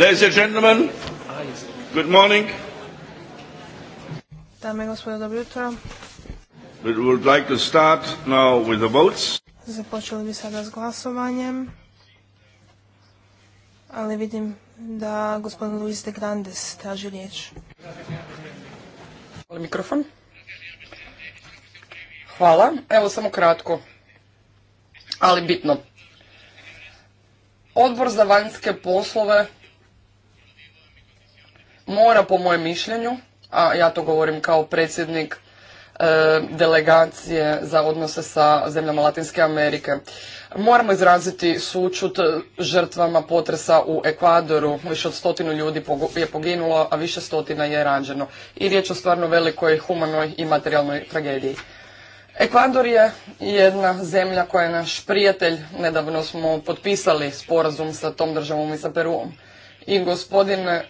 Ladies and gentlemen, good morning. Dame i gospodo, dobro jutro. We would like to start now with the votes. Započeli bi sada s glasovanjem, ali vidim da gospodin Luis de Grandes traži riječ. Hvala mikrofon. Hvala. Evo samo kratko, ali bitno. Odbor za vanjske poslove mora po mojem mišljenju, a ja to govorim kao predsjednik e, delegacije za odnose sa zemljama Latinske Amerike. Moramo izraziti sučut žrtvama potresa u Ekvadoru. Više od stotinu ljudi je poginulo, a više stotina je rađeno. I riječ o stvarno velikoj humanoj i materijalnoj tragediji. Ekvador je jedna zemlja koja je naš prijatelj. Nedavno smo potpisali sporazum sa tom državom i sa Peruom. I gospodine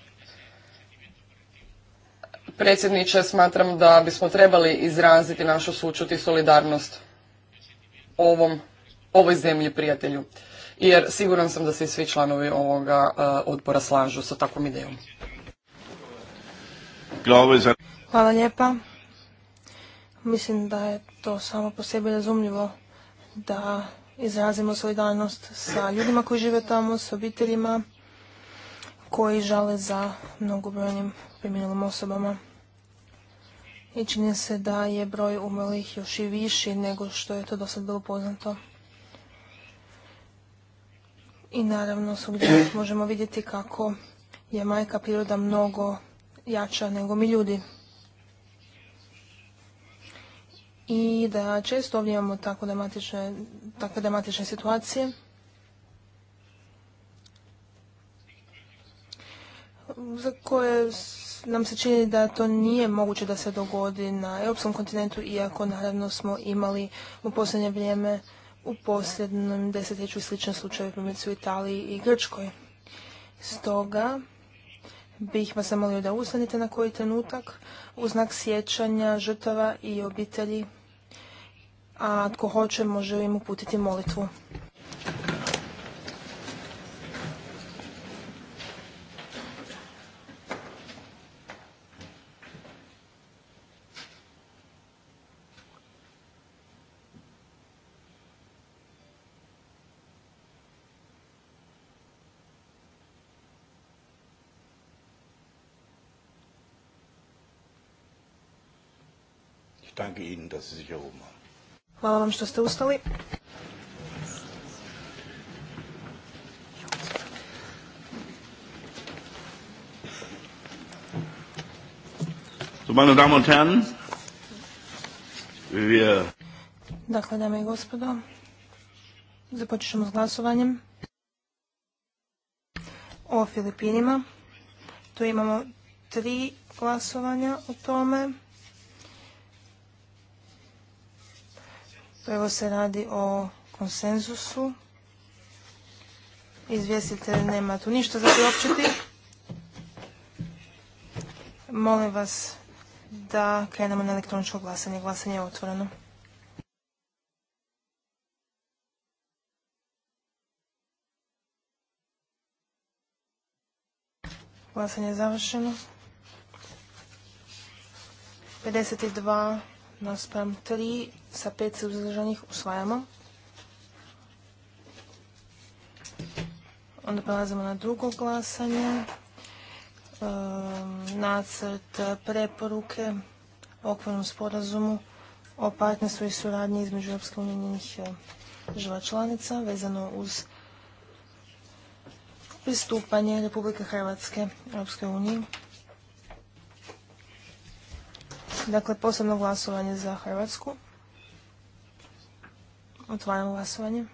predsjedniče, smatram da bismo trebali izraziti našu sučut i solidarnost ovom, ovoj zemlji prijatelju. Jer siguran sam da se svi članovi ovoga e, odbora slažu sa takvom idejom. Hvala lijepa. Mislim da je to samo po sebi razumljivo da izrazimo solidarnost sa ljudima koji žive tamo, s obiteljima koji žale za mnogobrojnim preminulim osobama i čini se da je broj umrlih još i viši nego što je to do sada bilo poznato. I naravno svugdje možemo vidjeti kako je majka priroda mnogo jača nego mi ljudi. I da često ovdje imamo tako dramatične, takve dramatične situacije. za koje nam se čini da to nije moguće da se dogodi na europskom kontinentu, iako naravno smo imali u posljednje vrijeme u posljednjem desetljeću slične slučaje primjerice u Italiji i Grčkoj. Stoga bih vas zamolio da ustanite na koji trenutak u znak sjećanja žrtava i obitelji, a tko hoće može im uputiti molitvu. danke Ihnen, dass Sie sich erhoben haben. Hvala vam što ste ustali. So, meine Damen und Herren, wir... Dakle, dame i gospodo, započet s glasovanjem o Filipinima. Tu imamo tri glasovanja o tome. Prvo se radi o konsenzusu. Izvjestitelj nema tu ništa za priopćiti. Molim vas da krenemo na elektroničko glasanje. Glasanje je otvoreno. Glasanje je završeno. 52 naspram 3 sa pet suzdržanih usvajamo. Onda prelazimo na drugo glasanje. Ehm, nacrt preporuke okvirnom sporazumu o partnerstvu i suradnji između Europske unijnih eh, država članica vezano uz pristupanje Republike Hrvatske Europske unije. Dakle, posebno glasovanje za Hrvatsku. Otvaram glasovanje.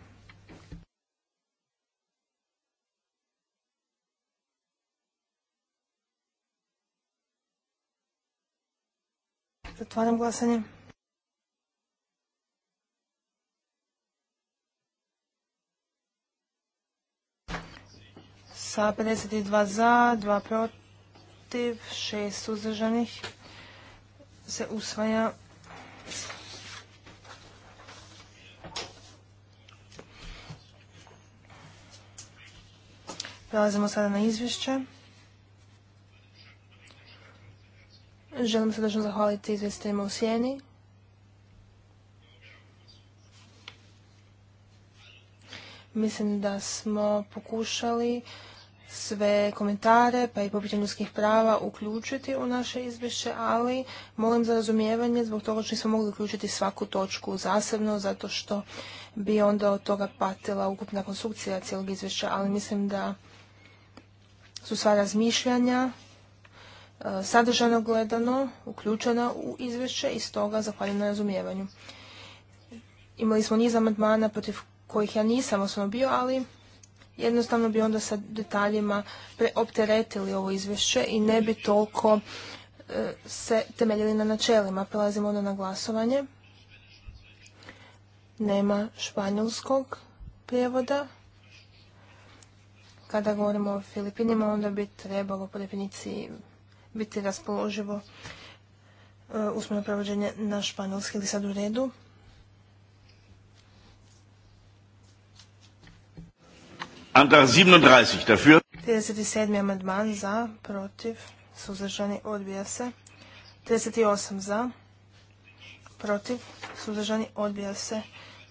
Zatvaram glasanje. Sa 52 za, 2 protiv, 6 uzdržanih se usvaja Prelazimo sada na izvješće. Želim srdečno zahvaliti izvjestima u Sjeni. Mislim da smo pokušali sve komentare pa i popitanje ljudskih prava uključiti u naše izvješće, ali molim za razumijevanje zbog toga što nismo mogli uključiti svaku točku zasebno, zato što bi onda od toga patila ukupna konstrukcija cijelog izvješća, ali mislim da su sva razmišljanja e, sadržano gledano uključena u izvješće i stoga zahvaljujem na razumijevanju. Imali smo niz amandmana protiv kojih ja nisam osobno bio, ali jednostavno bi onda sa detaljima preopteretili ovo izvješće i ne bi toliko e, se temeljili na načelima. Prelazimo onda na glasovanje. Nema španjolskog prijevoda. Kada govorimo o Filipinima, onda bi trebalo po definiciji biti raspoloživo e, usmeno provođenje na španjolski ili sad u redu. Antrag 37 dafür. 37. amandman za, protiv, suzdržani, odbija se. 38 za, protiv, suzdržani, odbija se.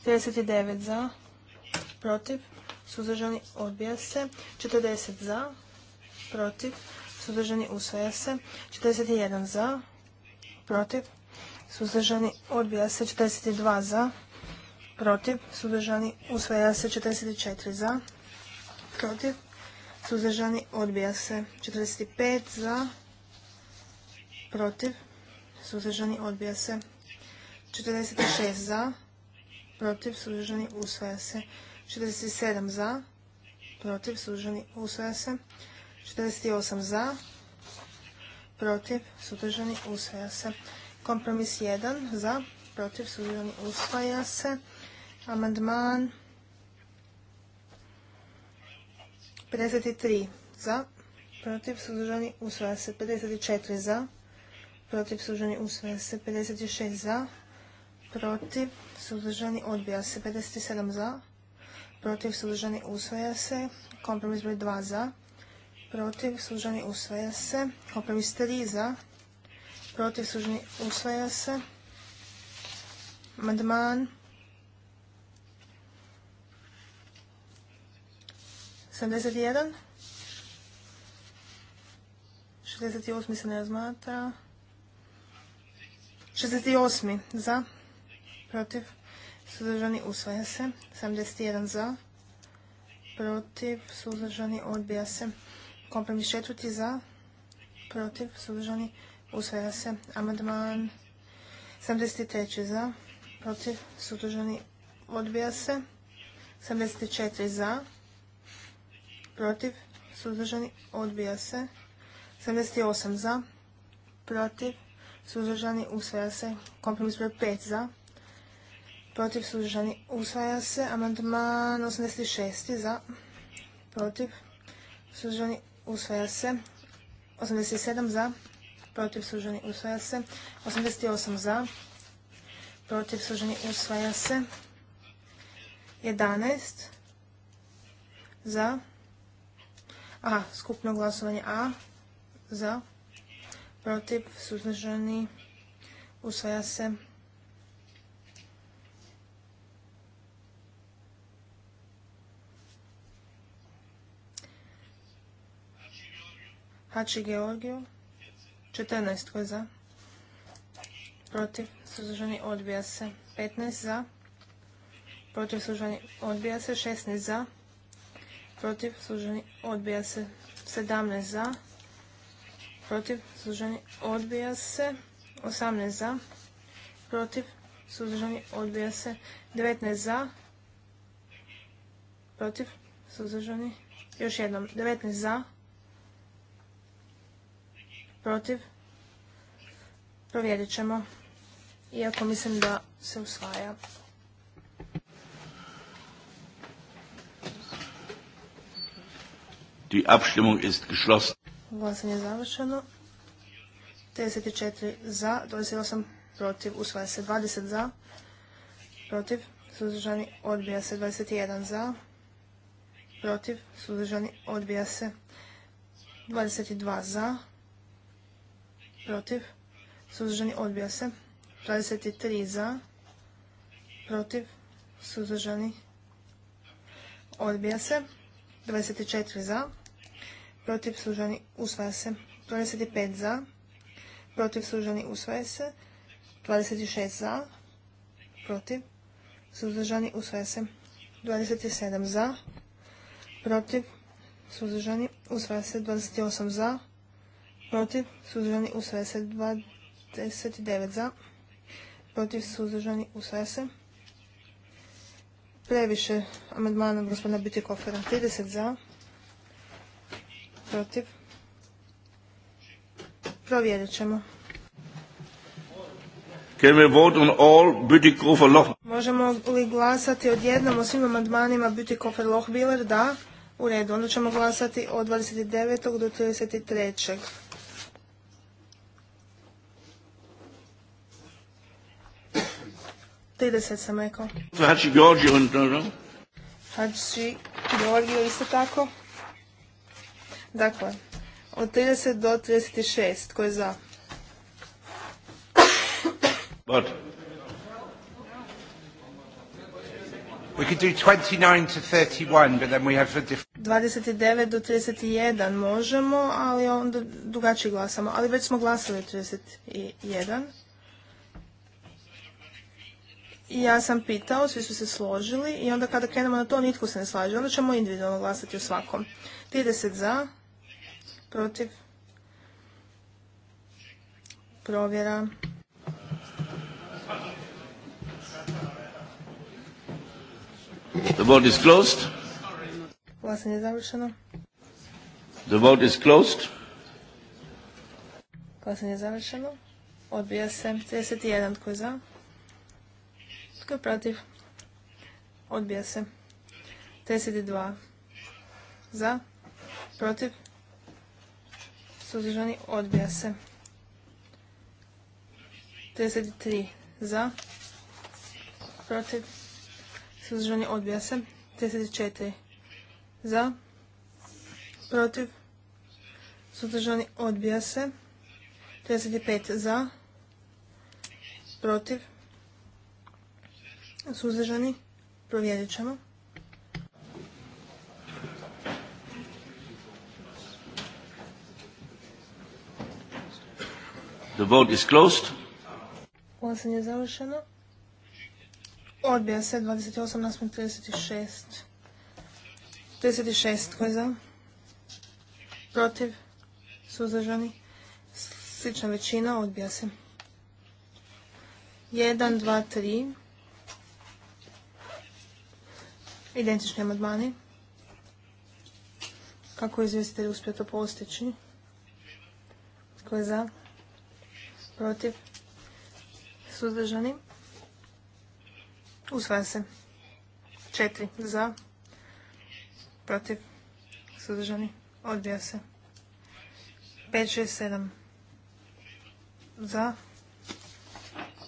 39 za, protiv, suzdržani, odbija se. 40 za, protiv, suzdržani, usvaja se. 41 za, protiv, suzdržani, odbija se. 42 za, protiv, suzdržani, usvaja se. 44 za, protiv, suzdržani, odbija se. 45 za, protiv, suzdržani, odbija se. 46 za, protiv, suzdržani, usvaja se. 47 za, protiv, suzdržani, usvaja se. 48 za, protiv, suzdržani, usvaja se. Kompromis 1 za, protiv, suzdržani, usvaja se. Amandman 53 za, protiv, suzdržani, usvaja se. 54 za, protiv, suzdržani, usvaja se. 56 za, protiv, suzdržani, odbija se. 57 za, protiv suzdržani usvaja se, kompromis broj 2 za, protiv suzdržani usvaja se, kompromis 3 za, protiv suzdržani usvaja se, amandman 71, 68 se ne razmatra, 68 za, protiv suzdržani, usvaja se. 71 za, protiv, suzdržani, odbija se. Kompromis četvrti za, protiv, suzdržani, usvaja se. Amandman 73 za, protiv, suzdržani, odbija se. 74 za, protiv, suzdržani, odbija se. 78 za, protiv, suzdržani, usvaja se. Kompromis broj 5 za, protiv suzdržani usvaja se. Amandman 86. za protiv suzdržani usvaja se. 87 za protiv suzdržani usvaja se. 88 za protiv suzdržani usvaja se. 11 za A skupno glasovanje A za protiv suzdržani usvaja se. Hači Georgiju. 14. Tko je za? Protiv. Suzdržani odbija se. 15. Za. Protiv. Suzdržani odbija se. 16. Za. Protiv. Suzdržani odbija se. 17. Za. Protiv. Suzdržani odbija se. 18. Za. Protiv. Suzdržani odbija se. 19. Za. Protiv. Suzdržani. Još jednom. 19. Za protiv, provjerit ćemo, iako mislim da se usvaja. Die Abstimmung ist geschlossen. Glasanje je završeno. 34 za, 28 protiv, usvaja se 20 za, protiv, suzdržani, odbija se 21 za, protiv, suzdržani, odbija se 22 za, protiv, suzdržani, odbija se. 23 za, protiv, suzdržani, odbija se. 24 za, protiv, suzdržani, usvaja se. 25 za, protiv, suzdržani, usvaja se. 26 za, protiv, suzdržani, usvaja se. 27 za, protiv, suzdržani, usvaja se. 28 za, protiv, suzdržani, u se 29 za, protiv, suzdržani, u se. Previše amandmana gospodina kofera 30 za, protiv. Provjerit ćemo. Možemo li glasati odjednom o svim amandmanima Bütikofer lohbiler Da. U redu. Onda ćemo glasati od 29. do 33. 30 sam rekao. Hači Georgiju, no? Hači znači, Georgiju isto tako. Dakle, od 30 do 36, ko je za? What? We could do 29 to 31, but then we have a different... 29 do 31 možemo, ali onda drugačije glasamo. Ali već smo glasali 31 ja sam pitao, svi su se složili i onda kada krenemo na to nitko se ne slaže. Onda ćemo individualno glasati u svakom. 30 za, protiv, provjera. The vote is closed. Glasanje je završeno. The vote is closed. Glasanje je završeno. Odbija se 31 tko je za. Tko je protiv? Odbija se. 32 za, protiv, suzdržani, odbija se. 33 za, protiv, suzdržani, odbija se. 34 za, protiv, suzdržani, odbija se. 35 za, protiv, Suzdržani? Provjerit ćemo. The vote is closed. Glasanje je završeno. Odbija se 28 na 36. 36 koji je za? Protiv? Suzdržani? Slična većina odbija se. 1, 2, 3. identični amandmani. Kako je izvjestitelj uspio to postići? Tko je za? Protiv? Suzdržani? Usvaja se. Četiri za. Protiv? Suzdržani? Odbija se. Pet, šest, sedam. Za?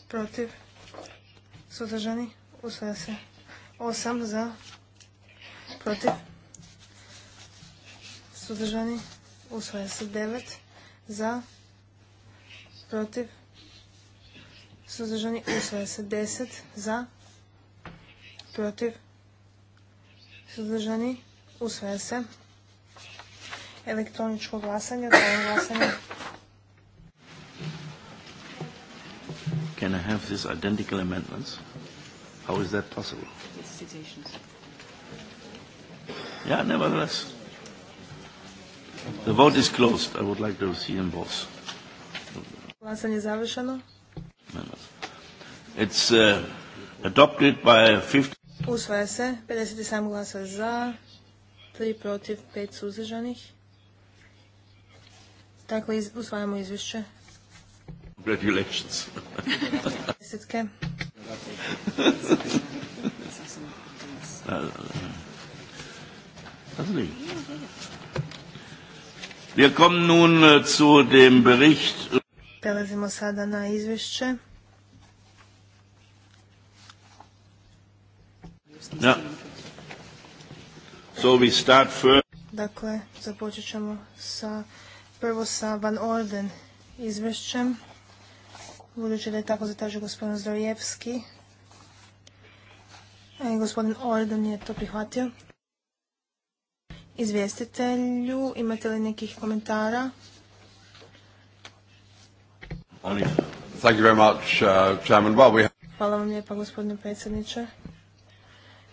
Protiv? Suzdržani? Usvaja se. Osam za protiv, suzdržani, usvaja se 9 za, protiv, suzdržani, usvaja se 10 za, protiv, suzdržani, usvaja se elektroničko glasanje, otvoreno glasanje. Can I have these identical amendments? How is that possible? It's citations. Yeah, nevertheless. The vote is closed. I would like to see him both. Glasanje završeno. It's uh, adopted by 50... Usvaja se. 57 glasa za, 3 protiv, 5 suzdržanih. Dakle, iz, usvajamo izvješće. Congratulations. Desetke. Uh, nun äh, zu Prelazimo sada na izvješće. Ja. So we start first. Dakle, započet ćemo sa, prvo sa Van Orden izvješćem. Budući da je tako zatražio gospodin a E, gospodin Orden je to prihvatio izvjestitelju. Imate li nekih komentara? Uh, Hvala vam lijepa gospodine predsjedniče.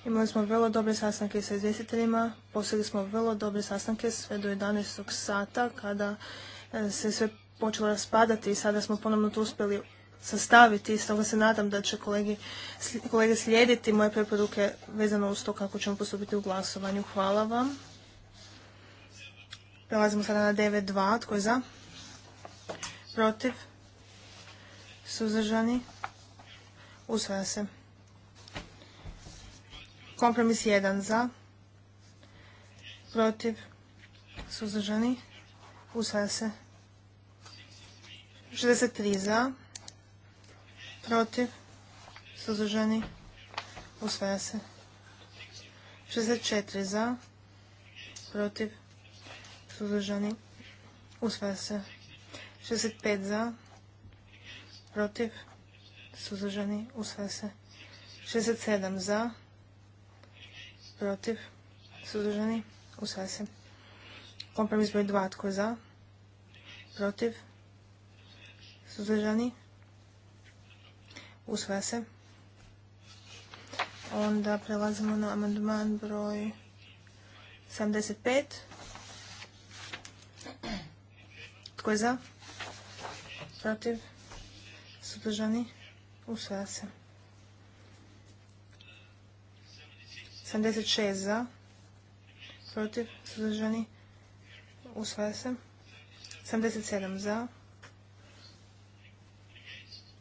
Imali smo vrlo dobre sastanke sa izvjestiteljima, poslije smo vrlo dobre sastanke sve do 11. sata kada e, se sve počelo raspadati i sada smo ponovno to uspjeli sastaviti i stoga se nadam da će kolege slijediti moje preporuke vezano uz to kako ćemo postupiti u glasovanju. Hvala vam. Prelazimo sada na 9.2. Tko je za? Protiv? Suzdržani? Usvaja se. Kompromis 1 za. Protiv? Suzdržani? Usvaja se. 63 za. Protiv? Suzdržani? Usvaja se. 64 za. Protiv? suzdržani, usvaja se. 65 za, protiv, suzdržani, usvaja se. 67 za, protiv, suzdržani, usvaja se. Kompromis broj 2, tko je za, protiv, suzdržani, usvaja se. Onda prelazimo na amandman broj 75 Tko je za? Protiv? Sudržani? Usvaja se. 76 za. Protiv? Sudržani? Usvaja se. 77 za.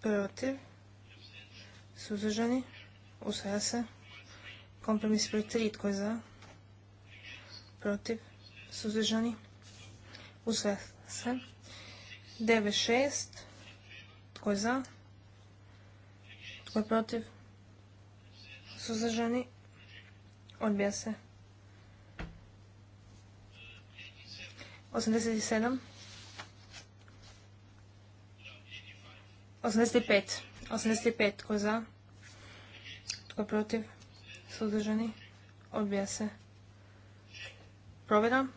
Protiv? Sudržani? Usvaja se. Kompromis broj 3. Tko je za? Protiv? Suzdržani? Usvaja se. 9.6. Tko je za? Tko je protiv? Suzdržani? Odbija se. 87. 85. 85. Tko je za? Tko je protiv? Suzdržani? Odbija se. Provjeram.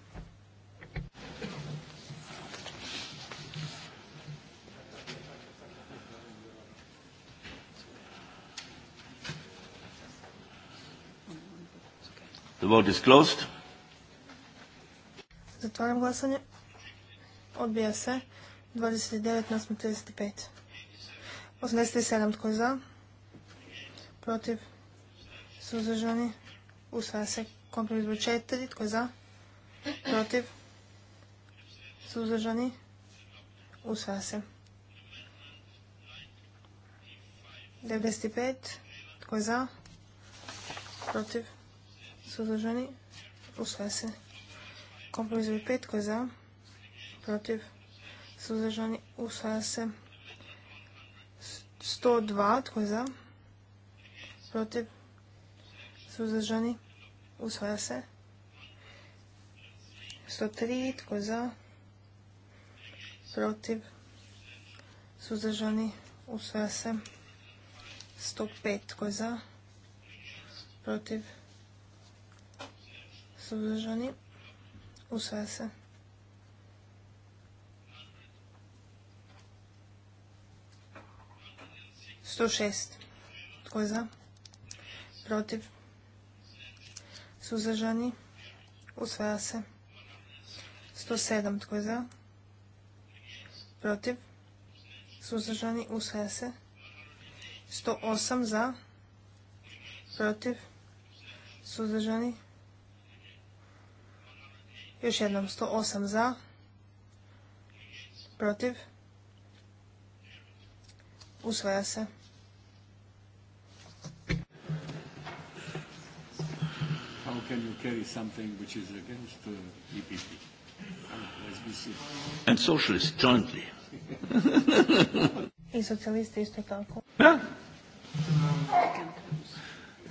The vote is closed. Zatvaram glasanje. Odbija se. 29 na 35. 87 tko je za? Protiv? Suzdržani? Usvaja se. Kompromis broj 4 tko je za? Protiv? Suzdržani? Usvaja se. 95 tko je za? Protiv? suzdržani, usvaja se. Kompromis broj 5 koji je za, protiv, suzdržani, usvaja se. 102 tko je za, protiv, suzdržani, usvaja se. 103 tko je za, protiv, suzdržani, usvaja se. 105 tko je za, protiv, suzdržani, usvaja se. Sto šest. Tko je za? Protiv? Suzdržani? Usvaja se. Sto sedam. Tko je za? Protiv? Suzdržani? Usvaja se. Sto osam za? Protiv? Suzdržani? Još jednom 108 za, protiv, usvaja se. How can you carry something which is against the uh, EPP? Ah, And socialists jointly. I socijalisti isto tako. Yeah?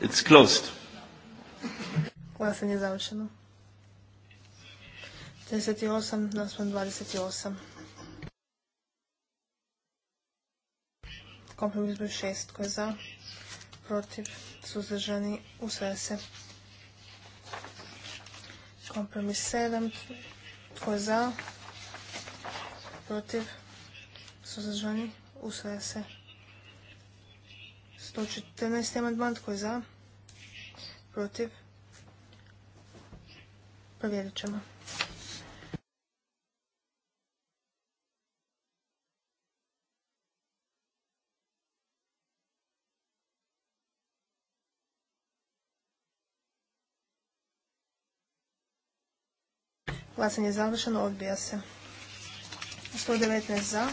It's closed. Glasanje je završeno. 38 28. Kompromis broj 6 koji je za, protiv, suzdržani, usvaja se. Kompromis 7 Ko je za, protiv, suzdržani, usvaja se. 114. amandman Ko je za, protiv, provjerit ćemo. Glasanje je završeno, odbija se. 119 za,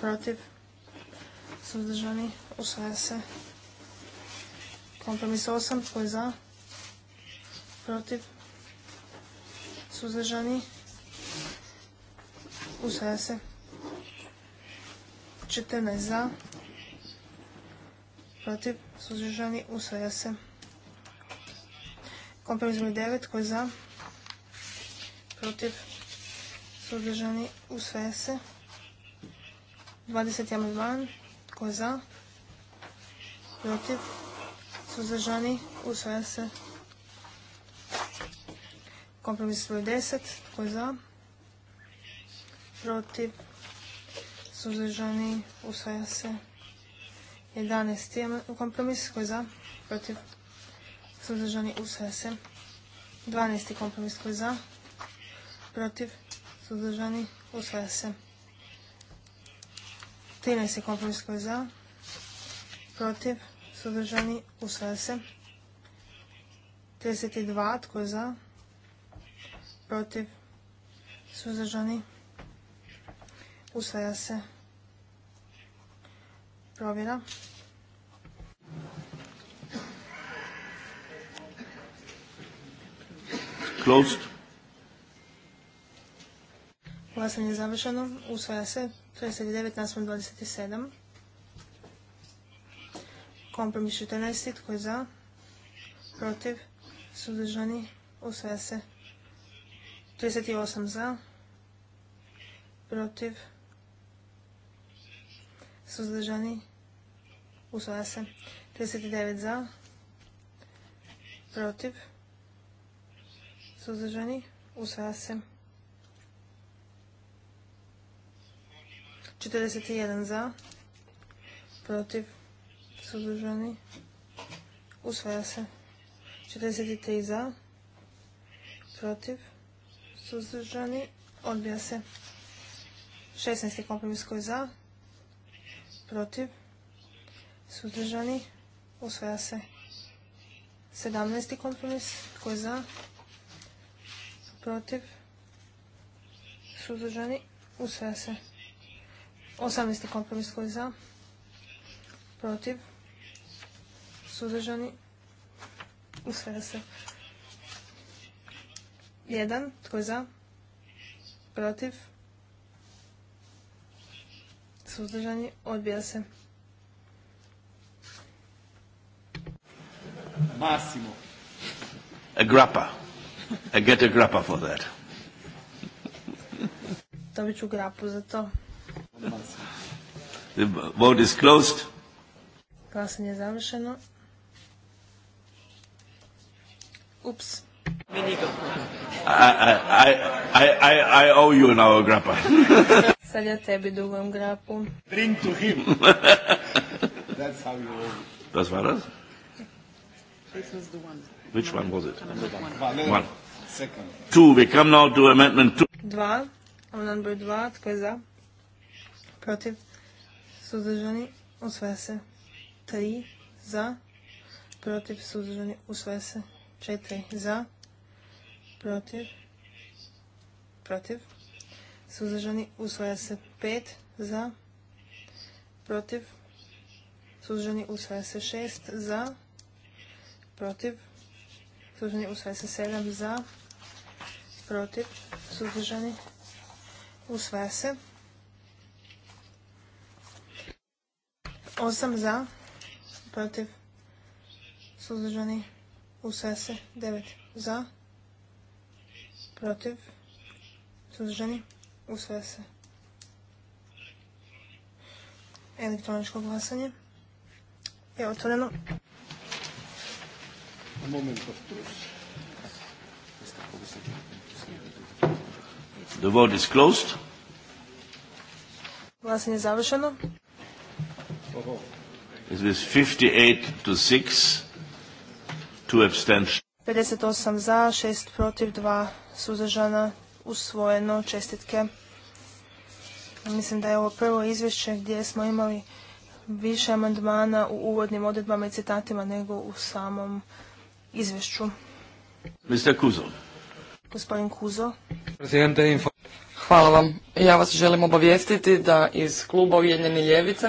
protiv, suzdržani, usvaja se. Kompromis 8, tko je za, protiv, suzdržani, usvaja se. 14 za, protiv, suzdržani, usvaja se. Kompromis 9, tko je za, protiv, protiv, suzdržani, usvaja se. 20. amandman, ko je za, protiv, suzdržani, usvaja se. Kompromis broj 10, ko je za, protiv, suzdržani, usvaja se. 11. kompromis, ko je za, protiv, suzdržani, usvaja se. 12. kompromis, ko je za, protiv, suzdržani, usvaja se. 13. kompromis koji je za, protiv, suzdržani, usvaja se. 32. tko je za, protiv, suzdržani, usvaja se. Provjera. Closed. Glasanje je završeno. Usvaja se 39 nasmo 27. Kompromis 14. Tko je za? Protiv? Suzdržani? Usvaja se. 38 za. Protiv? Suzdržani? Usvaja se. 39 za. Protiv? Suzdržani? Usvaja se. 41 za, protiv, suzdržani, usvaja se. 43 za, protiv, suzdržani, odbija se. 16. kompromis koji je za, protiv, suzdržani, usvaja se. 17. kompromis koji je za, protiv, suzdržani, usvaja se. 18. kompromis koji za, protiv, suzdržani, usvaja se. 1. Tko je za? Protiv? Suzdržani? Odbija se. Massimo. A grappa. I get a grappa for that. Dobit ću grapu za to. The vote is closed. Glasanje je završeno. Ups. I, I, I, I I owe you now, grappa. Sad ja tebi dugujem grapu. Drink to him. That's how you owe Das war das? This was the one. Which one was it? One. one. Second. Two. We come now to amendment two. Dva. Amendment broj dva. Tko je za? protiv, suzdržani, usvaja se. 3 za, protiv, suzdržani, usvaja se. 4 za, protiv, protiv, suzdržani, usvaja se. 5 za, protiv, suzdržani, usvaja se. 6 za, protiv, suzdržani, usvaja se. 7 za, protiv, suzdržani, usvaja se. 8 za, protiv, suzdržani, usvaja se. 9 za, protiv, suzdržani, usvaja se. Elektroničko glasanje je otvoreno. Moment The vote is closed. Glasanje je završeno. It 58 to 6 to abstention. 58 za, 6 protiv, 2 suzežana, usvojeno, čestitke. Mislim da je ovo prvo izvješće gdje smo imali više amandmana u uvodnim odredbama i citatima nego u samom izvješću. Mr. Kuzo. Gospodin Kuzo. Hvala vam. Ja vas želim obavijestiti da iz kluba Ujedljeni ljevice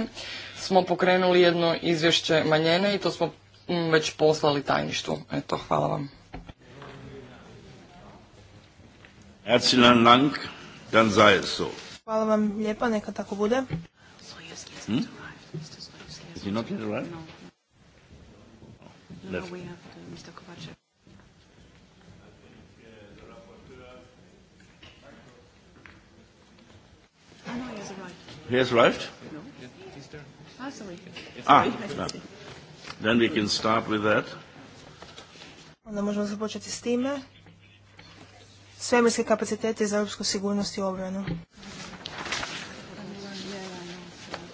smo pokrenuli jedno izvješće manjene i to smo mm, već poslali tajništvu. Eto, hvala vam. so. Hvala vam lijepa, neka tako bude. Hmm? Is he not here, right? No. No, we have Mr. Kovacev. He has arrived? No. Ah, Then we can start with that. Onda možemo započeti s time. Svemirske kapacitete za europsku sigurnost i obranu.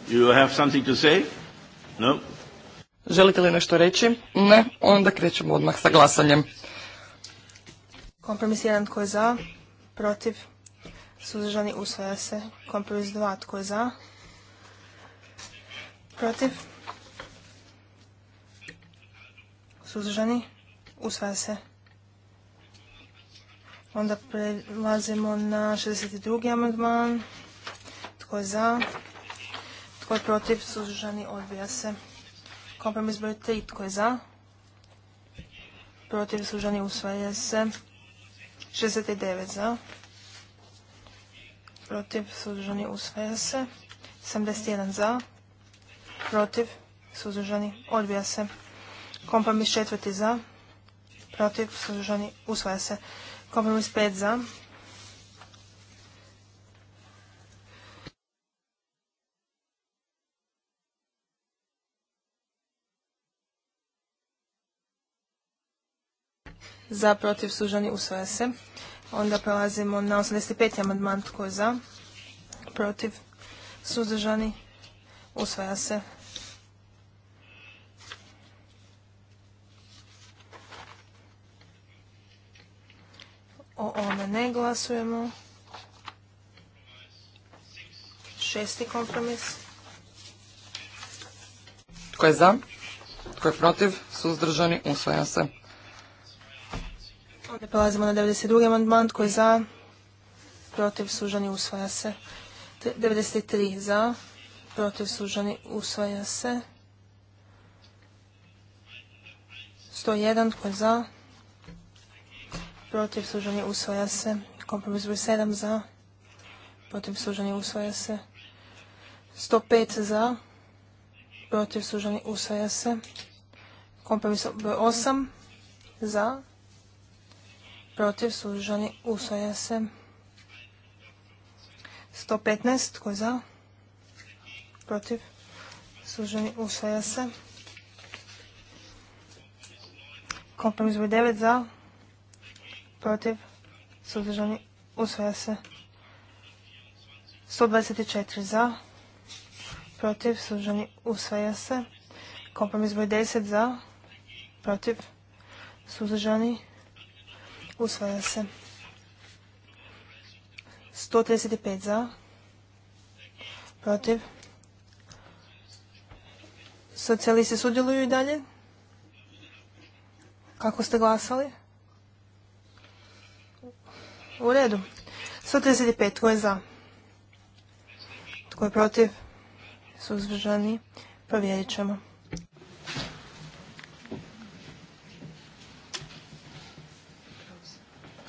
You have something to say? No? Želite li nešto reći? Ne, onda krećemo odmah sa glasanjem. Kompromis 1 tko je za, protiv, suzdržani usvaja se. Kompromis 2 tko je za, Protiv? Suzdržani? Usvaja se. Onda prelazimo na 62. amandman. Tko je za? Tko je protiv? Suzdržani? Odbija se. Kompromis broj 3. Tko je za? Protiv? Suzdržani? Usvaja se. 69 za. Protiv? Suzdržani? Usvaja se. 71 za protiv, suzdržani, odbija se. Kompromis četvrti za, protiv, suzdržani, usvaja se. Kompromis pet za, za, protiv, suzdržani, usvaja se. Onda prelazimo na 85. amandman, tko je za, protiv, suzdržani, usvaja se. Ne glasujemo. Šesti kompromis. Tko je za? Tko je protiv? Suzdržani? Usvaja se. Ovdje prelazimo na 92. amandman. Tko je za? Protiv? sužani Usvaja se. 93 za. Protiv? sužani Usvaja se. 101. Tko je za? protiv, suženje usvaja se. Kompromis broj 7 za, protiv, suženje usvaja se. 105 za, protiv, suženi, usvaja se. Kompromis broj 8 za, protiv, suženje usvaja se. 115, tko je za? Protiv? Suženi, usvaja se. Kompromis broj 9 za protiv, suzdržani, usvaja se. 124 za, protiv, suzdržani, usvaja se. Kompromis broj 10 za, protiv, suzdržani, usvaja se. 135 za, protiv, Socijalisti sudjeluju i dalje? Kako ste glasali? U redu. 135. Tko je za? Tko je protiv? Suzdržani? Provjerit ćemo.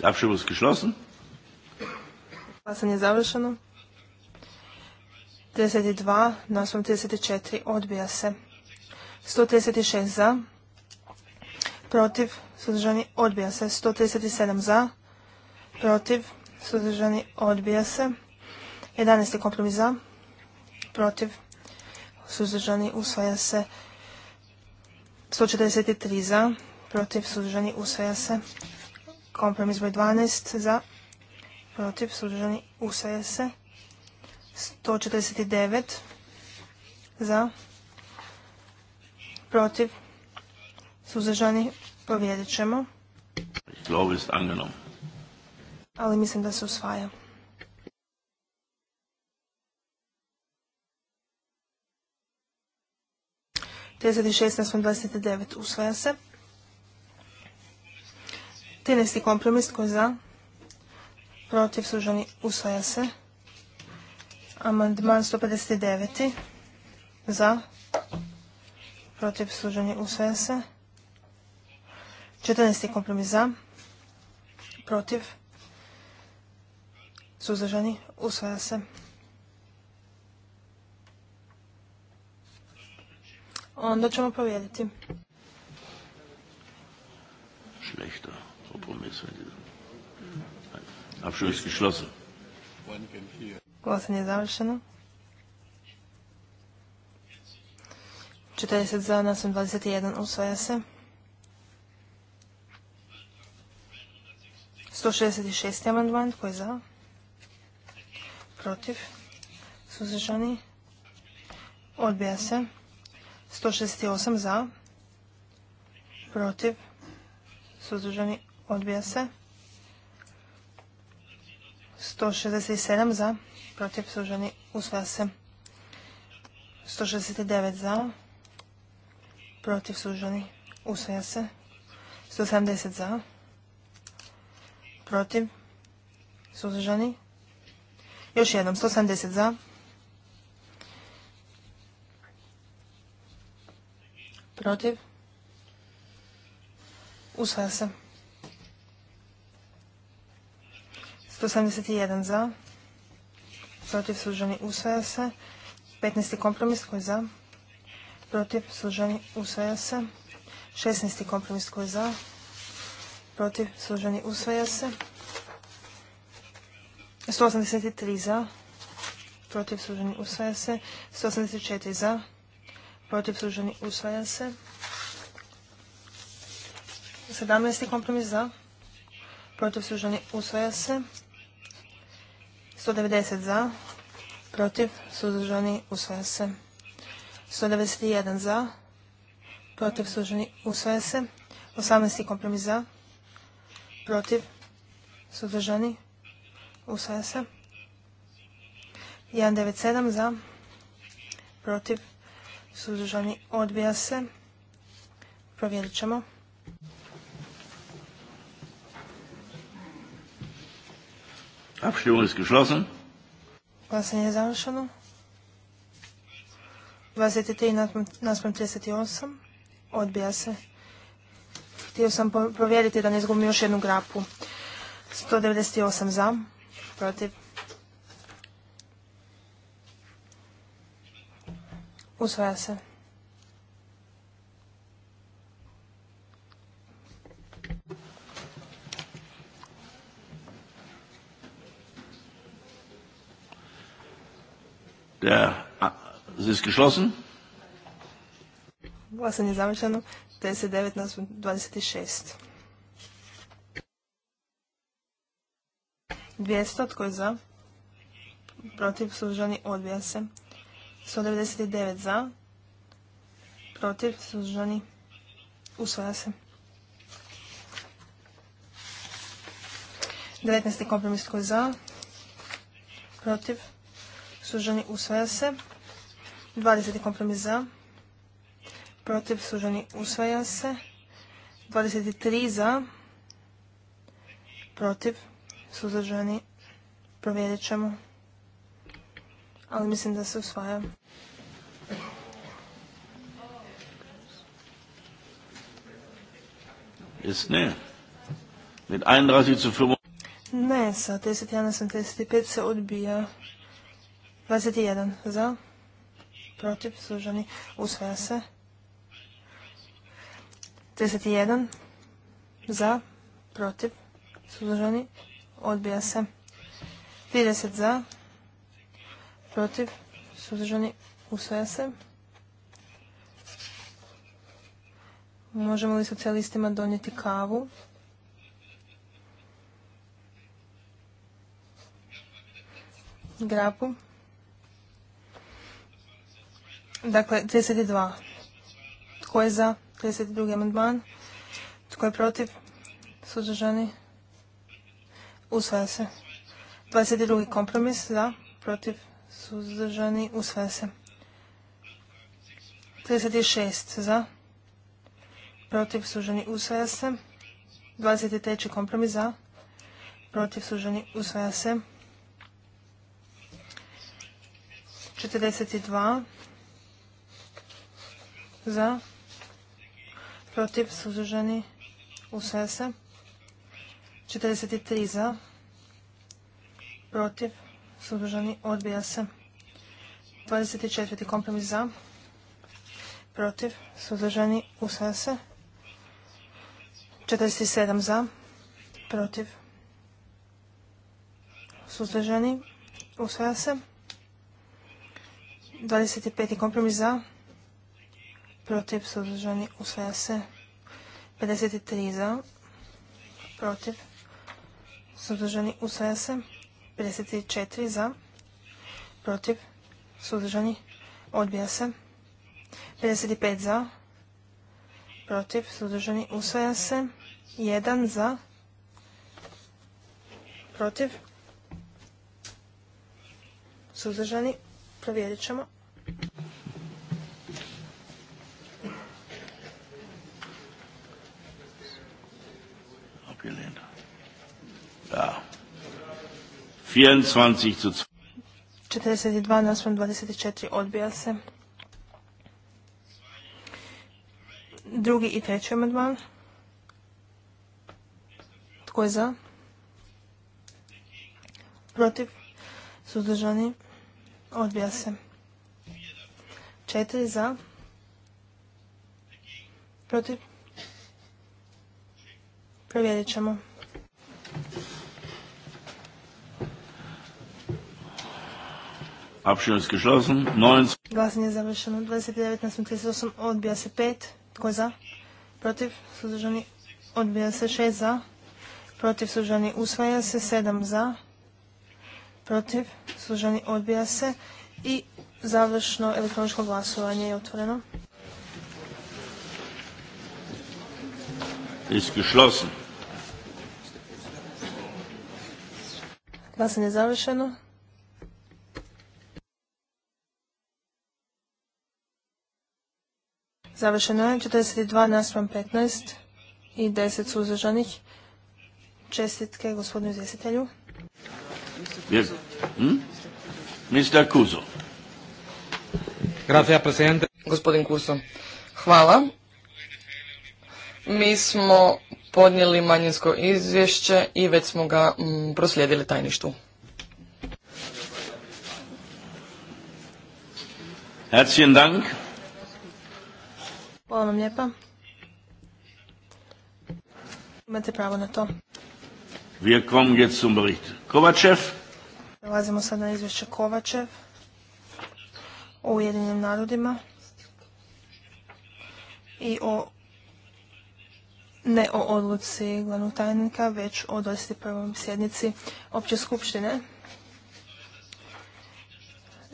Abstimmung geschlossen. je završeno. 32 nasvom 34 odbija se. 136 za. Protiv. Suzdržani odbija se. 137 za protiv, suzdržani, odbija se. 11. kompromis za, protiv, suzdržani, usvaja se. 143 za, protiv, suzdržani, usvaja se. Kompromis broj 12 za, protiv, suzdržani, usvaja se. 149 za, protiv, suzdržani, provjerit ćemo. angenommen ali mislim da se usvaja. Trideset šest devet usvaja se. 13. kompromis tko je za? Protiv služani usvaja se. Amandman 159. Za. Protiv suženi usvaja se. 14. kompromis za. Protiv Suzdržani? Usvaja se. Onda ćemo provjeriti. Šlehto. Apšuljski šlosen. Glasanje je završeno. 40 za, nasem 21, usvaja se. 166. amandman, tko je za? protiv, suzdržani, odbija se. 168 za, protiv, suzdržani, odbija se. 167 za, protiv, suzdržani, usvaja se. 169 za, protiv, suzdržani, usvaja se. 170 za, protiv, suzdržani, još jednom, 170 za. Protiv. Usvaja se. 171 za. Protiv suženi usvaja se. 15. kompromis koji je za. Protiv suženi usvaja se. 16. kompromis koji je za. Protiv suženi usvaja se. 183 za, protiv suženi usvaja se. 184 za, protiv suženi usvaja se. 17. kompromis za, protiv suženi usvaja se. 190 za, protiv suzdržani usvaja se. 191 za, protiv suzdržani usvaja se. 18. kompromis za, protiv suzdržani Usvaja se. 197 za. Protiv. Suzdržani. Odbija se. Provjerit ćemo. geschlossen. Glasanje je završeno. 23 naspram 38. Odbija se. Htio sam provjeriti da ne izgubim još jednu grapu. 198 za protiv, usvaja se. Der, es ist geschlossen. Glasanje je završeno. 39 nas 26. 200. Tko je za? Protiv. Suzdržani. Odbija se. 199 za. Protiv. Suzdržani. Usvaja se. 19. kompromis tko je za? Protiv? Suženi usvaja se. 20. kompromis za? Protiv? Suženi usvaja se. 23 za? Protiv? se suzdržani, provjerit ćemo. Ali mislim da se usvaja. ne. Mit 31 zu 5. Ne, sa 31 se odbija. 21 za. Protiv, suzdržani, usvaja se. 31 za, protiv, suzdržani, odbija se. 30 za, protiv, suzdržani, usvaja se. Možemo li socijalistima donijeti kavu? Grapu. Dakle, 32. Tko je za? 32. amandman. Tko je protiv? Suzdržani? Usvaja se. 22. kompromis za, protiv, suzdržani, usvaja se. 36 za, protiv, suzdržani, usvaja se. 23. kompromis za, protiv, suzdržani, usvaja se. 42 za, protiv, suzdržani, usvaja se. 43 za, protiv, suzdržani, odbija se. 24. kompromis za, protiv, suzdržani, usvaja se. 47 za, protiv, suzdržani, usvaja se. 25. kompromis za, protiv, suzdržani, usvaja se. 53 za, protiv, suzdržani, usvaja se. 54 za, protiv, suzdržani, odbija se. 55 za, protiv, suzdržani, usvaja se. 1 za, protiv, suzdržani, provjerit ćemo. 24 zu 42 naspram 24 odbija se. Drugi i treći amandman. Tko je za? Protiv? Suzdržani? Odbija se. Četiri za? Protiv? Provjerit ćemo. Abstimmung geschlossen. 9. Glasanje je završeno. 29 na odbija se 5. Tko za? Protiv. Suzdržani odbija se za. Protiv. Suzdržani usvaja se 7 za. Protiv. Suzdržani odbija se. I završno elektroničko glasovanje je otvoreno. Glasanje je završeno. Završeno je 42 naspram 15 i 10 suzdržanih. Čestitke gospodinu izvjestitelju. Mr. Hm? Kuzo. Grazie, presidente. Gospodin Kuzo, hvala. Mi smo podnijeli manjinsko izvješće i već smo ga mm, proslijedili tajništvu. Herzlichen Dank. Hvala vam lijepa. Imate pravo na to. Wir kommen jetzt zum Bericht. Prelazimo sad na izvješće Kovačev o Ujedinjenim narodima i o ne o odluci glavnog tajnika, već o 21. sjednici opće skupštine.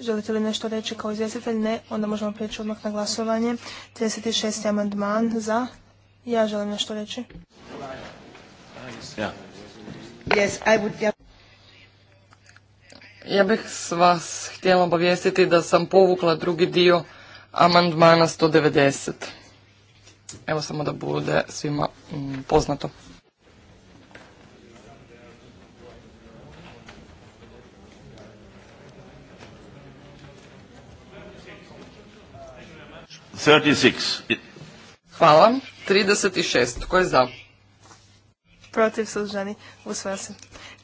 Želite li nešto reći kao izvjestitelj? Ne. Onda možemo prijeći odmah na glasovanje. 36. amandman za. Ja želim nešto reći. Ja. bih s vas htjela obavijestiti da sam povukla drugi dio amandmana 190. Evo samo da bude svima mm, poznato. 36. Hvala. 36. Tko je za? Protiv suzdržani. Usvaja se.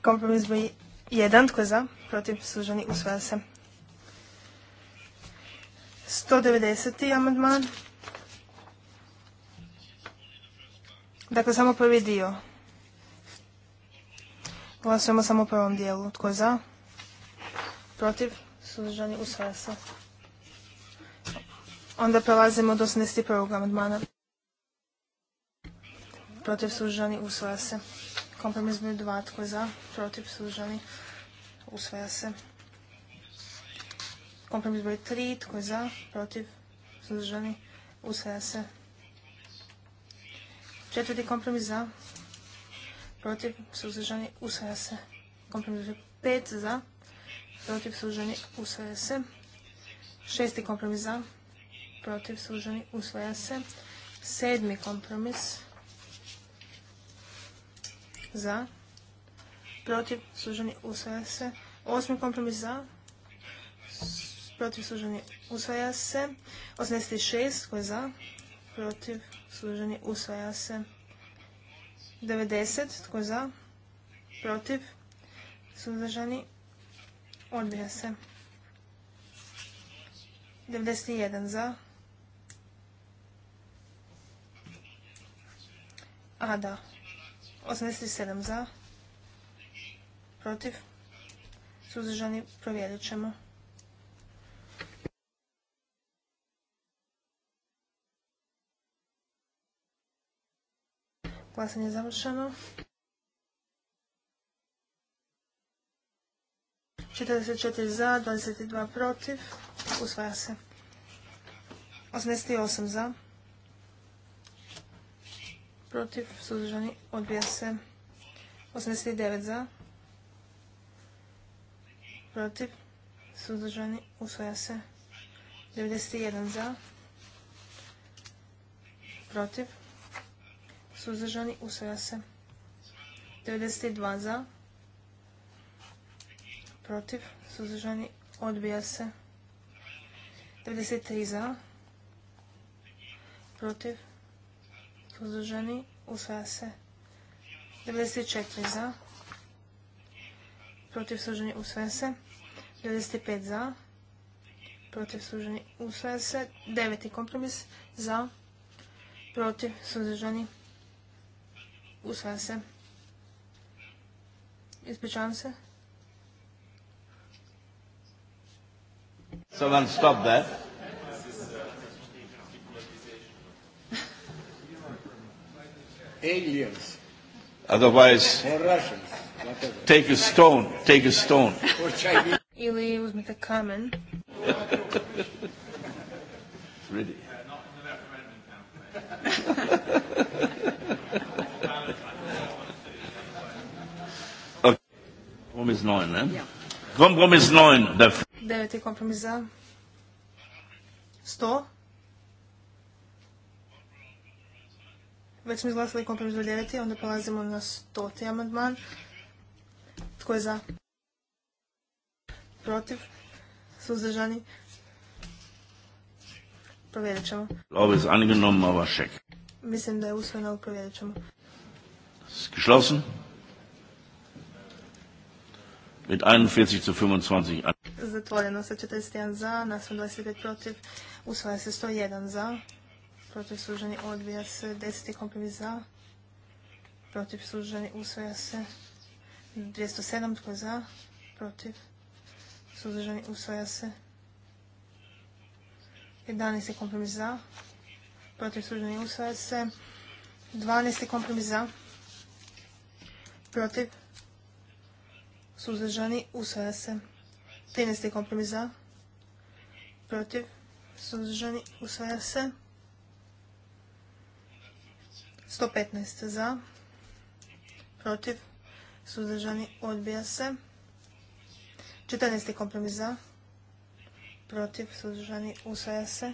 Kompromis broj 1. Tko je za? Protiv suzdržani. Usvaja se. 190. amandman. Dakle, samo prvi dio. Glasujemo samo u prvom dijelu. Tko je za? Protiv? Suzdržani? Usvaja se. Onda prelazimo do 81. amandmana. Protiv suzdržani usvaja se. Kompromis broj 2. Tko za? Protiv suzdržani usvaja se. Kompromis broj 3. Tko za? Protiv suzdržani usvaja se. Četvrti kompromis za. Protiv suzdržani usvaja se. Kompromis broj 5 za. Protiv suzdržani usvaja se. Šesti kompromis za protiv suženi usvaja se. Sedmi kompromis za, protiv suženi usvaja se. Osmi kompromis za, protiv suženi usvaja se. šest, koji je za, protiv suženi usvaja se. Devedeset, tko za, protiv suzdržani odbija se. 91 za, A da. 87 za. Protiv. Suzdržani provjerit ćemo. Glasanje je završeno. 44 za, 22 protiv. Usvaja se. 88 za protiv, suzdržani, odbija se. 89 za, protiv, suzdržani, usvaja se. 91 za, protiv, suzdržani, usvoja se. 92 za, protiv, suzdržani, odbija se. 93 za, protiv, suzdržani, usvaja se. 94 za, protiv suzdržani, usvaja se. 95 za, protiv suzdržani, usvaja se. Deveti kompromis za, protiv suzdržani, usvaja se. Ispričavam se. then stop there. aliens. Otherwise, or Russians, take a stone, take a stone. Or Chinese. Ili uzmite kamen. really? Kompromis 9, ne? Ja. Kompromis 9. Deveti kompromis za. 100. Već smo izglasali kompromis 9, onda prelazimo na 100. amandman. Tko je za? Protiv? Suzdržani? Provjerit ćemo. Ovo je angenommen, aber check. Mislim da je usvojeno, ali provjerit ćemo. Geschlossen. Mit 41 zu 25. Zatvoreno sa 41 za, nasmo 25 protiv, usvaja se 101 za protiv služeni odbija se, deseti kompromis za, protiv suženi usvaja se, 207 tko za, protiv suzdržani usvaja se, 11. kompromis za, protiv suzdržani usvaja se, 12. kompromis za, protiv suzdržani usvaja se, 13. kompromis za, protiv suzdržani usvaja se, 115 za, protiv, suzdržani, odbija se. 14. kompromis za, protiv, suzdržani, usvaja se.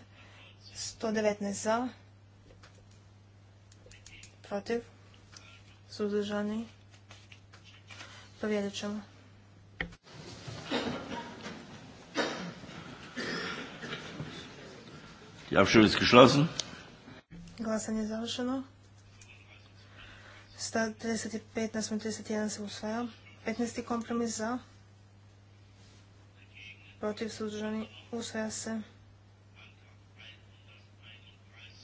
119 za, protiv, suzdržani, provjerit ćemo. Die Abstimmung ist geschlossen. Glasanje je završeno. 135 nasmo 31 se usvaja. 15. kompromis za. Protiv suzdržani usvaja se.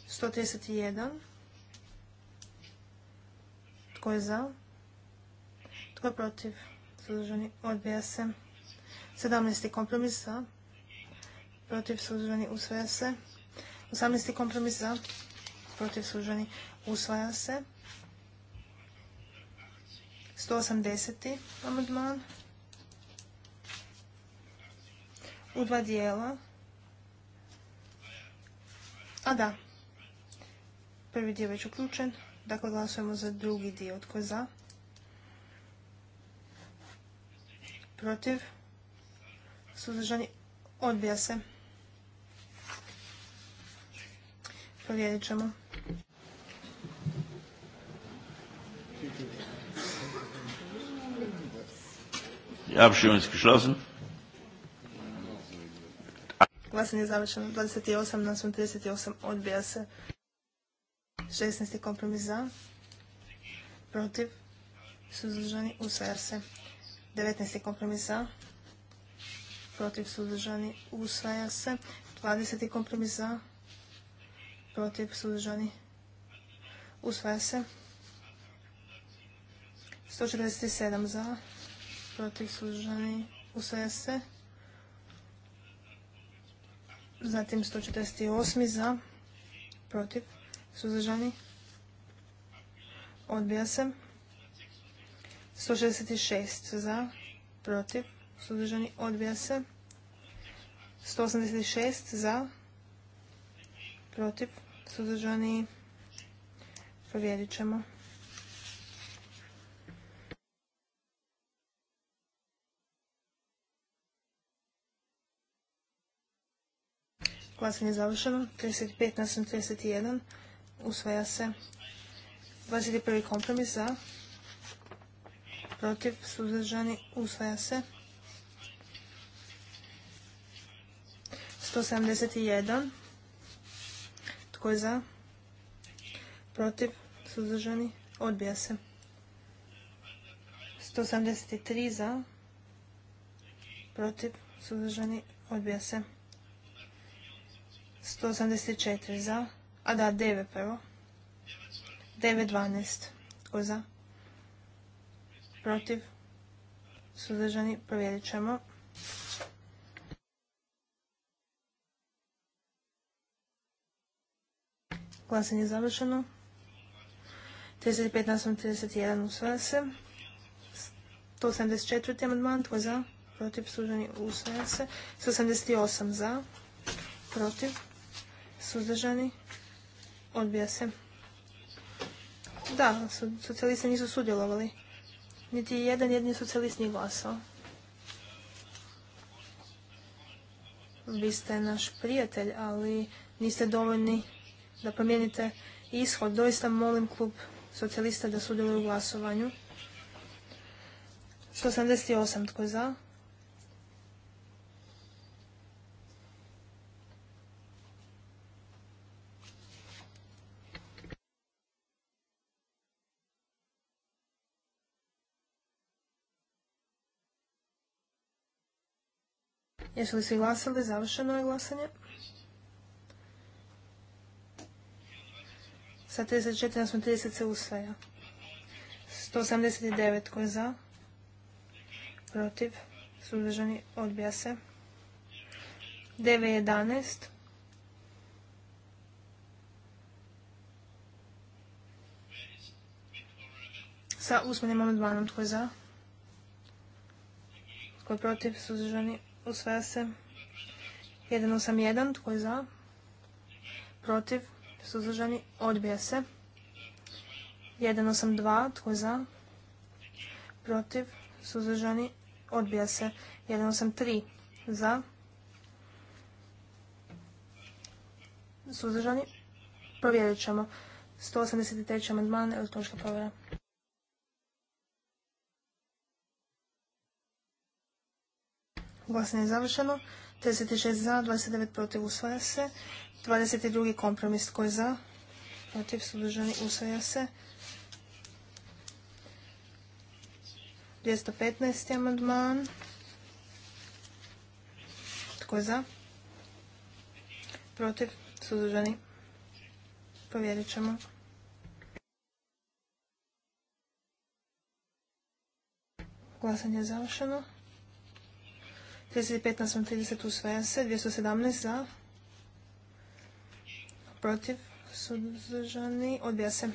131. Tko je za? Tko je protiv? Suzdržani odbija se. 17. kompromis za. Protiv suzdržani usvaja se. 18. kompromis za. Protiv suzdržani usvaja se. 180. amandman u dva dijela. A da, prvi dio je već uključen, dakle glasujemo za drugi dio. Tko je za? Protiv? Suzdržani? Odbija se. Provjerit ćemo. Die Abstimmung ist geschlossen. Glasanje je završeno. 28 na 38 odbija se. 16. kompromis za. Protiv. Suzdržani usvaja se. 19. kompromis za. Protiv suzdržani usvaja se. 20. kompromis za. Protiv suzdržani usvaja se. 147 za protiv suzdržani usvaja se. Zatim 148 za protiv suzdržani odbija se. 166 za protiv suzdržani odbija se. 186 za protiv suzdržani provjerit ćemo. Glasanje je završeno. 35 na 31. Usvaja se. 21. kompromis za. Protiv. Suzdržani. Usvaja se. 171. Tko je za? Protiv. Suzdržani. Odbija se. 173 za. Protiv. Suzdržani. Odbija se. 184 za. A da, 9 prvo. 9-12. Tko za? Protiv? Suzdržani? Provjerit ćemo. Glasanje je završeno. 35 31 usvaja se. 184. amandman, tko za? Protiv, suzdržani, usvaja se. 188 za, protiv, Suzdržani? Odbija se. Da, socijalisti nisu sudjelovali. Niti jedan jedni socijalist nije glasao. Vi ste naš prijatelj, ali niste dovoljni da promijenite ishod. Doista molim klub socijalista da sudjeluju u glasovanju. 178. Tko je za? Jesu li svi glasali? Završeno je glasanje. Sa 34 na 30 se usvaja. 189 ko je za? Protiv. Suzdržani odbija se. 9.11. Sa usmenim amandmanom tko je za? Tko je protiv? Suzdržani Usvaja se. 181. Tko je za? Protiv? Suzdržani? Odbija se. 182. Tko je za? Protiv? Suzdržani? Odbija se. 183. Za? Suzdržani? Provjerit ćemo. 183. amandman, elektronička provjera. Glasanje je završeno. 36 za, 29 protiv usvaja se. 22. kompromis tko je za, protiv suzdržani usvaja se. 215. amandman. Tko je za? Protiv? Suzdržani? Provjerit ćemo. Glasanje je završeno. 35 na 30 usvaja se. 217 za. Protiv. Suzdržani. Odbija se.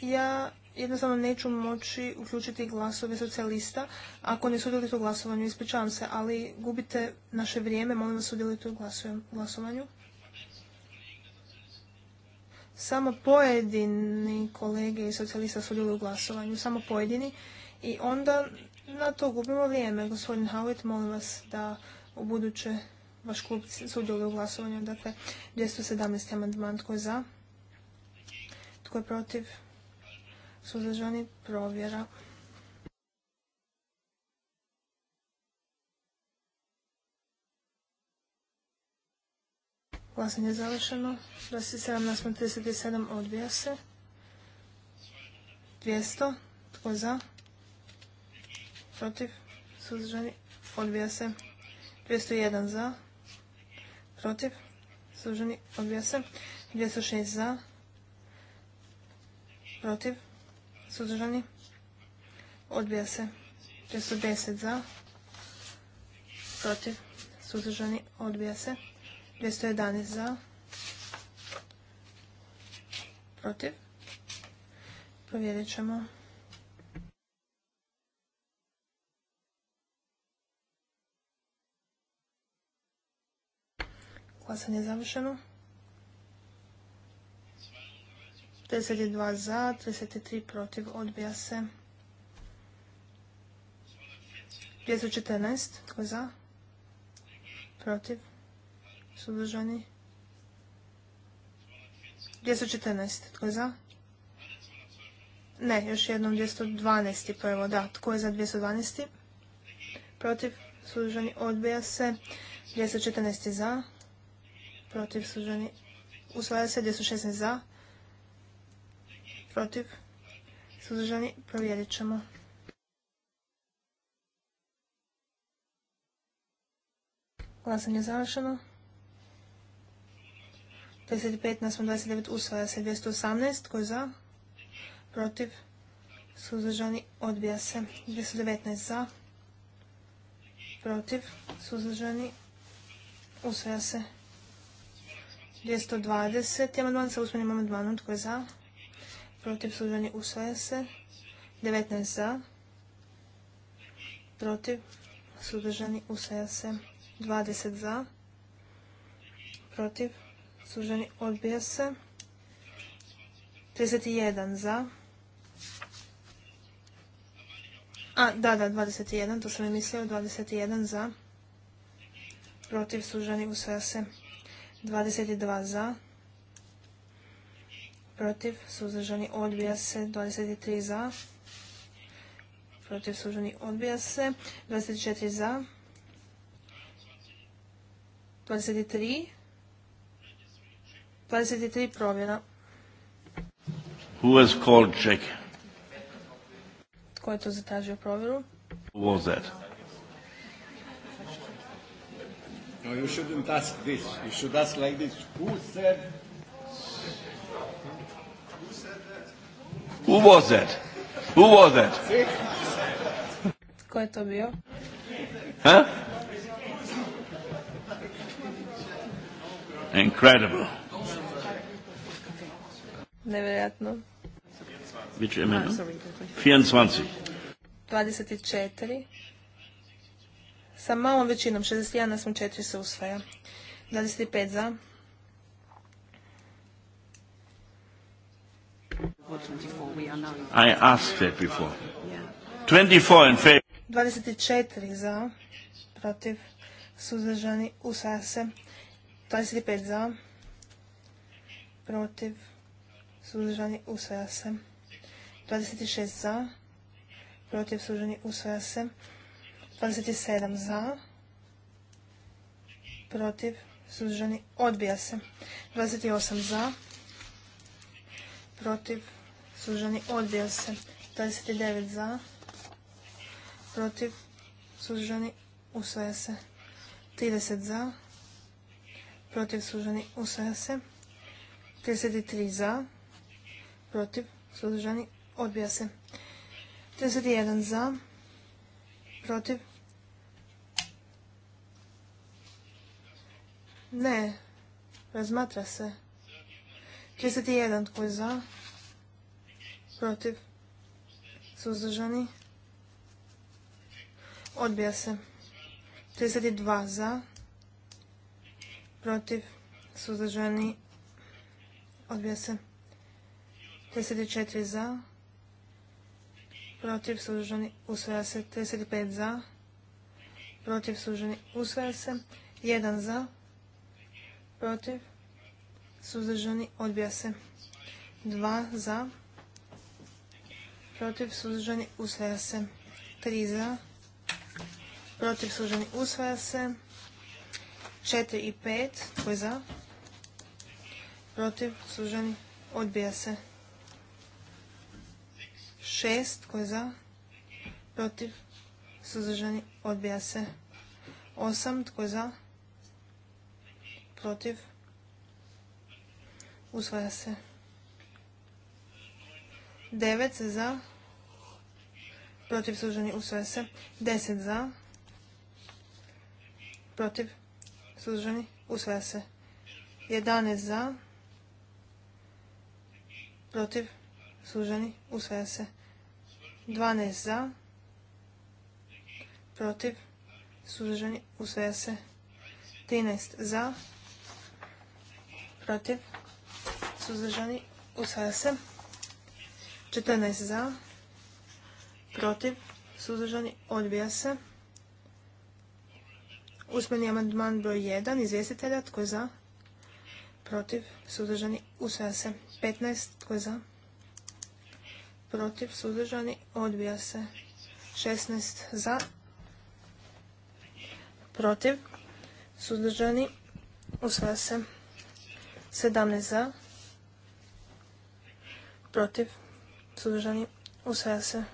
Ja jednostavno neću moći uključiti glasove socijalista ako ne sudjelite u glasovanju. Ispričavam se, ali gubite naše vrijeme. Molim vas sudjelite u glasovanju samo pojedini kolege i socijalista sudjeluju u glasovanju, samo pojedini i onda na to gubimo vrijeme. Gospodin Howitt, molim vas da u buduće vaš klub sudjeluje u glasovanju. Dakle, 217. amandman, tko je za? Tko je protiv? Suzdržani provjera. Glasanje je završeno. 27 nasmo 37 odbija se. 200. Tko je za? Protiv? Suzdržani? Odbija se. 201 za. Protiv? Suzdržani? Odbija se. 206 za. Protiv? Suzdržani? Odbija se. 210 za. Protiv? Suzdržani? Odbija se. 211 za. Protiv. Provjerit ćemo. Glasanje je završeno. 32 za, 33 protiv, odbija se. 214 za, protiv, Suzdržani. 214. Tko je za? Ne, još jednom 212. prvo, pa da. Tko je za 212? Protiv, suzdržani, odbija se. 214. za. Protiv, suzdržani, usvaja se. 216. za. Protiv, suzdržani, provjerit ćemo. Glasanje je završeno. 35 na 29 usvaja se 218. Tko je za? Protiv? Suzdržani odbija se. 219 za. Protiv? Suzdržani usvaja se. 220. Amandman sa usmenim amandmanom. Tko je za? Protiv? Suzdržani usvaja se. 19 za. Protiv? Suzdržani usvaja se. 20 za. Protiv? suženi, odbija se. 31 za. A, da, da, 21, to sam je mislio, 21 za. Protiv suženi usvaja se. 22 za. Protiv suzdržani odbija se. 23 za. Protiv suzdržani odbija se. 24 za. 23 za. 23 provjera. Who has called check? Tko je to zatražio provjeru? Who was that? No, you shouldn't ask this. You should ask like this. Who said? Who said that? Who was that? Who was that? Tko je to bio? Huh? Incredible nevjerojatno. 24. 24. Sa malom većinom, 61 na 4 se usvaja. 25 za. I asked that before. 24 in favor. 24 za, protiv, suzdržani, usvaja se. 25 za, protiv, suzdržani, usvaja se. 26 za, protiv, suzdržani, usvaja se. 27 za, protiv, suzdržani, odbija se. 28 za, protiv, suzdržani, odbija se. 29 za, protiv, suzdržani, usvaja se. 30 za, protiv, suzdržani, usvaja se. 33 za, protiv, suzdržani, odbija se. 31 za, protiv, ne, razmatra se. 31 tko je za, protiv, suzdržani, odbija se. 32 za, protiv, suzdržani, odbija se. 34 za, protiv suzdržani usvaja se 35 za, protiv suzdržani usvaja se 1 za, protiv suzdržani odbija se 2 za, protiv suzdržani usvaja se 3 za, protiv suzdržani usvaja se 4 i 5 je za, protiv suzdržani odbija se Šest, tko je za? Protiv? Suzdržani? Odbija se. Osam, tko je za? Protiv? Usvaja se. Devet se za. Protiv suženi, usvaja se. Deset za. Protiv suzdržani usvaja se. Jedanest za. Protiv suzdržani usvaja se. 12 za, protiv, suzdržani, usvaja se. 13 za, protiv, suzdržani, usvaja se. 14 za, protiv, suzdržani, odbija se. Usmeni amandman broj 1, izvjestitelja, tko je za, protiv, suzdržani, usvaja se. 15, tko je za, protiv, protiv, suzdržani, odbija se. 16 za, protiv, suzdržani, usvaja se. 17 za, protiv, suzdržani, usvaja se.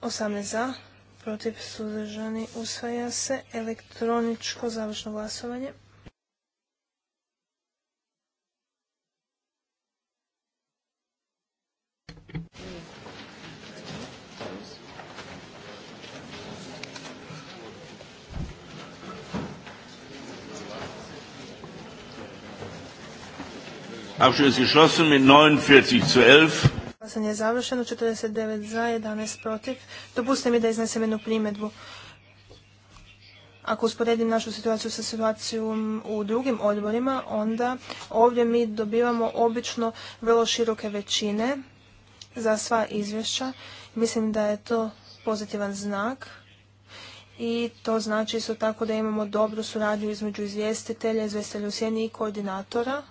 18 za, protiv, suzdržani, usvaja se. Elektroničko završno glasovanje. Abschluss geschlossen mit Glasanje je završeno, 49 za, 11 protiv. Dopustite mi da iznesem jednu primjedbu. Ako usporedim našu situaciju sa situacijom u drugim odborima, onda ovdje mi dobivamo obično vrlo široke većine za sva izvješća. Mislim da je to pozitivan znak i to znači isto tako da imamo dobru suradnju između izvjestitelja, izvjestitelja u sjeni i koordinatora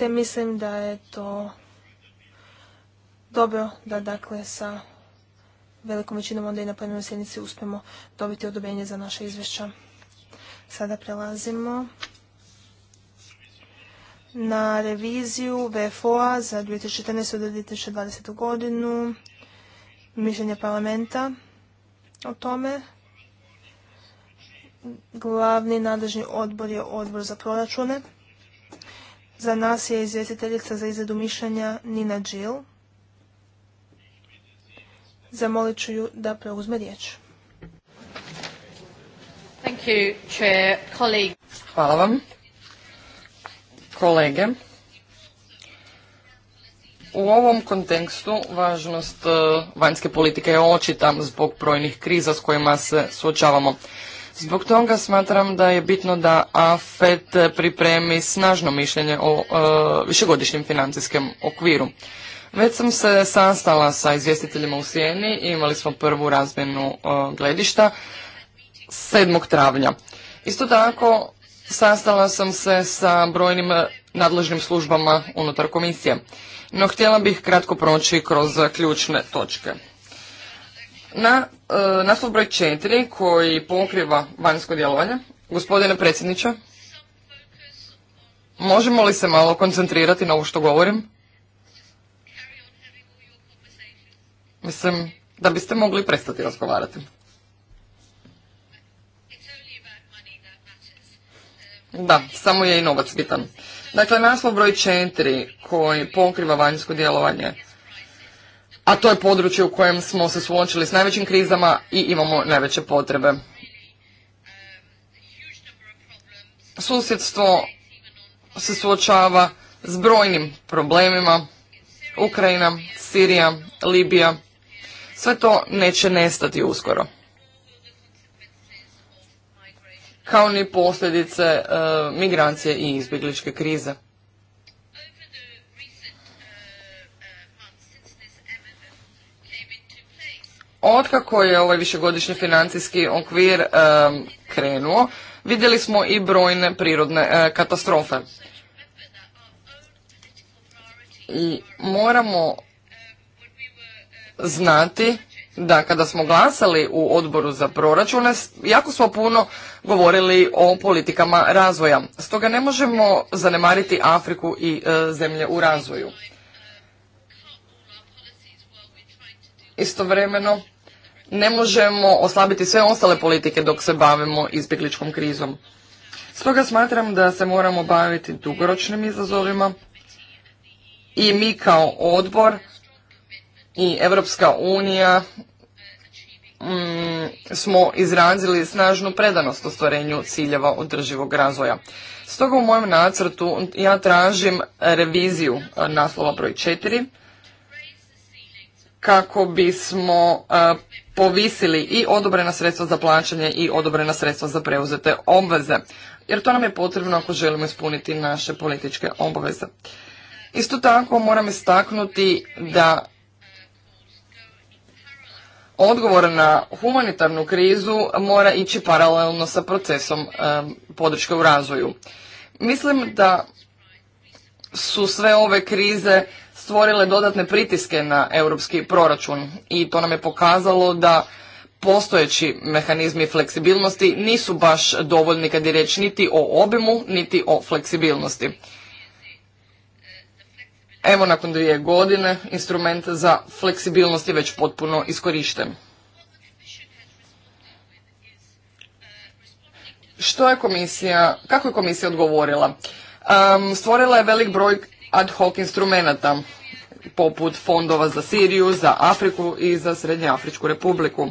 te mislim da je to dobro da dakle sa velikom većinom onda i na plenarnoj sjednici uspemo dobiti odobrenje za naše izvješća. Sada prelazimo na reviziju VFO-a za 2014. do 2020. godinu, mišljenje parlamenta o tome. Glavni nadležni odbor je odbor za proračune. Za nas je izvjestiteljica za izradu mišljenja Nina Džil. Zamolit ću ju da preuzme riječ. Hvala vam. Kolege, u ovom kontekstu važnost eh, vanjske politike je očita zbog brojnih kriza s kojima se suočavamo. Zbog toga smatram da je bitno da AFET pripremi snažno mišljenje o e, višegodišnjem financijskom okviru. Već sam se sastala sa izvjestiteljima u Sijeni i imali smo prvu razmjenu e, gledišta 7. travnja. Isto tako sastala sam se sa brojnim nadležnim službama unutar komisije. No htjela bih kratko proći kroz ključne točke na e, naslov broj četiri, koji pokriva vanjsko djelovanje. Gospodine predsjedniče, možemo li se malo koncentrirati na ovo što govorim? Mislim, da biste mogli prestati razgovarati. Da, samo je i novac bitan. Dakle, naslov broj četiri, koji pokriva vanjsko djelovanje a to je područje u kojem smo se suočili s najvećim krizama i imamo najveće potrebe. Susjedstvo se suočava s brojnim problemima. Ukrajina, Sirija, Libija, sve to neće nestati uskoro. Kao ni posljedice e, migracije i izbjegličke krize. Otkako je ovaj višegodišnji financijski okvir krenuo, vidjeli smo i brojne prirodne e, katastrofe. I moramo znati da kada smo glasali u odboru za proračune, jako smo puno govorili o politikama razvoja. Stoga ne možemo zanemariti Afriku i e, zemlje u razvoju. istovremeno ne možemo oslabiti sve ostale politike dok se bavimo izbjegličkom krizom. Stoga smatram da se moramo baviti dugoročnim izazovima i mi kao odbor i Evropska unija mm, smo izrazili snažnu predanost ostvarenju ciljeva održivog razvoja. Stoga u mojem nacrtu ja tražim reviziju e, naslova broj 4 kako bismo e, povisili i odobrena sredstva za plaćanje i odobrena sredstva za preuzete obveze. Jer to nam je potrebno ako želimo ispuniti naše političke obveze. Isto tako moram istaknuti da odgovor na humanitarnu krizu mora ići paralelno sa procesom e, podrške u razvoju. Mislim da su sve ove krize stvorile dodatne pritiske na europski proračun i to nam je pokazalo da postojeći mehanizmi fleksibilnosti nisu baš dovoljni kad je riječ niti o obimu, niti o fleksibilnosti. Evo nakon dvije godine instrument za fleksibilnost je već potpuno iskorišten. Što je komisija, kako je komisija odgovorila? stvorila je velik broj ad hoc instrumenata poput fondova za Siriju, za Afriku i za Srednjeafričku republiku,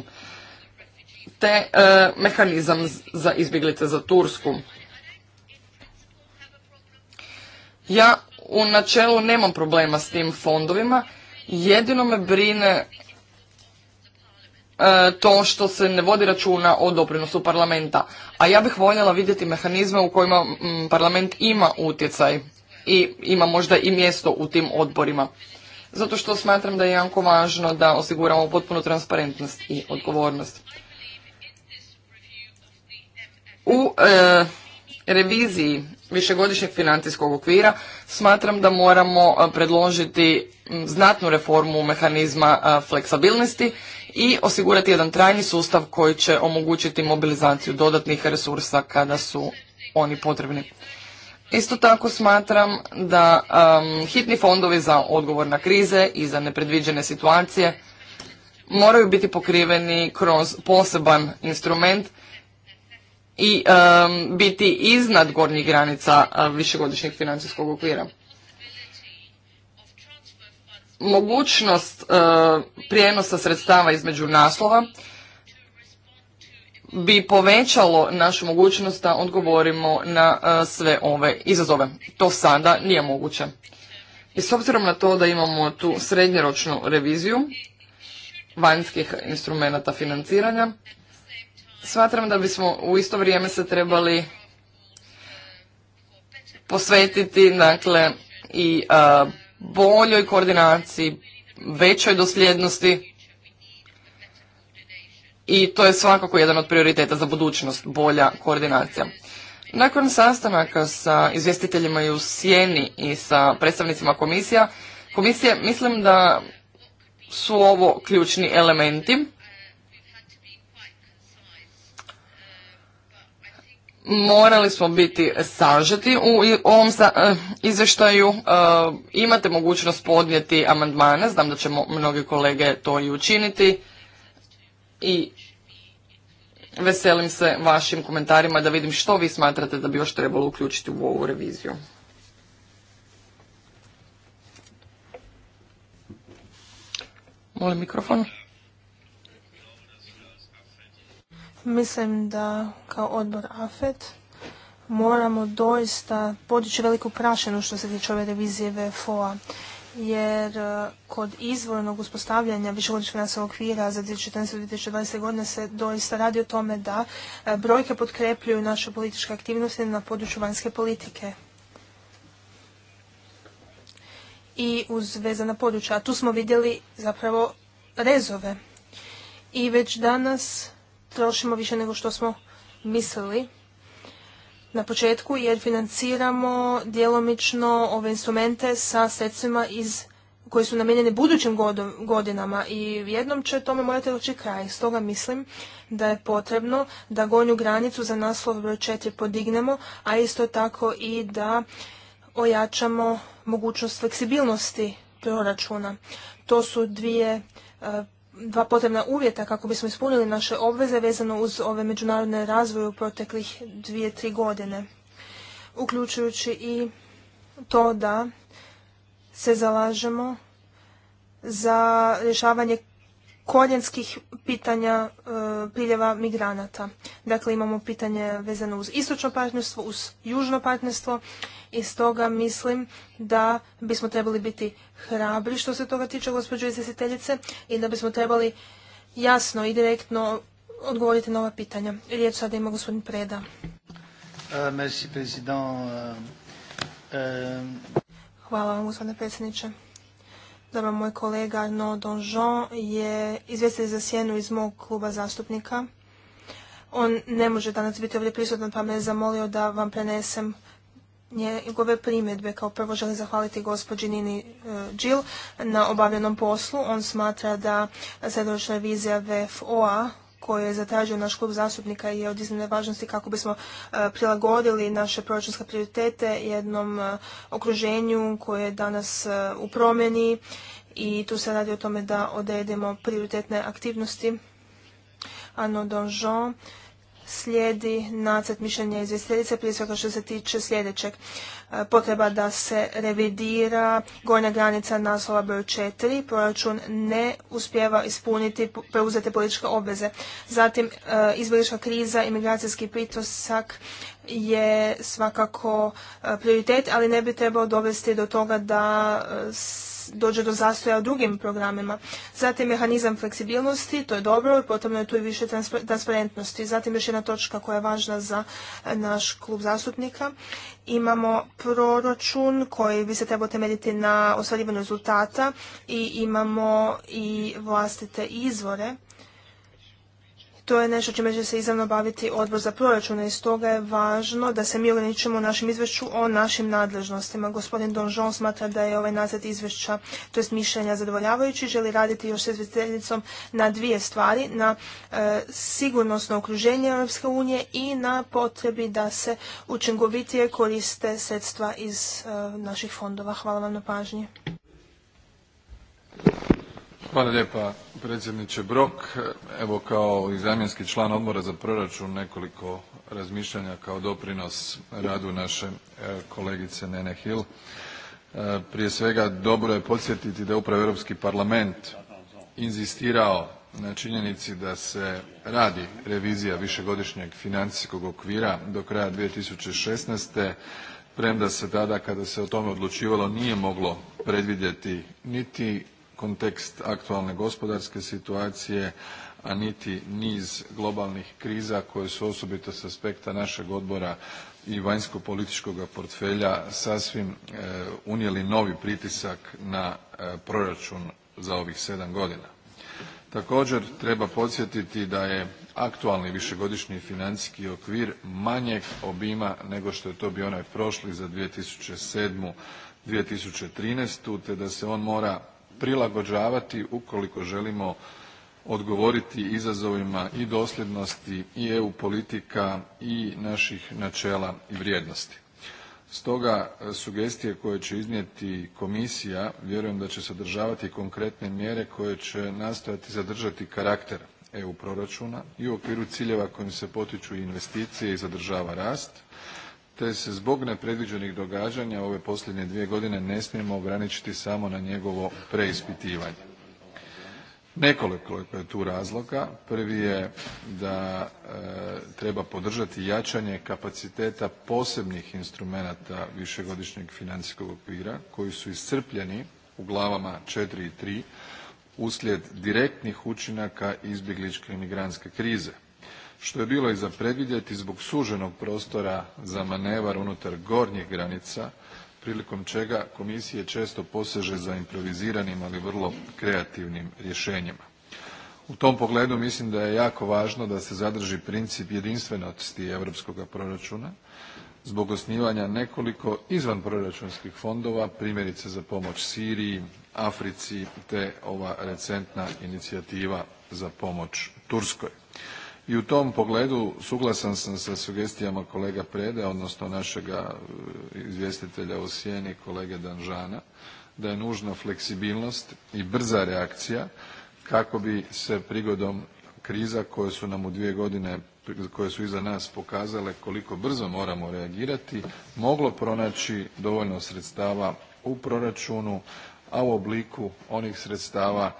te e, mehanizam za izbjeglice za Tursku. Ja u načelu nemam problema s tim fondovima, jedino me brine e, to što se ne vodi računa o doprinosu parlamenta. A ja bih voljela vidjeti mehanizme u kojima parlament ima utjecaj i ima možda i mjesto u tim odborima zato što smatram da je jako važno da osiguramo potpunu transparentnost i odgovornost. U e, reviziji višegodišnjeg financijskog okvira smatram da moramo e, predložiti znatnu reformu mehanizma e, fleksibilnosti i osigurati jedan trajni sustav koji će omogućiti mobilizaciju dodatnih resursa kada su oni potrebni. Isto tako smatram da um, hitni fondovi za odgovor na krize i za nepredviđene situacije moraju biti pokriveni kroz poseban instrument i um, biti iznad gornjih granica uh, višegodišnjeg financijskog okvira. Mogućnost uh, prijenosa sredstava između naslova bi povećalo našu mogućnost da odgovorimo na e, sve ove izazove. To sada nije moguće. I s obzirom na to da imamo tu srednjeročnu reviziju vanjskih instrumenata financiranja, smatram da bismo u isto vrijeme se trebali posvetiti dakle, i e, boljoj koordinaciji, većoj dosljednosti i to je svakako jedan od prioriteta za budućnost, bolja koordinacija. Nakon sastanaka sa izvjestiteljima i u Sjeni i sa predstavnicima komisija, komisije, mislim da su ovo ključni elementi. Morali smo biti sažeti u ovom eh, izvještaju. Eh, imate mogućnost podnijeti amandmane, znam da ćemo mnogi kolege to i učiniti i veselim se vašim komentarima da vidim što vi smatrate da bi još trebalo uključiti u ovu reviziju. Molim mikrofon. Mislim da kao odbor AFET moramo doista podići veliku prašenu što se tiče ove revizije VFO-a jer e, kod izvornog uspostavljanja višegodišnjeg finansovog okvira za 2014-2020 godine se doista radi o tome da e, brojke potkrepljuju naše političke aktivnosti na području vanjske politike i uz vezana područja. A tu smo vidjeli zapravo rezove. I već danas trošimo više nego što smo mislili na početku jer financiramo djelomično ove instrumente sa sredstvima iz koji su namijenjeni budućim godinama i jednom će tome morati doći kraj. Stoga mislim da je potrebno da gonju granicu za naslov broj četiri podignemo, a isto tako i da ojačamo mogućnost fleksibilnosti proračuna. To su dvije eh, dva potrebna uvjeta kako bismo ispunili naše obveze vezano uz ove međunarodne razvoje u proteklih dvije, tri godine. Uključujući i to da se zalažemo za rješavanje koljenskih pitanja e, priljeva migranata. Dakle, imamo pitanje vezano uz istočno partnerstvo, uz južno partnerstvo i stoga mislim da bismo trebali biti hrabri što se toga tiče gospođo izvjestiteljice i da bismo trebali jasno i direktno odgovoriti na ova pitanja. Riječ sada ima gospodin Preda. Uh, uh, um, Hvala vam, gospodine predsjedniče. Dobro, moj kolega Arnaud Donjon je izvjestitelj za sjenu iz mog kluba zastupnika. On ne može danas biti ovdje prisutan, pa me je zamolio da vam prenesem njegove primjedbe. Kao prvo želim zahvaliti gospođi Nini e, Džil na obavljenom poslu. On smatra da vizija revizija VFOA koju je zatražio naš klub zastupnika je od iznimne važnosti kako bismo e, prilagodili naše proračunske prioritete jednom e, okruženju koje je danas u promjeni i tu se radi o tome da odredimo prioritetne aktivnosti. Ano Donjon slijedi nacrt mišljenja izvjestiteljice prije svega što se tiče sljedećeg e, potreba da se revidira gornja granica naslova broj 4, proračun ne uspjeva ispuniti preuzete političke obveze. Zatim e, izbjeglička kriza imigracijski migracijski pritosak je svakako e, prioritet, ali ne bi trebao dovesti do toga da dođe do zastoja u drugim programima. Zatim mehanizam fleksibilnosti, to je dobro, i potrebno je tu i više transparentnosti. Zatim još jedna točka koja je važna za eh, naš klub zastupnika. Imamo proračun koji bi se trebao temeljiti na ostvarivanju rezultata i imamo i vlastite izvore to je nešto čime će se izravno baviti odbor za proračune i stoga je važno da se mi ograničimo u našem izvješću o našim nadležnostima. Gospodin Donžon smatra da je ovaj nazad izvješća, to jest mišljenja zadovoljavajući, želi raditi još s na dvije stvari, na sigurnostno e, sigurnosno okruženje Europske unije i na potrebi da se učinkovitije koriste sredstva iz e, naših fondova. Hvala vam na pažnji. Hvala lijepa predsjedniče Brok. Evo kao i zamjenski član Odbora za proračun nekoliko razmišljanja kao doprinos radu naše e, kolegice Nene Hill. E, prije svega dobro je podsjetiti da je upravo Europski parlament inzistirao na činjenici da se radi revizija višegodišnjeg financijskog okvira do kraja 2016. premda se tada kada se o tome odlučivalo nije moglo predvidjeti niti kontekst aktualne gospodarske situacije, a niti niz globalnih kriza koje su osobito s aspekta našeg odbora i vanjsko-političkog portfelja sasvim e, unijeli novi pritisak na e, proračun za ovih sedam godina. Također treba podsjetiti da je aktualni višegodišnji financijski okvir manjeg obima nego što je to bio onaj prošli za 2007. 2013. te da se on mora prilagođavati ukoliko želimo odgovoriti izazovima i dosljednosti i EU politika i naših načela i vrijednosti. Stoga e, sugestije koje će iznijeti komisija vjerujem da će sadržavati konkretne mjere koje će nastojati zadržati karakter EU proračuna i u okviru ciljeva kojim se potiču investicije i zadržava rast, te se zbog nepredviđenih događanja ove posljednje dvije godine ne smijemo ograničiti samo na njegovo preispitivanje. Nekoliko je tu razloga. Prvi je da e, treba podržati jačanje kapaciteta posebnih instrumenata višegodišnjeg financijskog okvira koji su iscrpljeni u glavama 4 i 3 uslijed direktnih učinaka izbjegličke i migrantske krize što je bilo i za predvidjeti zbog suženog prostora za manevar unutar gornjih granica prilikom čega komisije često poseže za improviziranim ali vrlo kreativnim rješenjima. U tom pogledu mislim da je jako važno da se zadrži princip jedinstvenosti europskoga proračuna zbog osnivanja nekoliko izvanproračunskih fondova, primjerice za pomoć Siriji, Africi te ova recentna inicijativa za pomoć Turskoj i u tom pogledu suglasan sam sa sugestijama kolega Prede, odnosno našega e, izvjestitelja u sjeni kolege Danžana, da je nužna fleksibilnost i brza reakcija kako bi se prigodom kriza koje su nam u dvije godine koje su iza nas pokazale koliko brzo moramo reagirati moglo pronaći dovoljno sredstava u proračunu, a u obliku onih sredstava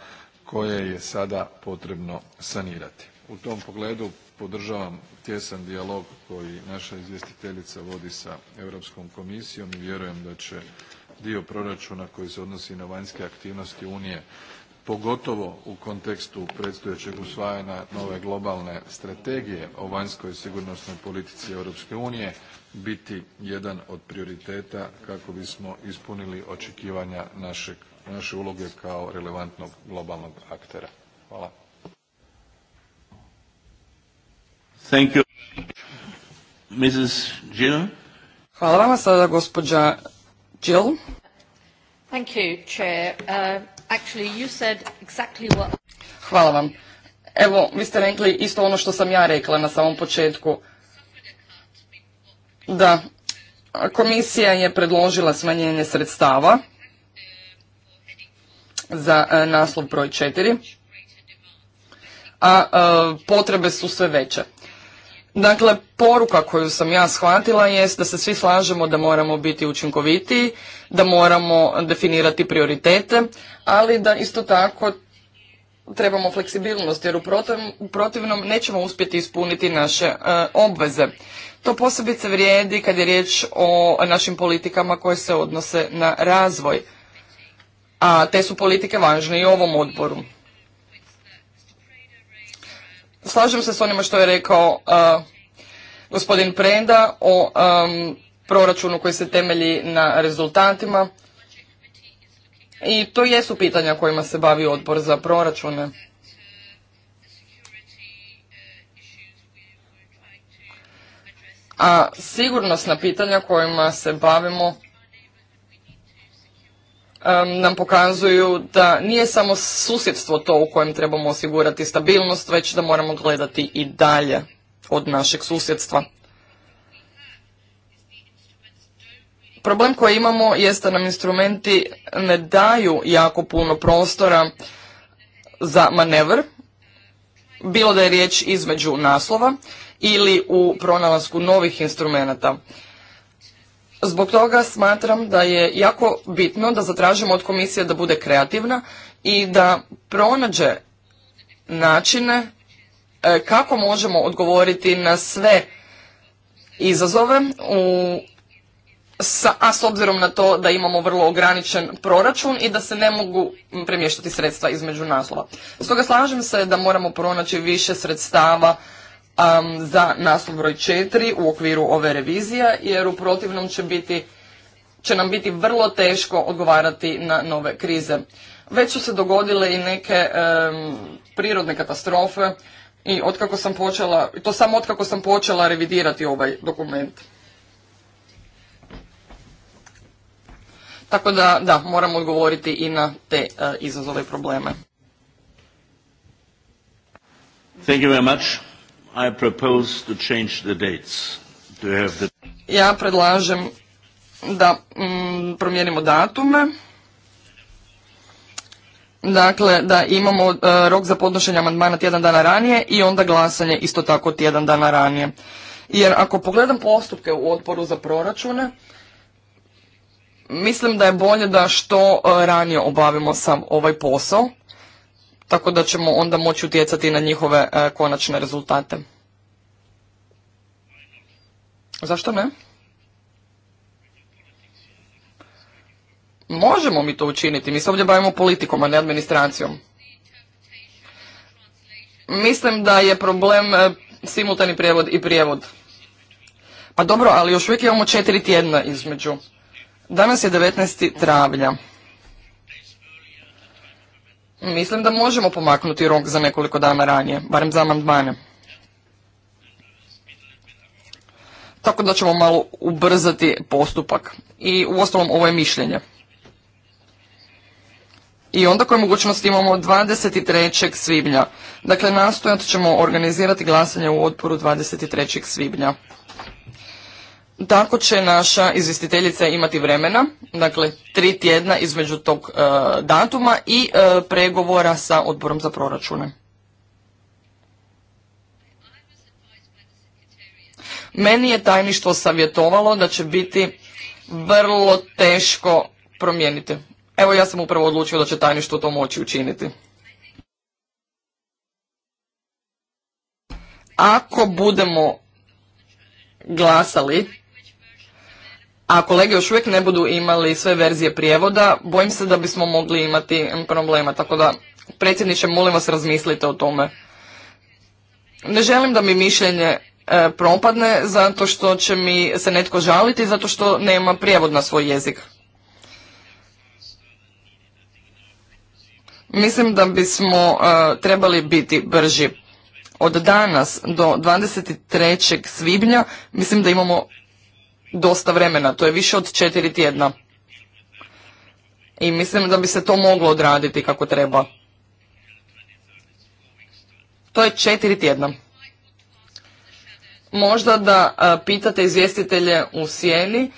koje je sada potrebno sanirati. U tom pogledu podržavam tijesan dijalog koji naša izvjestiteljica vodi sa Europskom komisijom i vjerujem da će dio proračuna koji se odnosi na vanjske aktivnosti Unije pogotovo u kontekstu predstojećeg usvajanja nove globalne strategije o vanjskoj sigurnosnoj politici Europske unije biti jedan od prioriteta kako bismo ispunili očekivanja našeg, naše uloge kao relevantnog globalnog aktera. Hvala. Hvala vam sada gospođa Jill. Thank you, uh, Hvala vam. Evo, vi ste rekli isto ono što sam ja rekla na samom početku. Da, komisija je predložila smanjenje sredstava za e, naslov broj 4, a e, potrebe su sve veće. Dakle, poruka koju sam ja shvatila jest da se svi slažemo da moramo biti učinkovitiji, da moramo definirati prioritete, ali da isto tako trebamo fleksibilnost jer u protivnom nećemo uspjeti ispuniti naše e, obveze. To posebice vrijedi kad je riječ o našim politikama koje se odnose na razvoj, a te su politike važne i ovom odboru slažem se s onima što je rekao uh, gospodin Prenda o um, proračunu koji se temelji na rezultatima. I to jesu pitanja kojima se bavi odbor za proračune. A sigurnosna pitanja kojima se bavimo nam pokazuju da nije samo susjedstvo to u kojem trebamo osigurati stabilnost, već da moramo gledati i dalje od našeg susjedstva. Problem koji imamo jeste nam instrumenti ne daju jako puno prostora za manevr, bilo da je riječ između naslova ili u pronalasku novih instrumenata. Zbog toga smatram da je jako bitno da zatražimo od komisije da bude kreativna i da pronađe načine e, kako možemo odgovoriti na sve izazove, u, a s obzirom na to da imamo vrlo ograničen proračun i da se ne mogu premještati sredstva između naslova. Stoga slažem se da moramo pronaći više sredstava za naslov broj 4 u okviru ove revizije, jer u protivnom će, biti, će nam biti vrlo teško odgovarati na nove krize. Već su se dogodile i neke prirodne katastrofe i otkako sam počela, to samo otkako sam počela revidirati ovaj dokument. Tako da, da, moramo odgovoriti i na te e, izazove i probleme. Thank you very much. I Ja predlažem da mm, promijenimo datume. Dakle, da imamo e, rok za podnošenje amandmana tjedan dana ranije i onda glasanje isto tako tjedan dana ranije. Jer ako pogledam postupke u odporu za proračune, mislim da je bolje da što e, ranije obavimo sam ovaj posao tako da ćemo onda moći utjecati na njihove e, konačne rezultate. Zašto ne? Možemo mi to učiniti, mi se ovdje bavimo politikom, a ne administracijom. Mislim da je problem e, simultani prijevod i prijevod. Pa dobro, ali još uvijek imamo četiri tjedna između. Danas je 19. travnja. Mislim da možemo pomaknuti rok za nekoliko dana ranije, barem za amandmane. Tako da ćemo malo ubrzati postupak. I uostalom ovo je mišljenje. I onda koje mogućnosti imamo 23. svibnja. Dakle, nastojat ćemo organizirati glasanje u odporu 23. svibnja tako će naša izvjestiteljica imati vremena, dakle tri tjedna između tog e, datuma i e, pregovora sa odborom za proračune. Meni je tajništvo savjetovalo da će biti vrlo teško promijeniti. Evo ja sam upravo odlučio da će tajništvo to moći učiniti. Ako budemo glasali a kolege još uvijek ne budu imali sve verzije prijevoda, bojim se da bismo mogli imati problema. Tako da, predsjedniče, molim vas razmislite o tome. Ne želim da mi mišljenje e, propadne zato što će mi se netko žaliti zato što nema prijevod na svoj jezik. Mislim da bismo e, trebali biti brži. Od danas do 23. svibnja mislim da imamo dosta vremena, to je više od četiri tjedna. I mislim da bi se to moglo odraditi kako treba. To je četiri tjedna. Možda da e, pitate izvjestitelje u sjeni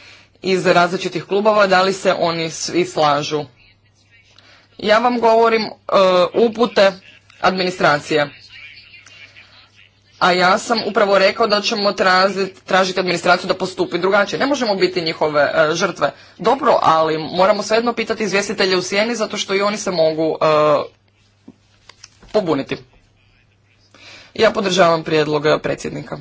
iz različitih klubova da li se oni svi slažu. Ja vam govorim e, upute administracije a ja sam upravo rekao da ćemo tražiti administraciju da postupi drugačije. Ne možemo biti njihove e, žrtve. Dobro, ali moramo svejedno pitati izvjestitelje u sjeni zato što i oni se mogu e, pobuniti. Ja podržavam prijedlog predsjednika.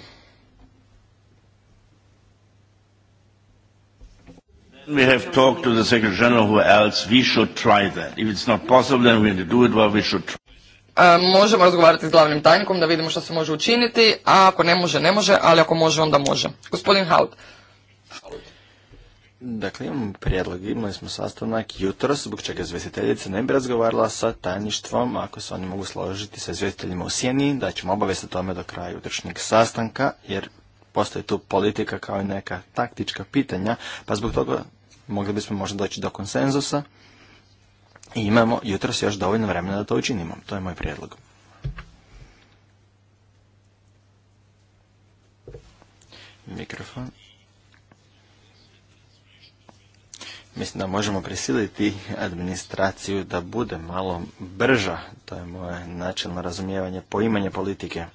We have talked to the Secretary General who else we should try that. If it's not possible then we to do it we should E, možemo razgovarati s glavnim tajnikom da vidimo što se može učiniti, a ako ne može, ne može, ali ako može, onda može. Gospodin Haut. Dakle, imamo prijedlog, imali smo sastanak jutro, zbog čega izvjestiteljica ne bi razgovarala sa tajništvom, ako se oni mogu složiti sa izvjestiteljima u sjeni, da ćemo obavesti tome do kraja jutrošnjeg sastanka, jer postoji tu politika kao i neka taktička pitanja, pa zbog toga mogli bismo možda doći do konsenzusa i imamo jutros još dovoljno vremena da to učinimo. To je moj prijedlog. Mikrofon. Mislim da možemo prisiliti administraciju da bude malo brža. To je moje načelno razumijevanje, poimanje politike.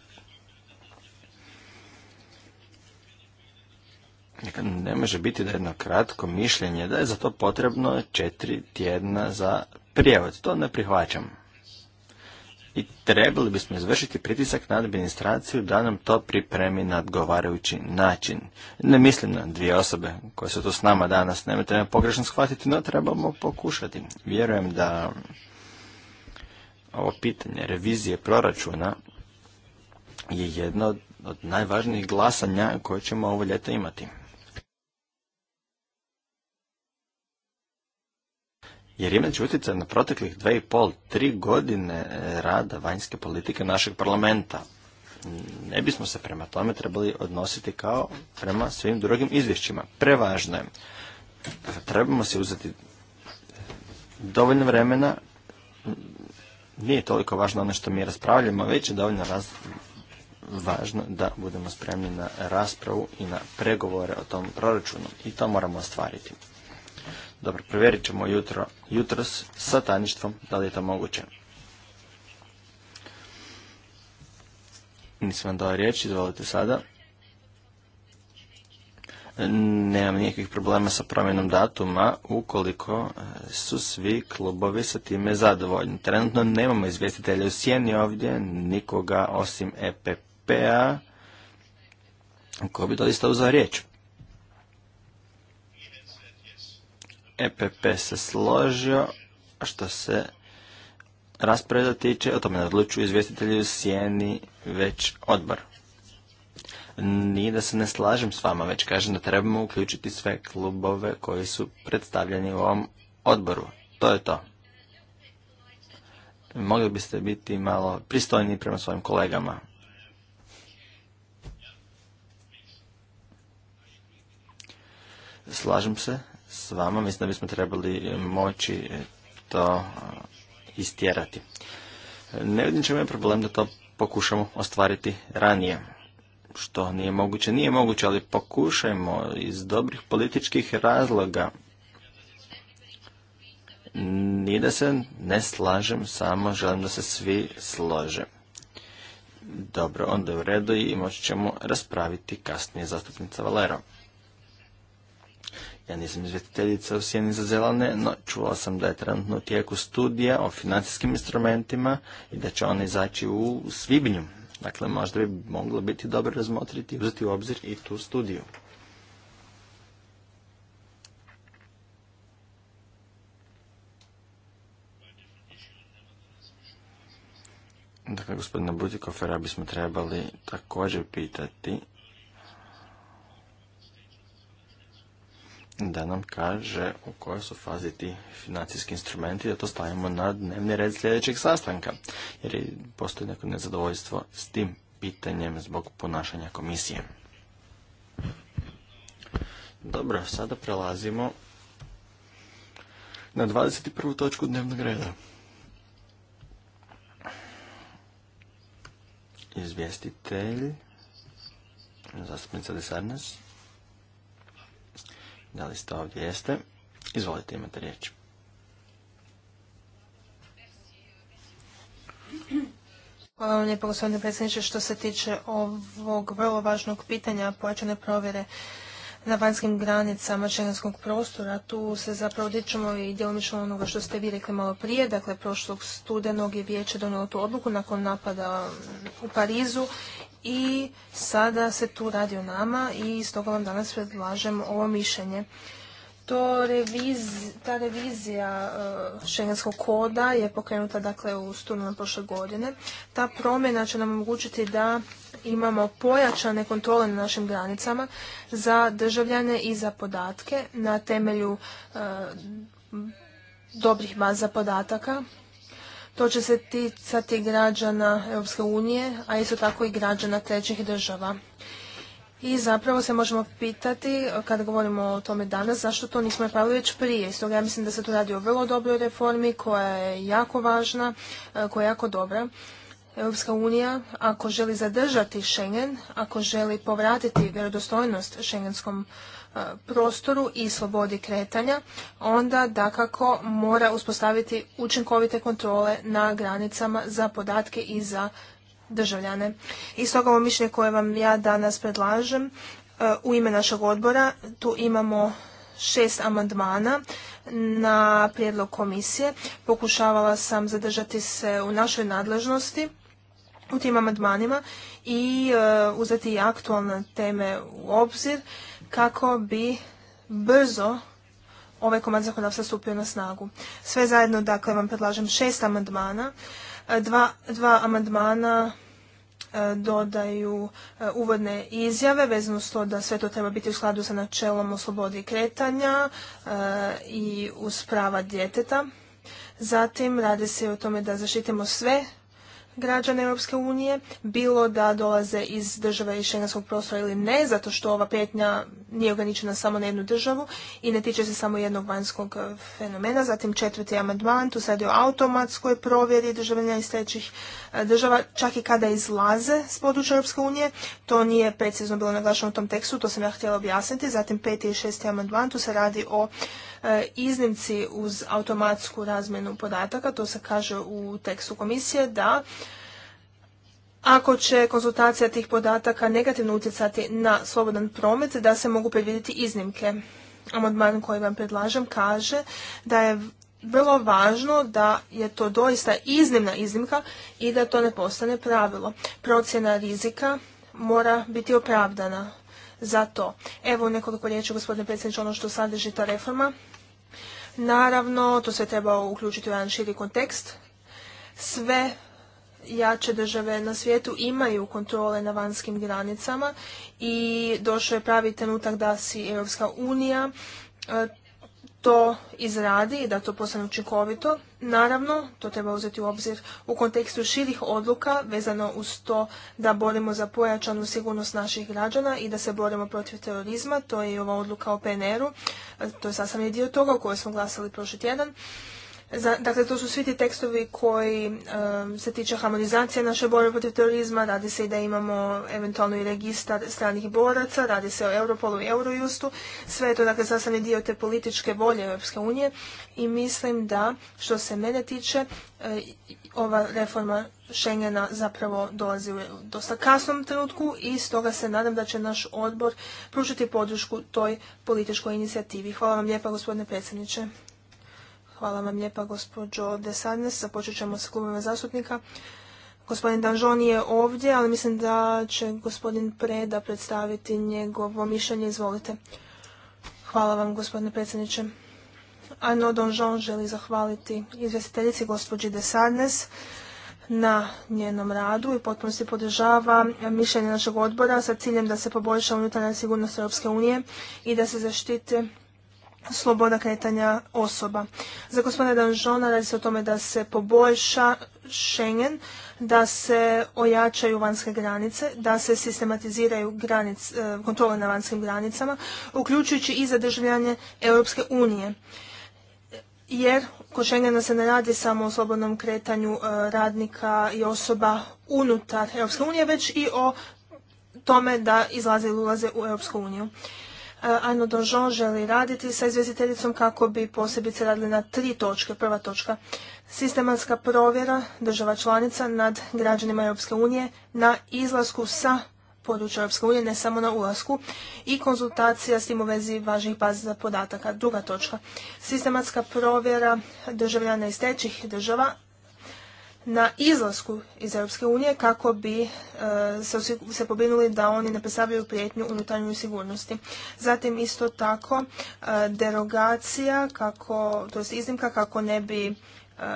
Dakle, ne može biti da jedno kratko mišljenje da je za to potrebno četiri tjedna za prijevod. To ne prihvaćam. I trebali bismo izvršiti pritisak na administraciju da nam to pripremi na odgovarajući način. Ne mislim na dvije osobe koje su tu s nama danas, nemojte me pogrešno shvatiti, no trebamo pokušati. Vjerujem da ovo pitanje revizije proračuna je jedno od najvažnijih glasanja koje ćemo ovo ljeto imati. jer će utjecaj na proteklih dve i pol, tri godine rada vanjske politike našeg parlamenta. Ne bismo se prema tome trebali odnositi kao prema svim drugim izvješćima. Prevažno je. Trebamo se uzeti dovoljno vremena. Nije toliko važno ono što mi raspravljamo, već je dovoljno važno da budemo spremni na raspravu i na pregovore o tom proračunu. I to moramo ostvariti. Dobro, provjerit ćemo jutro, jutros sa tajništvom da li je to moguće. Nisam vam dao riječ, izvolite sada. Nemam nikakvih problema sa promjenom datuma ukoliko e, su svi klubovi sa time zadovoljni. Trenutno nemamo izvjestitelja u sjeni ovdje, nikoga osim EPP-a. Ko bi doista uzao riječ? EPP se složio, a što se rasprave tiče, o tome nadlučuju odlučuju izvjestitelji u sjeni već odbor. Nije da se ne slažem s vama, već kažem da trebamo uključiti sve klubove koji su predstavljeni u ovom odboru. To je to. Mogli biste biti malo pristojni prema svojim kolegama. Slažem se, s vama. Mislim da bismo trebali e, moći e, to e, istjerati. Ne vidim čemu je problem da to pokušamo ostvariti ranije. Što nije moguće? Nije moguće, ali pokušajmo iz dobrih političkih razloga. ni da se ne slažem, samo želim da se svi slože. Dobro, onda je u redu i moći ćemo raspraviti kasnije zastupnica Valero. Ja nisam izvjetiteljica u Sjeni za zelane, no čula sam da je trenutno tijeku studija o financijskim instrumentima i da će ona izaći u svibnju. Dakle, možda bi moglo biti dobro razmotriti i uzeti u obzir i tu studiju. Dakle, gospodina Butikofera bismo trebali također pitati da nam kaže u kojoj su fazi ti financijski instrumenti, da to stavimo na dnevni red sljedećeg sastanka, jer postoji neko nezadovoljstvo s tim pitanjem zbog ponašanja komisije. Dobro, sada prelazimo na 21. točku dnevnog reda. Izvjestitelj, zastupnica Desarnas. Da li ste ovdje? Jeste. Izvolite, imate riječ. Hvala vam lijepo, gospodine predsjedniče. Što se tiče ovog vrlo važnog pitanja pojačane provjere na vanjskim granicama šengenskog prostora, tu se zapravo dičemo i djelomično onoga što ste vi rekli malo prije. Dakle, prošlog studenog je vijeće donijelo tu odluku nakon napada u Parizu i sada se tu radi o nama i stoga vam danas predlažem ovo mišljenje. To ta revizija eh, šengenskog koda je pokrenuta dakle u na prošle godine. Ta promjena će nam omogućiti da imamo pojačane kontrole na našim granicama za državljane i za podatke na temelju eh, dobrih baza podataka to će se ticati građana Europske unije, a isto tako i građana trećih država. I zapravo se možemo pitati, kada govorimo o tome danas, zašto to nismo napravili već prije. Stoga ja mislim da se tu radi o vrlo dobroj reformi koja je jako važna, e, koja je jako dobra. Europska unija, ako želi zadržati Schengen, ako želi povratiti vjerodostojnost Schengenskom, E, prostoru i slobodi kretanja, onda dakako mora uspostaviti učinkovite kontrole na granicama za podatke i za državljane. I stoga ovo mišljenje koje vam ja danas predlažem e, u ime našeg odbora, tu imamo šest amandmana na prijedlog komisije. Pokušavala sam zadržati se u našoj nadležnosti u tim amandmanima i e, uzeti aktualne teme u obzir kako bi brzo ovaj komad zakonodavstva stupio na snagu. Sve zajedno, dakle, vam predlažem šest amandmana. E, dva, dva amandmana e, dodaju e, uvodne izjave vezano s to da sve to treba biti u skladu sa načelom o slobodi kretanja i uz prava djeteta. Zatim radi se o tome da zaštitimo sve građana Europske unije, bilo da dolaze iz države iz šengenskog prostora ili ne, zato što ova petnja nije ograničena samo na jednu državu i ne tiče se samo jednog vanjskog e, fenomena. Zatim četvrti amandman, tu se radi o automatskoj provjeri državljana iz trećih e, država, čak i kada izlaze s područja Europske unije. To nije precizno bilo naglašeno u tom tekstu, to sam ja htjela objasniti. Zatim peti i šesti amandman, tu se radi o E, iznimci uz automatsku razmjenu podataka, to se kaže u tekstu komisije, da ako će konzultacija tih podataka negativno utjecati na slobodan promet, da se mogu predvidjeti iznimke. Amandman koji vam predlažem kaže da je vrlo važno da je to doista iznimna iznimka i da to ne postane pravilo. Procjena rizika mora biti opravdana za to. Evo nekoliko riječi, gospodine predsjedniče, ono što sadrži ta reforma. Naravno, to se treba uključiti u jedan širi kontekst. Sve jače države na svijetu imaju kontrole na vanjskim granicama i došao je pravi trenutak da si Europska unija e, to izradi i da to postane učinkovito. Naravno, to treba uzeti u obzir u kontekstu širih odluka vezano uz to da borimo za pojačanu sigurnost naših građana i da se borimo protiv terorizma. To je i ova odluka o PNR-u. To je sasvim dio toga o kojoj smo glasali prošli tjedan. Dakle, to su svi ti tekstovi koji um, se tiče harmonizacije naše borbe protiv terorizma, radi se i da imamo eventualno i registar stranih boraca, radi se o Europolu i Eurojustu, sve je to dakle sastavni dio te političke volje Europske unije i mislim da što se mene tiče e, ova reforma Schengena zapravo dolazi u dosta kasnom trenutku i stoga se nadam da će naš odbor pružiti podršku toj političkoj inicijativi. Hvala vam lijepa gospodine predsjedniče. Hvala vam lijepa gospođo Desadnes. Započet ćemo sa klubima zastupnika. Gospodin Danžon je ovdje, ali mislim da će gospodin Preda predstaviti njegovo mišljenje. Izvolite. Hvala vam gospodine predsjedniče. Ano, Donjon želi zahvaliti izvjestiteljici gospođi Desadnes na njenom radu i potpunosti podržava mišljenje našeg odbora sa ciljem da se poboljša unutarnja sigurnost Europske unije i da se zaštite sloboda kretanja osoba. Za gospodina Danžona radi se o tome da se poboljša Schengen, da se ojačaju vanjske granice, da se sistematiziraju e, kontrole na vanjskim granicama, uključujući i zadržavljanje Europske unije. Jer kod Schengena se ne radi samo o slobodnom kretanju e, radnika i osoba unutar Europske unije, već i o tome da izlaze i ulaze u Europsku uniju. E, Arno Donžon želi raditi sa izvjestiteljicom kako bi posebice radili na tri točke. Prva točka, sistematska provjera država članica nad građanima Europske unije na izlasku sa područja Europske unije, ne samo na ulasku i konzultacija s tim u vezi važnih baza podataka. Druga točka, sistematska provjera državljana iz trećih država na izlasku iz Europske unije kako bi e, se, se da oni ne predstavljaju prijetnju unutarnjoj sigurnosti. Zatim isto tako e, derogacija, kako, to iznimka kako ne bi e,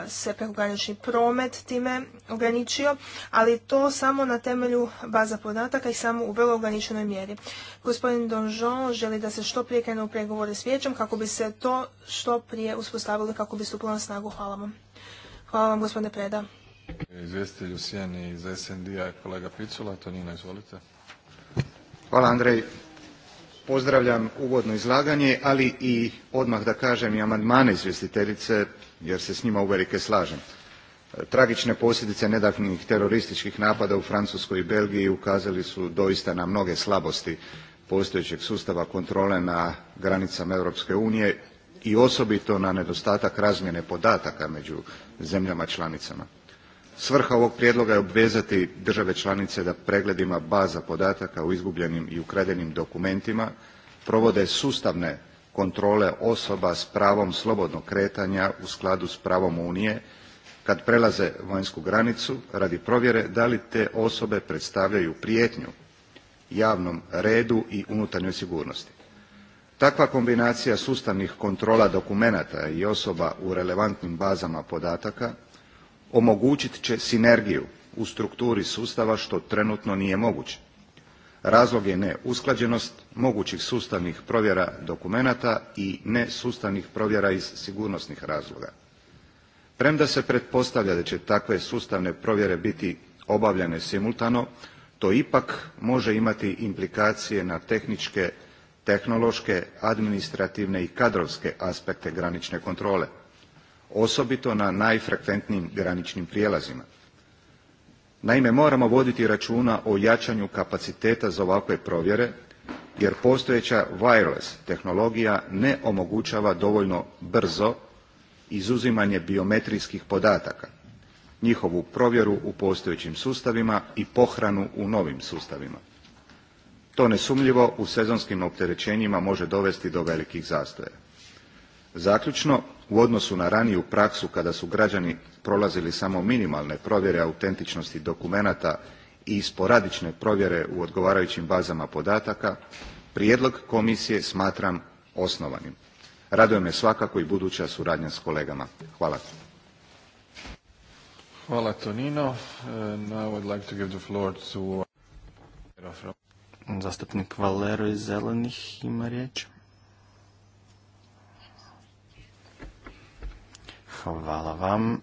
se prekogranični promet time ograničio, ali to samo na temelju baza podataka i samo u vrlo ograničenoj mjeri. Gospodin Donjon želi da se što prije krene u pregovore s vijećem kako bi se to što prije uspostavilo kako bi stupilo na snagu. Hvala vam. Hvala vam gospodine Preda. Izvjestitelj u iz SND-a kolega Picula, Tonina, izvolite. Hvala Andrej. Pozdravljam uvodno izlaganje, ali i odmah da kažem i amandmane izvjestiteljice, jer se s njima uvelike slažem. Tragične posljedice nedavnih terorističkih napada u Francuskoj i Belgiji ukazali su doista na mnoge slabosti postojećeg sustava kontrole na granicama Europske unije i osobito na nedostatak razmjene podataka među zemljama članicama Svrha ovog prijedloga je obvezati države članice da pregledima baza podataka o izgubljenim i ukradenim dokumentima provode sustavne kontrole osoba s pravom slobodnog kretanja u skladu s pravom Unije kad prelaze vanjsku granicu radi provjere da li te osobe predstavljaju prijetnju javnom redu i unutarnjoj sigurnosti. Takva kombinacija sustavnih kontrola dokumenata i osoba u relevantnim bazama podataka omogućit će sinergiju u strukturi sustava što trenutno nije moguće. Razlog je neusklađenost mogućih sustavnih provjera dokumenata i nesustavnih provjera iz sigurnosnih razloga. Premda se pretpostavlja da će takve sustavne provjere biti obavljene simultano, to ipak može imati implikacije na tehničke, tehnološke, administrativne i kadrovske aspekte granične kontrole osobito na najfrekventnijim graničnim prijelazima. Naime, moramo voditi računa o jačanju kapaciteta za ovakve provjere, jer postojeća wireless tehnologija ne omogućava dovoljno brzo izuzimanje biometrijskih podataka, njihovu provjeru u postojećim sustavima i pohranu u novim sustavima. To nesumljivo u sezonskim opterećenjima može dovesti do velikih zastoja. Zaključno, u odnosu na raniju praksu kada su građani prolazili samo minimalne provjere autentičnosti dokumenata i sporadične provjere u odgovarajućim bazama podataka, prijedlog komisije smatram osnovanim. Raduje me svakako i buduća suradnja s kolegama. Hvala. Hvala Tonino. Zastupnik Zelenih ima riječ. Hvala vam.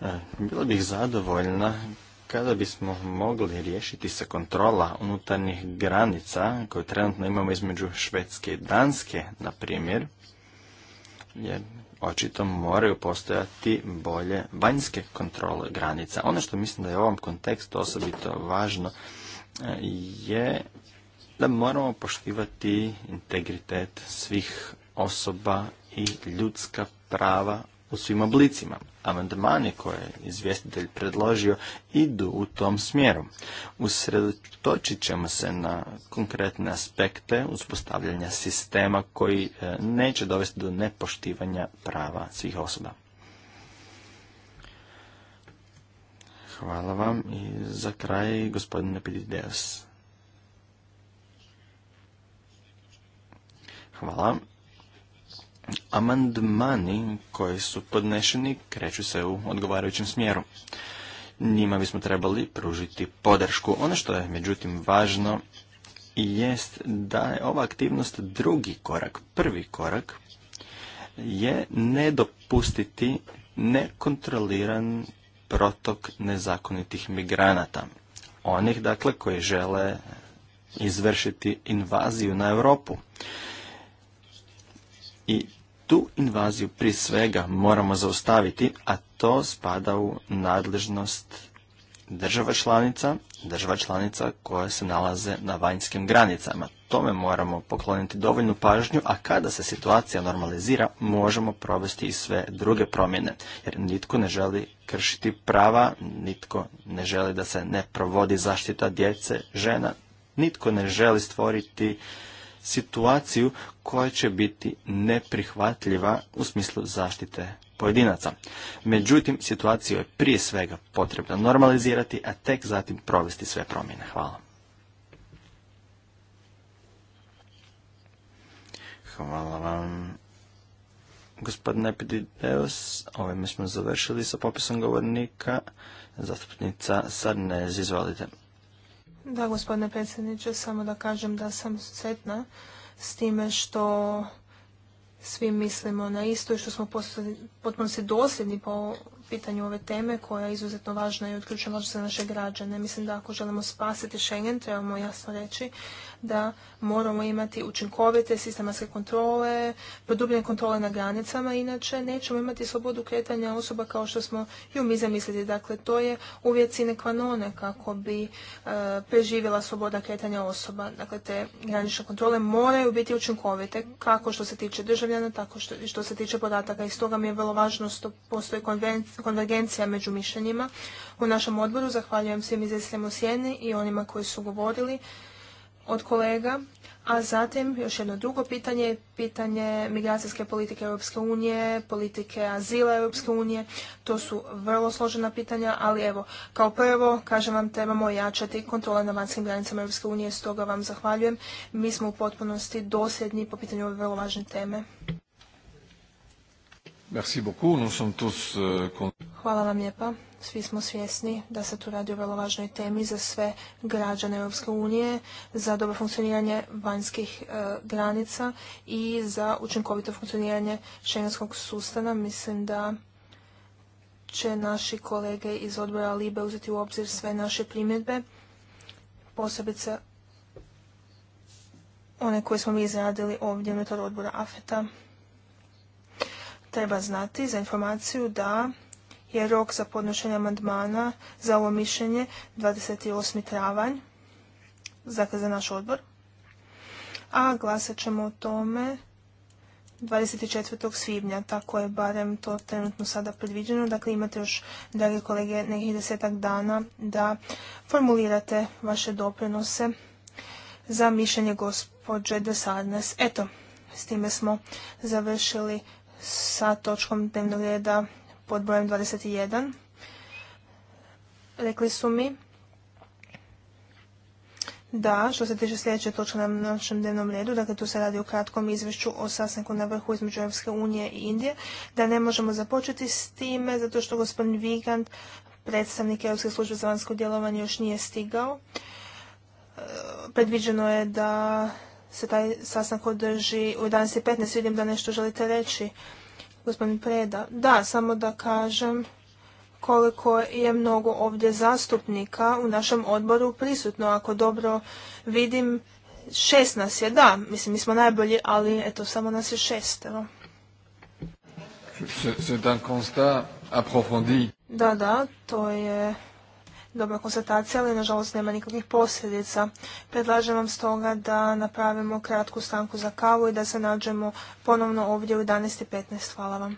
E, bila bih zadovoljna kada bismo mogli riješiti se kontrola unutarnjih granica koju trenutno imamo između Švedske i Danske, na primjer, jer očito moraju postojati bolje vanjske kontrole granica. Ono što mislim da je u ovom kontekstu osobito važno e, je da moramo poštivati integritet svih osoba i ljudska prava u svim oblicima. Amandmani koje je izvjestitelj predložio idu u tom smjeru. Usredotočit ćemo se na konkretne aspekte uspostavljanja sistema koji e, neće dovesti do nepoštivanja prava svih osoba. Hvala vam i za kraj gospodin Epidideos. Hvala. Amandmani koji su podnešeni kreću se u odgovarajućem smjeru. Njima bismo trebali pružiti podršku. Ono što je međutim važno jest da je ova aktivnost drugi korak. Prvi korak je ne dopustiti nekontroliran protok nezakonitih migranata. Onih, dakle, koji žele izvršiti invaziju na Europu. I tu invaziju prije svega moramo zaustaviti, a to spada u nadležnost država članica, država članica koje se nalaze na vanjskim granicama. Tome moramo pokloniti dovoljnu pažnju, a kada se situacija normalizira, možemo provesti i sve druge promjene, jer nitko ne želi kršiti prava, nitko ne želi da se ne provodi zaštita djece, žena, nitko ne želi stvoriti situaciju koja će biti neprihvatljiva u smislu zaštite pojedinaca. Međutim, situaciju je prije svega potrebno normalizirati, a tek zatim provesti sve promjene. Hvala. Hvala vam. Gospodine Epidideus, ovime smo završili sa popisom govornika. Zastupnica Sarnez, izvolite. Da, gospodine predsjedniče, samo da kažem da sam sretna s time što svi mislimo na isto i što smo potpuno se dosljedni po pitanju ove teme koja je izuzetno važna i odključena za naše građane. Mislim da ako želimo spasiti Schengen trebamo jasno reći da moramo imati učinkovite sistematske kontrole, produbljene kontrole na granicama, inače nećemo imati slobodu kretanja osoba kao što smo ju mi zamislili. Dakle, to je uvjet sine kvanone kako bi e, preživjela sloboda kretanja osoba. Dakle, te granične kontrole moraju biti učinkovite kako što se tiče državljana, tako što, što se tiče podataka. I stoga mi je vrlo važno što postoji konvergencija među mišljenjima. U našem odboru zahvaljujem svim izvjestljama u Sjeni i onima koji su govorili od kolega. A zatim još jedno drugo pitanje, pitanje migracijske politike Europske unije, politike azila Europske unije. To su vrlo složena pitanja, ali evo, kao prvo, kažem vam, trebamo jačati kontrole na vanjskim granicama Europske unije, stoga vam zahvaljujem. Mi smo u potpunosti dosljedni po pitanju ove vrlo važne teme. Merci beaucoup. Nous sommes tous... Euh, Hvala vam lijepa. Svi smo svjesni da se tu radi o vrlo važnoj temi za sve građane Europske unije, za dobro funkcioniranje vanjskih e, granica i za učinkovito funkcioniranje šengenskog sustava. Mislim da će naši kolege iz odbora Libe uzeti u obzir sve naše primjedbe, posebice one koje smo mi izradili ovdje unutar odbora AFETA. Treba znati za informaciju da je rok za podnošenje amandmana za ovo mišljenje 28. travanj, dakle za naš odbor. A glasat ćemo o tome 24. svibnja, tako je barem to trenutno sada predviđeno. Dakle, imate još, drage kolege, nekih desetak dana da formulirate vaše doprinose za mišljenje gospođe Sarnes. Eto, s time smo završili sa točkom dnevnog reda pod brojem 21. Rekli su mi da, što se tiče sljedeće točke na našem dnevnom redu, dakle tu se radi o kratkom izvješću o sastanku na vrhu između Europske unije i Indije, da ne možemo započeti s time zato što gospodin Vigand, predstavnik Europske službe za vanjsko djelovanje, još nije stigao. E, predviđeno je da se taj sastanak održi u 11.15. Vidim da nešto želite reći. Gospodin Preda, da, samo da kažem koliko je mnogo ovdje zastupnika u našem odboru prisutno. Ako dobro vidim, šest nas je, da, mislim, mi smo najbolji, ali eto, samo nas je šestero. Da, da, to je dobra konstatacija, ali nažalost nema nikakvih posljedica. Predlažem vam stoga da napravimo kratku stanku za kavu i da se nađemo ponovno ovdje u 11.15. Hvala vam.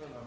no,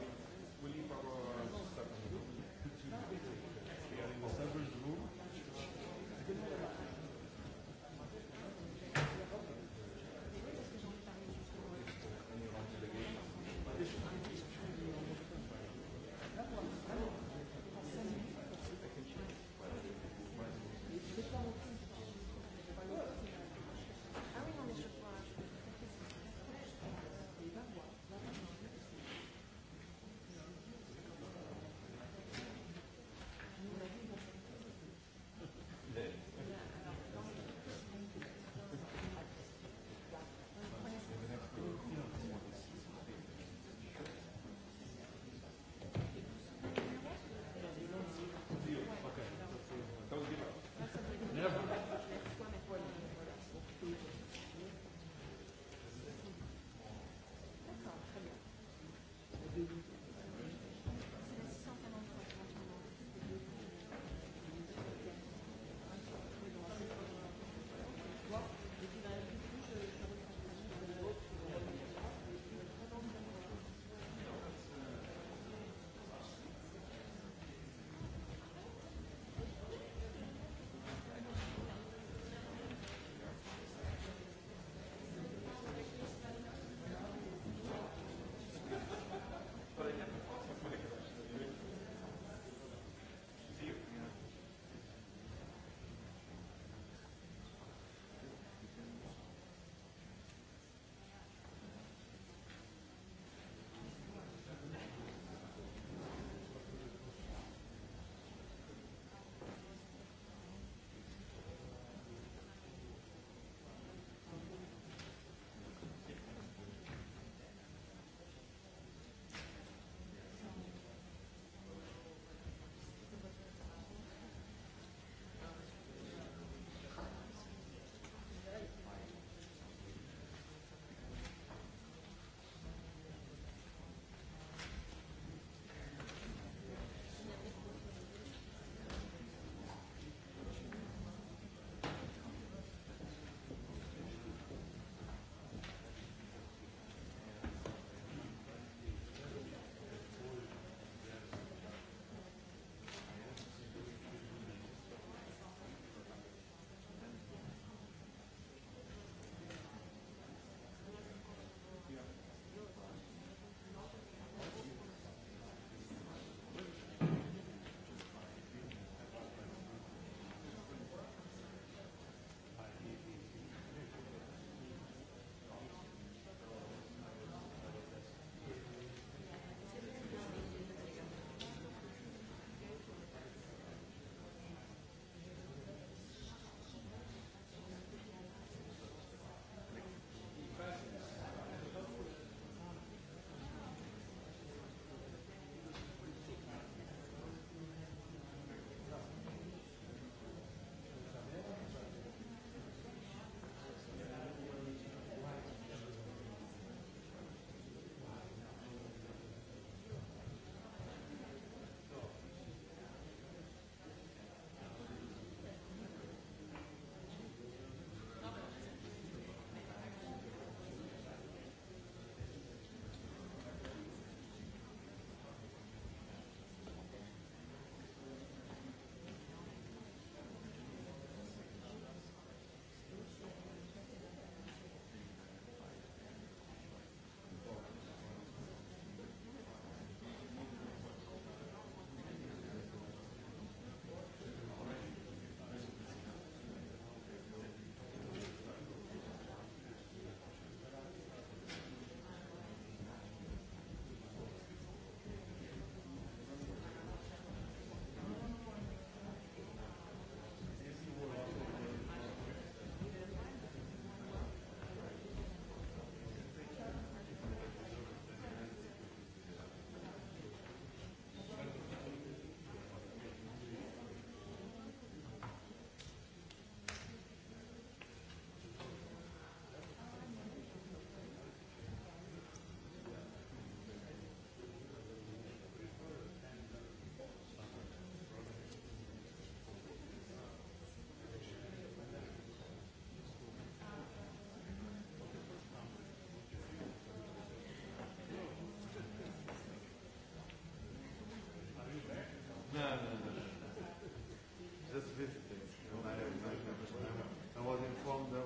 I was informed there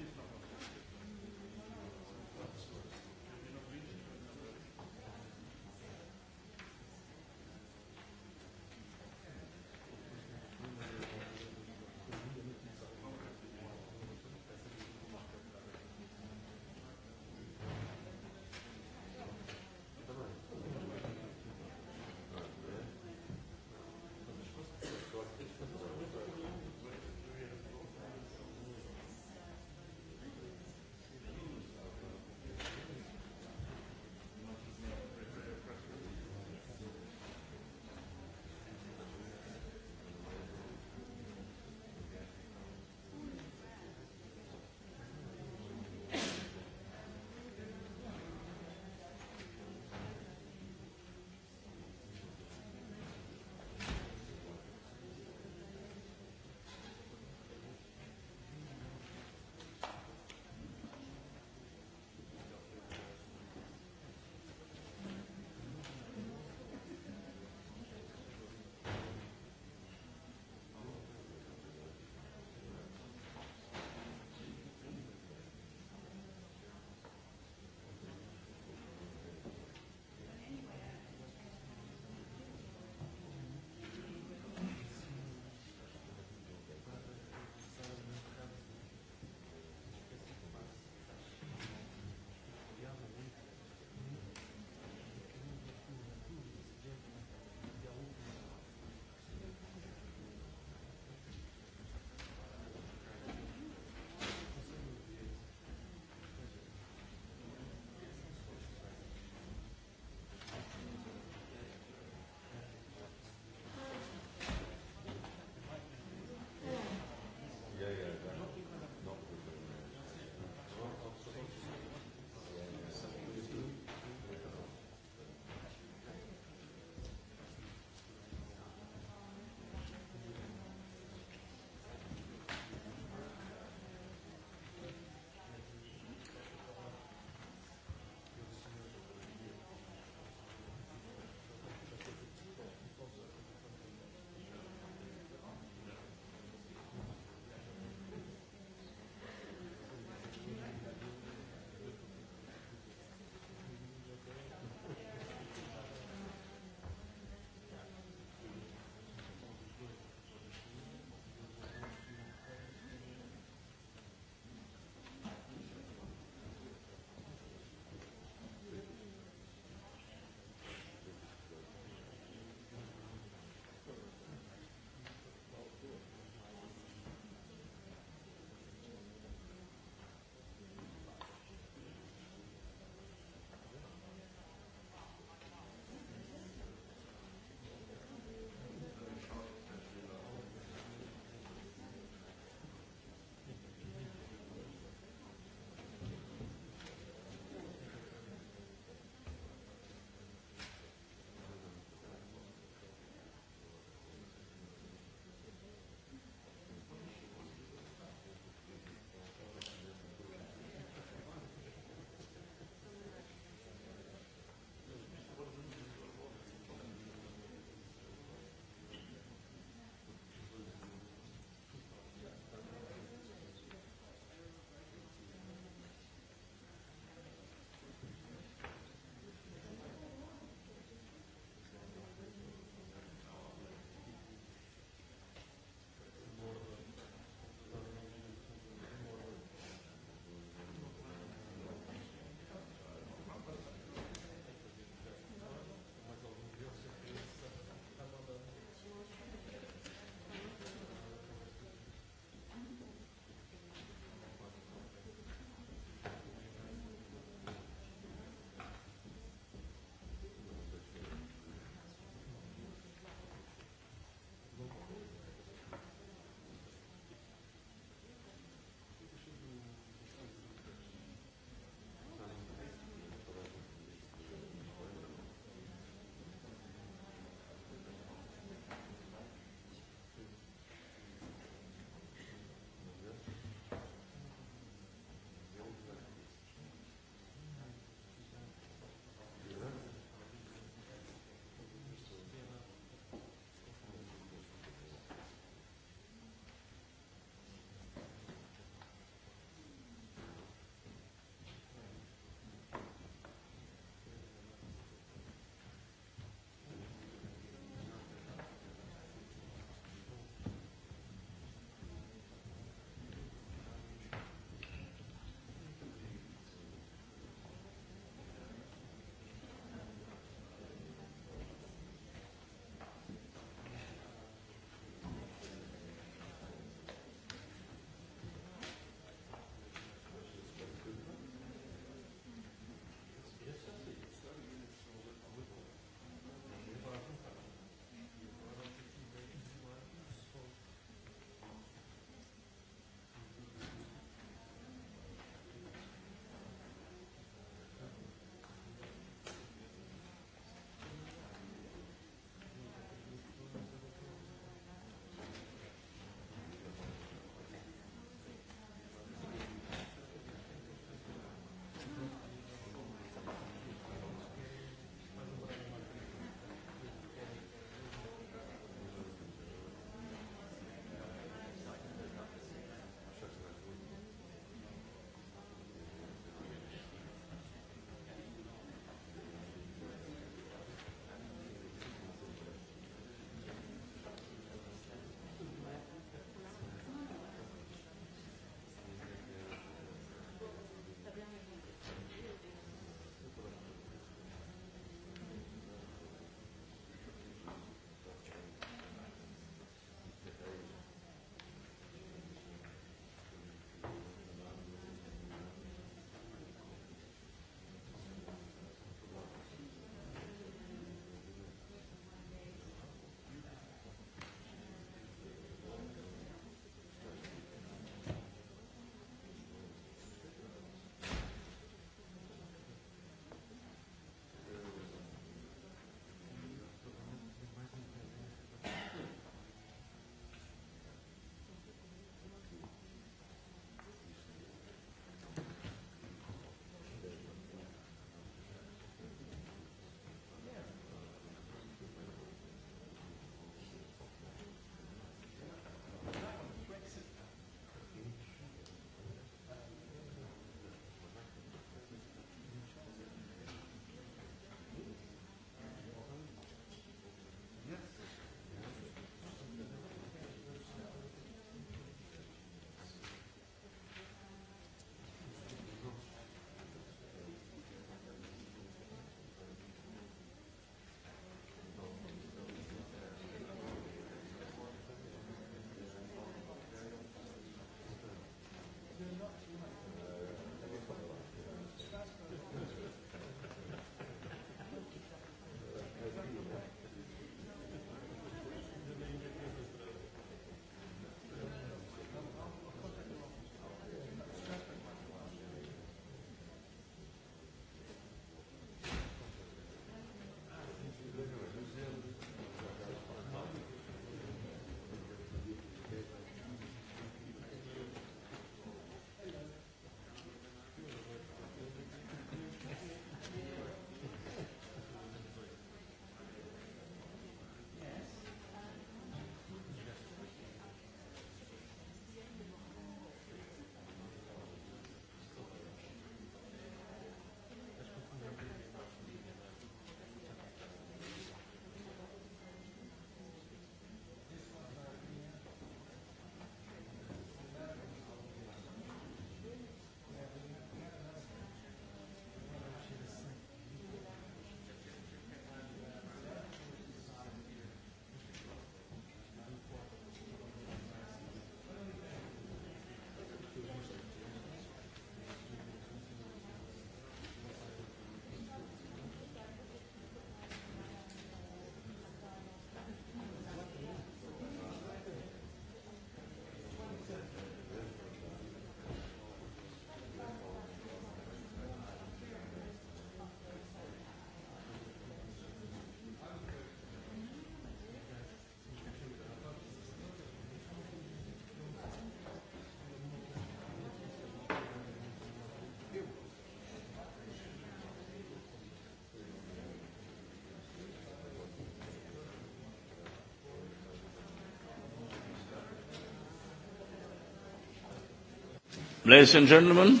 Ladies and gentlemen,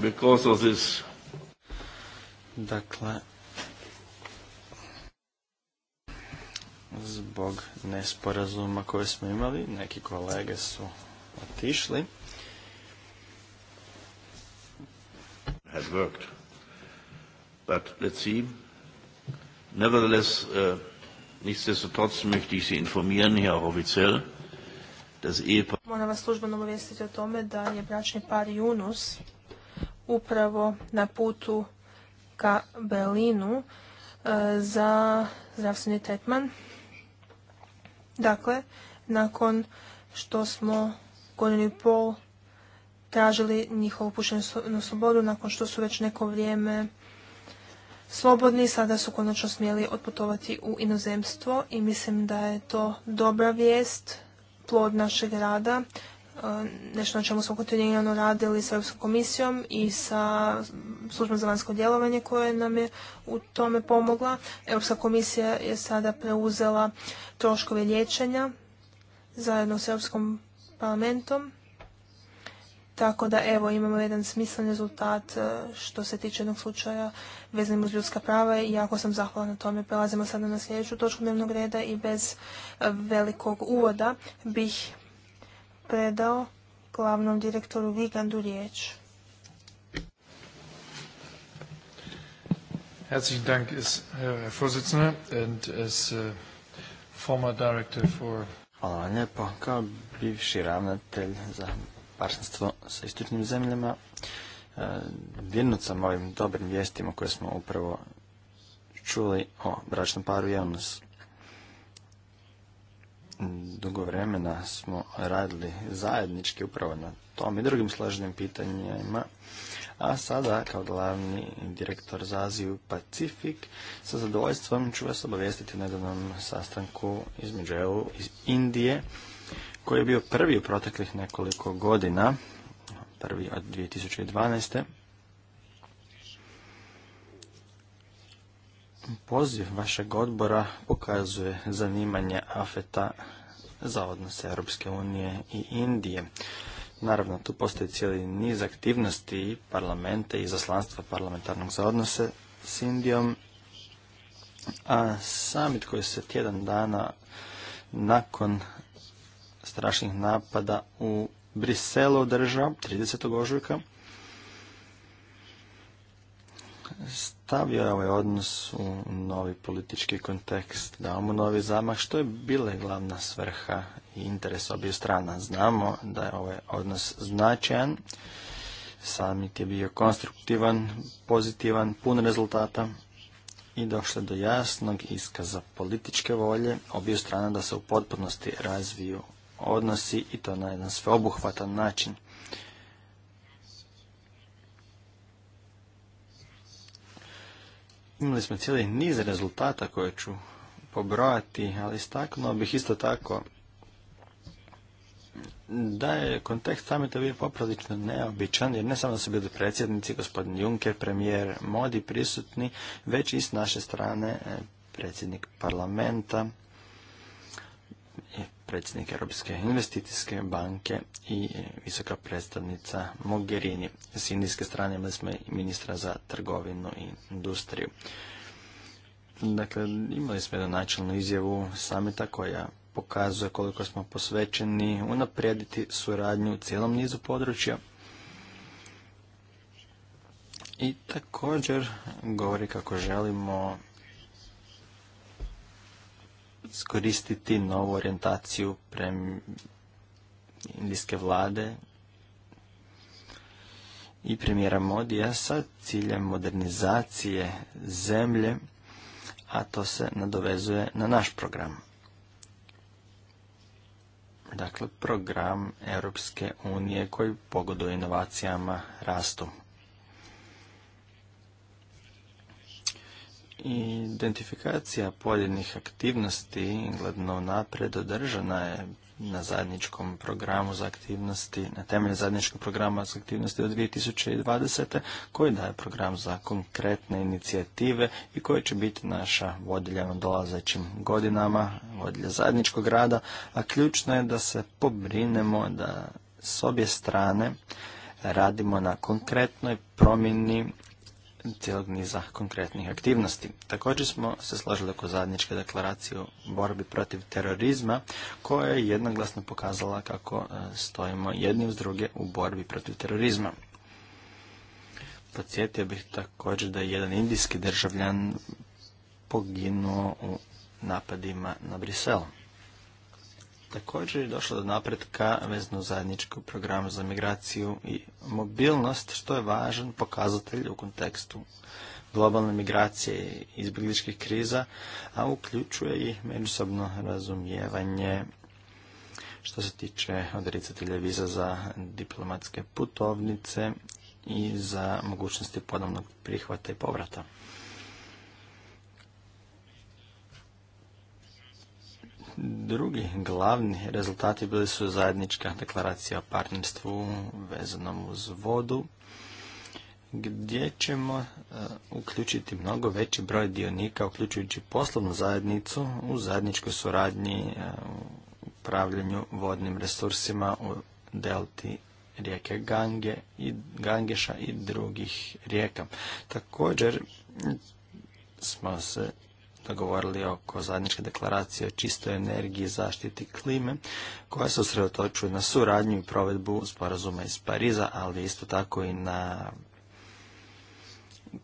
because of this... Dakle, zbog nesporazuma koje smo imali, neki kolege su otišli. Has worked. But let's see. Nevertheless, uh, nichtsdestotrotz möchte ich Sie informieren, Herr Offiziell, das Ehepaar vas službeno obavijestiti o tome da je bračni par Junus upravo na putu ka Berlinu e, za zdravstveni tretman. Dakle, nakon što smo godinu i pol tražili njihovu pušenu slobodu, nakon što su već neko vrijeme slobodni, sada su konačno smjeli otputovati u inozemstvo i mislim da je to dobra vijest plod našeg rada, e, nešto na čemu smo kontinuirano radili sa Europskom komisijom i sa službom za vanjsko djelovanje koje nam je u tome pomogla. Europska komisija je sada preuzela troškove liječenja zajedno s Europskom parlamentom tako da evo imamo jedan smislen rezultat e, što se tiče jednog slučaja vezanim uz ljudska prava i jako sam zahvala na tome. Prelazimo sada na sljedeću točku dnevnog reda i bez e, velikog uvoda bih predao glavnom direktoru Vigandu riječ. Herzlichen Dank, Herr Vorsitzender und as uh, former director for Hvala vam Kao bivši ravnatelj za partnerstvo sa istočnim zemljama. E, Jednoca sam ovim dobrim vijestima koje smo upravo čuli o bračnom paru javnost. Dugo vremena smo radili zajednički upravo na tom i drugim složenim pitanjima, a sada kao glavni direktor za Aziju Pacifik sa zadovoljstvom ću vas obavijestiti na jednom sastanku između EU iz Indije koji je bio prvi u proteklih nekoliko godina, prvi od 2012. Poziv vašeg odbora pokazuje zanimanje AFETA za odnose Europske unije i Indije. Naravno, tu postoji cijeli niz aktivnosti i parlamenta i zaslanstva parlamentarnog za odnose s Indijom. A samit koji se tjedan dana nakon strašnih napada u Briselu održao 30. ožujka. Stavio je ovaj odnos u novi politički kontekst, dao mu novi zamah, što je bila glavna svrha i interes obje strana. Znamo da je ovaj odnos značajan, samit je bio konstruktivan, pozitivan, pun rezultata i došlo do jasnog iskaza političke volje obje strana da se u potpunosti razviju odnosi i to na jedan sveobuhvatan način. Imali smo cijeli niz rezultata koje ću pobrojati, ali istaknuo bih isto tako da je kontekst samita bio poprilično neobičan, jer ne samo da su bili predsjednici, gospodin Juncker, premijer Modi prisutni, već i s naše strane eh, predsjednik parlamenta, predsjednik Europske investicijske banke i visoka predstavnica Mogherini. S indijske strane imali smo ministra za trgovinu i industriju. Dakle, imali smo jednu načelnu izjavu samita koja pokazuje koliko smo posvećeni unaprijediti suradnju u cijelom nizu područja. I također govori kako želimo iskoristiti novu orijentaciju prem indijske vlade i premijera Modija sa ciljem modernizacije zemlje, a to se nadovezuje na naš program. Dakle, program Europske unije koji pogoduje inovacijama rastu. Identifikacija pojedinih aktivnosti gledno napred održana je na zajedničkom programu za aktivnosti, na temelju zajedničkog programa za aktivnosti od 2020. koji daje program za konkretne inicijative i koji će biti naša vodilja na dolazećim godinama, vodilja zajedničkog rada, a ključno je da se pobrinemo da s obje strane radimo na konkretnoj promjeni cijelog niza konkretnih aktivnosti. Također smo se složili oko zajedničke deklaracije o borbi protiv terorizma koja je jednoglasno pokazala kako e, stojimo jedni uz druge u borbi protiv terorizma. Podsjetio bih također da je jedan indijski državljan poginuo u napadima na Briselu. Također je došlo do napretka vezno zajedničku programu za migraciju i mobilnost, što je važan pokazatelj u kontekstu globalne migracije i izbjegličkih kriza, a uključuje i međusobno razumijevanje što se tiče odricatelja viza za diplomatske putovnice i za mogućnosti ponovnog prihvata i povrata. Drugi glavni rezultati bili su zajednička deklaracija o partnerstvu vezanom uz vodu, gdje ćemo e, uključiti mnogo veći broj dionika, uključujući poslovnu zajednicu u zajedničkoj suradnji e, u upravljanju vodnim resursima u delti rijeke Gange i Gangeša i drugih rijeka. Također smo se dogovorili oko zajedničke deklaracije o čistoj energiji i zaštiti klime, koja se usredotočuje na suradnju i provedbu sporazuma iz Pariza, ali isto tako i na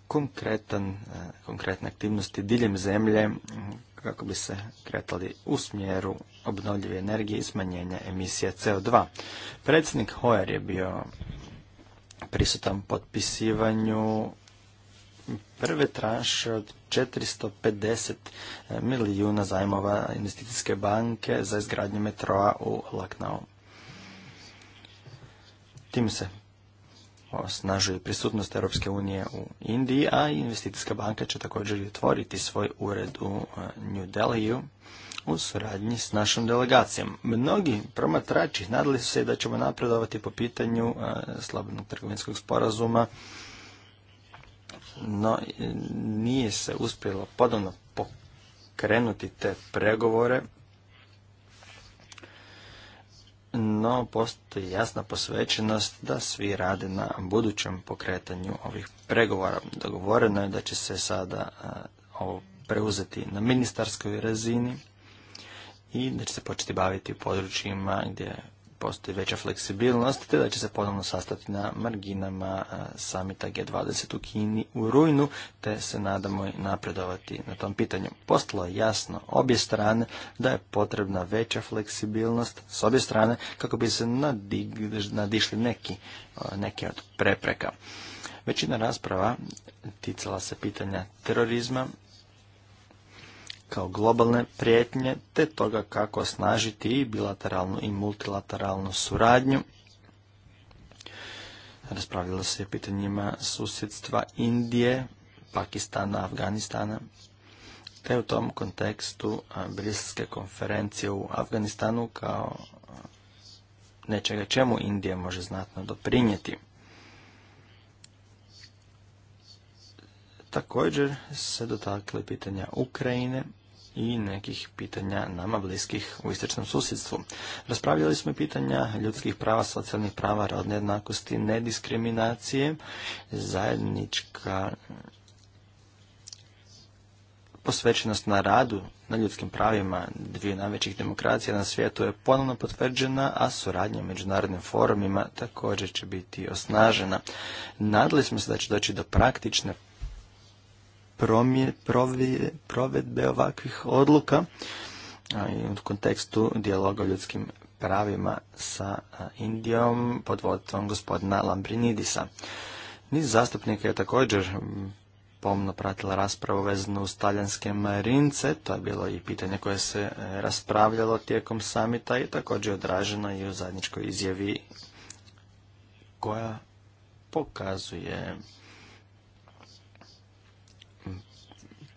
konkretan, eh, konkretne aktivnosti diljem zemlje mm, kako bi se kretali u smjeru obnovljive energije i smanjenja emisija CO2. Predsjednik Hoyer je bio prisutan potpisivanju prve tranše od 450 e, milijuna zajmova investicijske banke za izgradnju metroa u Laknau. Tim se osnažuje prisutnost Europske unije u Indiji, a investicijska banka će također otvoriti svoj ured u e, New Delhiju u suradnji s našom delegacijom. Mnogi promatrači nadali su se da ćemo napredovati po pitanju e, slobodnog trgovinskog sporazuma no nije se uspjelo ponovno pokrenuti te pregovore, no postoji jasna posvećenost da svi rade na budućem pokretanju ovih pregovora. Dogovoreno je da će se sada ovo preuzeti na ministarskoj razini i da će se početi baviti područjima gdje postoji veća fleksibilnost, te da će se ponovno sastati na marginama samita G20 u Kini u rujnu, te se nadamo i napredovati na tom pitanju. Postalo je jasno obje strane da je potrebna veća fleksibilnost s obje strane kako bi se nadišli neki, neke od prepreka. Većina rasprava ticala se pitanja terorizma, kao globalne prijetnje, te toga kako osnažiti i bilateralnu i multilateralnu suradnju. Raspravljalo se je pitanjima susjedstva Indije, Pakistana, Afganistana, te u tom kontekstu Briselske konferencije u Afganistanu kao nečega čemu Indija može znatno doprinijeti. Također se dotakli pitanja Ukrajine – i nekih pitanja nama bliskih u istočnom susjedstvu. Raspravljali smo i pitanja ljudskih prava, socijalnih prava, rodne jednakosti, nediskriminacije, zajednička posvećenost na radu na ljudskim pravima dvije najvećih demokracija na svijetu je ponovno potvrđena, a suradnja međunarodnim forumima također će biti osnažena. Nadali smo se da će doći do praktične promje, provedbe ovakvih odluka i u kontekstu dijaloga o ljudskim pravima sa Indijom pod vodstvom gospodina Lambrinidisa. Niz zastupnika je također pomno pratila raspravu vezanu uz talijanske marince, to je bilo i pitanje koje se e, raspravljalo tijekom samita i također odraženo i u zajedničkoj izjavi koja pokazuje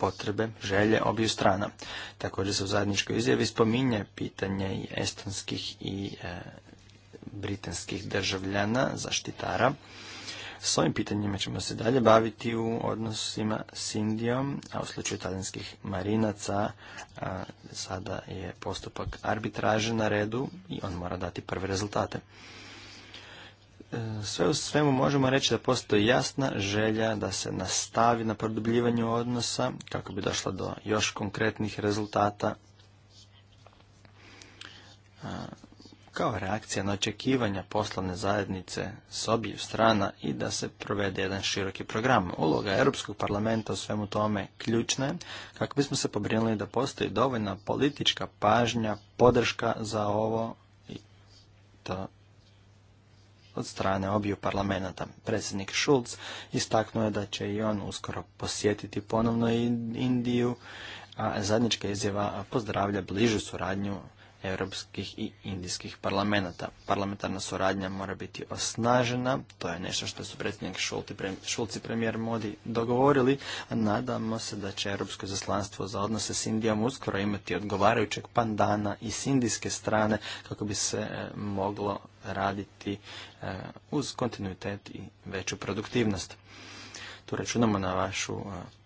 potrebe, želje obiju strana. Također se u zajedničkoj izjavi spominje pitanje i estonskih i e, britanskih državljana, zaštitara. S ovim pitanjima ćemo se dalje baviti u odnosima s Indijom, a u slučaju talijanskih marinaca sada je postupak arbitraže na redu i on mora dati prve rezultate sve u svemu možemo reći da postoji jasna želja da se nastavi na produbljivanju odnosa kako bi došla do još konkretnih rezultata kao reakcija na očekivanja poslovne zajednice s obiju strana i da se provede jedan široki program. Uloga Europskog parlamenta u svemu tome ključna je kako bismo se pobrinuli da postoji dovoljna politička pažnja, podrška za ovo i to od strane obiju parlamenta. Predsjednik Schulz istaknuo je da će i on uskoro posjetiti ponovno Indiju, a zadnjička izjava pozdravlja bližu suradnju europskih i indijskih parlamenta. Parlamentarna suradnja mora biti osnažena, to je nešto što su predsjednik Šulci premijer Modi dogovorili, a nadamo se da će Europsko zaslanstvo za odnose s Indijom uskoro imati odgovarajućeg pandana i s indijske strane kako bi se e, moglo raditi e, uz kontinuitet i veću produktivnost. Tu računamo na vašu e,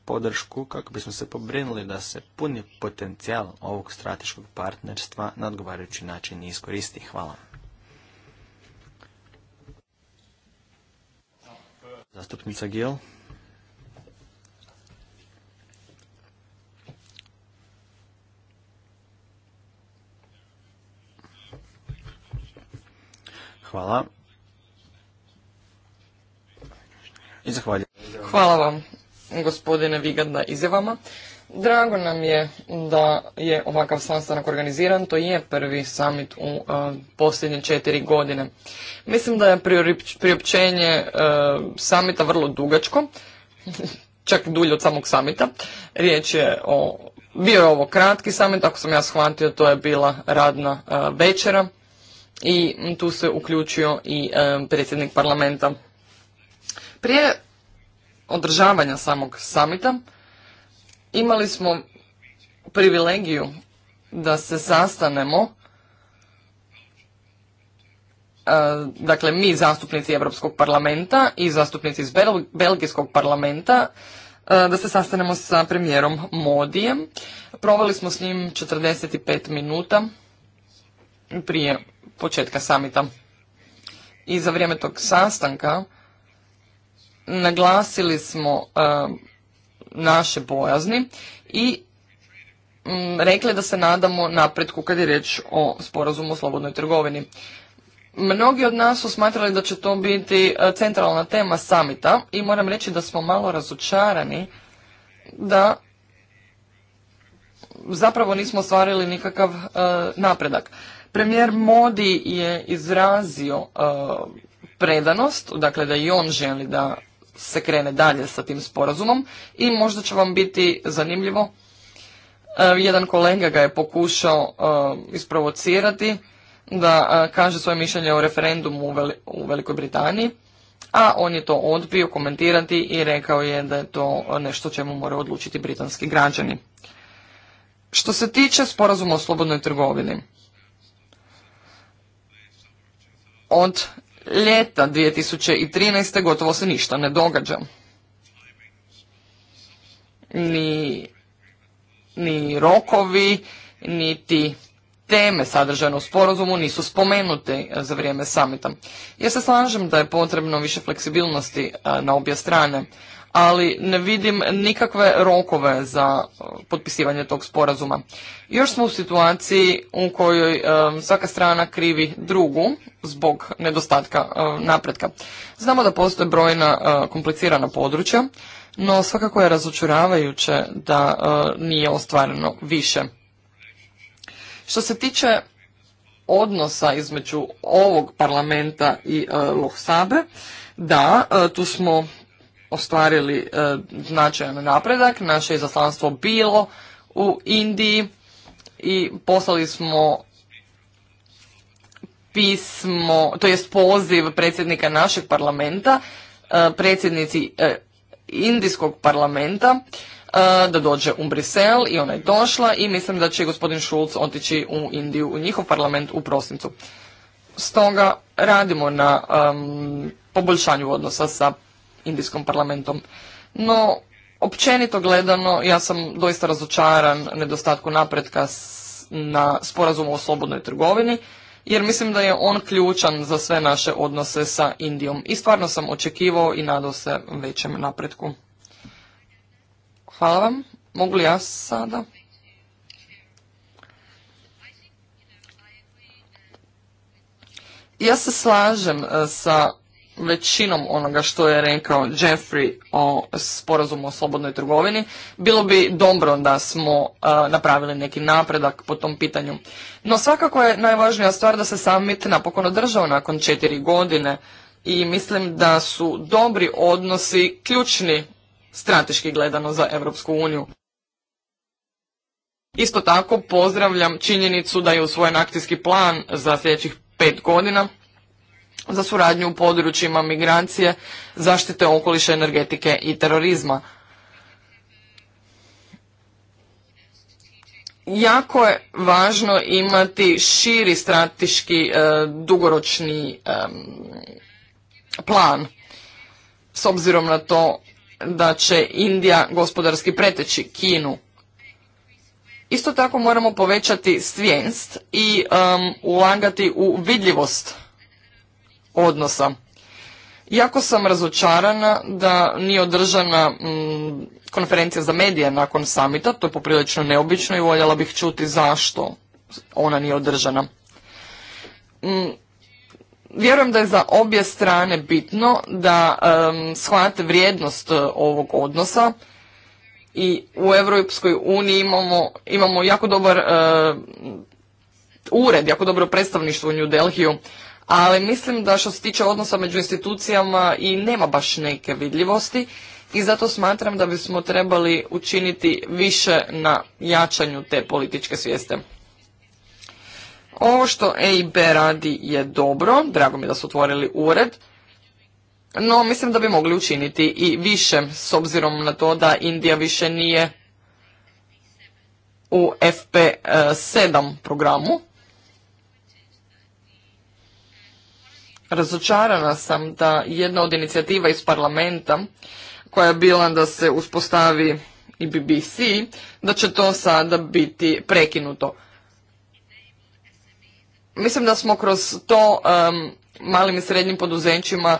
podršku kako bismo se pobrinuli da se puni potencijal ovog strateškog partnerstva na odgovarajući način iskoristi. Hvala. Zastupnica Gil. Hvala. I zahvaljujem. Hvala vam, gospodine Viganda na izjavama. Drago nam je da je ovakav sastanak organiziran, to je prvi summit u e, posljednje četiri godine. Mislim da je priopćenje uh, e, samita vrlo dugačko, čak dulje od samog summita. Riječ je o, bio je ovo kratki summit, ako sam ja shvatio, to je bila radna e, večera i tu se uključio i e, predsjednik parlamenta. Prije održavanja samog samita imali smo privilegiju da se sastanemo e, dakle mi zastupnici Europskog parlamenta i zastupnici iz Belgijskog parlamenta e, da se sastanemo sa premijerom Modijem. Proveli smo s njim 45 minuta prije početka samita. I za vrijeme tog sastanka naglasili smo um, naše bojazni i um, rekli da se nadamo napretku kad je riječ o sporazumu o slobodnoj trgovini. Mnogi od nas su smatrali da će to biti uh, centralna tema samita i moram reći da smo malo razočarani da zapravo nismo ostvarili nikakav uh, napredak. Premijer Modi je izrazio uh, predanost, dakle da i on želi da se krene dalje sa tim sporazumom i možda će vam biti zanimljivo. Uh, jedan kolega ga je pokušao uh, isprovocirati da kaže svoje mišljenje o referendumu u, Velikoj Britaniji, a on je to odbio komentirati i rekao je da je to nešto čemu mora odlučiti britanski građani. Što se tiče sporazuma o slobodnoj trgovini, od ljeta 2013. gotovo se ništa ne događa. Ni, ni rokovi, niti teme sadržane u sporazumu nisu spomenute za vrijeme samita. Ja se slažem da je potrebno više fleksibilnosti na obje strane, ali ne vidim nikakve rokove za uh, potpisivanje tog sporazuma. Još smo u situaciji u kojoj um, svaka strana krivi drugu zbog nedostatka uh, napretka. Znamo da postoje brojna uh, komplicirana područja, no svakako je razočuravajuće da nije ostvareno više. Što se tiče odnosa između ovog parlamenta i Lohsabe, da, tu smo ostvarili e, značajan napredak. Naše izaslanstvo bilo u Indiji i poslali smo pismo, to jest poziv predsjednika našeg parlamenta, e, predsjednici e, indijskog parlamenta da dođe u Brisel i ona je došla i mislim da će gospodin Schulz otići u Indiju, u njihov parlament u prosincu. Stoga radimo na poboljšanju odnosa sa Indijskom parlamentom. No, općenito gledano, ja sam doista razočaran nedostatku napretka na sporazumu o slobodnoj trgovini, jer mislim da je on ključan za sve naše odnose sa Indijom. I stvarno sam očekivao i nadao se većem napretku. Hvala vam. Mogu li ja sada? Ja se slažem e, sa većinom onoga što je rekao Jeffrey o sporazumu o slobodnoj trgovini, bilo bi dobro da smo uh, napravili neki napredak po tom pitanju. No svakako je najvažnija stvar da se summit napokon održao nakon četiri godine i mislim da su dobri odnosi ključni strateški gledano za Europsku uniju. Isto tako pozdravljam činjenicu da je usvojen akcijski plan za sljedećih pet godina za suradnju u područjima migracije, zaštite okoliša, energetike i terorizma. Jako je važno imati širi strateški e, dugoročni e, plan s obzirom na to da će Indija gospodarski preteći Kinu. Isto tako moramo povećati svijest i e, ulagati u vidljivost odnosa. Jako sam razočarana da nije održana mm, konferencija za medije nakon samita, to je poprilično neobično i voljela bih čuti zašto ona nije održana. Mm, vjerujem da je za obje strane bitno da shvate vrijednost e, ovog odnosa i u Europskoj uniji imamo, imamo jako dobar e, ured, jako dobro predstavništvo u New Delhiju ali mislim da što se tiče odnosa među institucijama i nema baš neke vidljivosti i zato smatram da bismo trebali učiniti više na jačanju te političke svijeste. Ovo što EIB radi je dobro, drago mi da su otvorili ured, no mislim da bi mogli učiniti i više s obzirom na to da Indija više nije u FP7 programu, Razočarana sam da jedna od inicijativa iz parlamenta koja je bila da se uspostavi i BBC, da će to sada biti prekinuto. Mislim da smo kroz to malim i srednjim poduzećima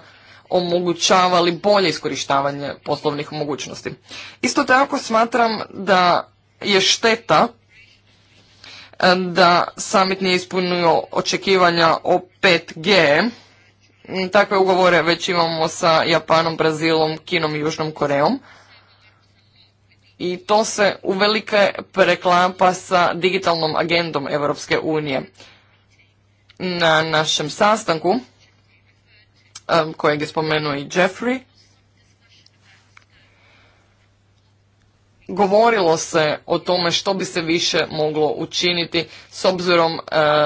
omogućavali bolje iskorištavanje poslovnih mogućnosti. Isto tako smatram da je šteta da summit nije ispunio očekivanja o 5G Mm, takve ugovore već imamo sa Japanom, Brazilom, Kinom i Južnom Koreom I to se uvelike preklapa sa digitalnom agendom Europske unije. Na našem sastanku, kojeg je spomenuo i Jeffrey, govorilo se o tome što bi se više moglo učiniti s obzirom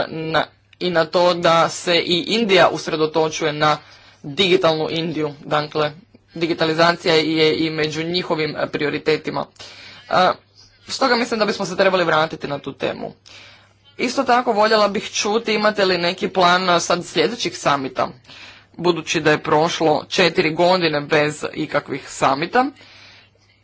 na i na to da se i Indija usredotočuje na digitalnu Indiju. Dakle, digitalizacija je i među njihovim prioritetima. Stoga mislim da bismo se trebali vratiti na tu temu. Isto tako voljela bih čuti imate li neki plan sad sljedećih samita, budući da je prošlo četiri godine bez ikakvih samita.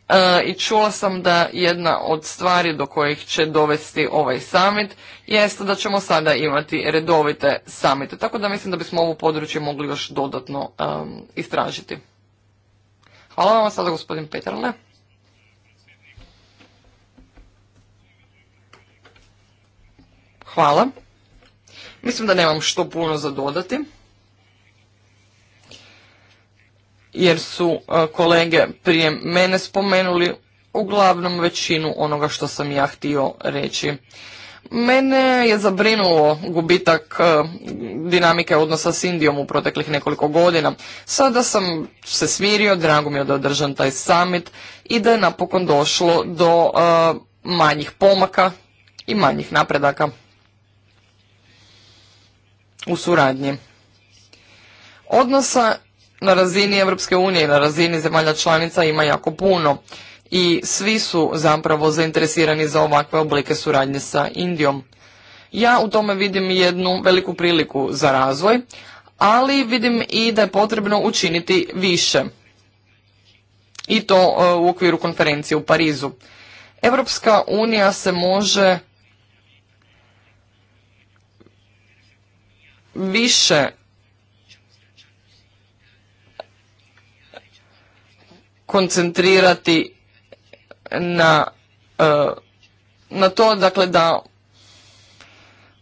E, I čula sam da jedna od stvari do kojih će dovesti ovaj summit jeste da ćemo sada imati redovite summite. Tako da mislim da bismo ovo područje mogli još dodatno istražiti. Hvala vam sada gospodin Petrle. Hvala. Mislim da nemam što puno za dodati. jer su e, kolege prije mene spomenuli uglavnom većinu onoga što sam ja htio reći. Mene je zabrinulo gubitak e, dinamike odnosa s Indijom u proteklih nekoliko godina. Sada sam se smirio, drago mi je da je održan taj summit i da je napokon došlo do e, manjih pomaka i manjih napredaka u suradnji. Odnosa na razini Europske unije i na razini zemalja članica ima jako puno i svi su zapravo zainteresirani za ovakve oblike suradnje sa Indijom. Ja u tome vidim jednu veliku priliku za razvoj, ali vidim i da je potrebno učiniti više. I to e, u okviru konferencije u Parizu. Europska unija se može više koncentrirati na, e, na to dakle da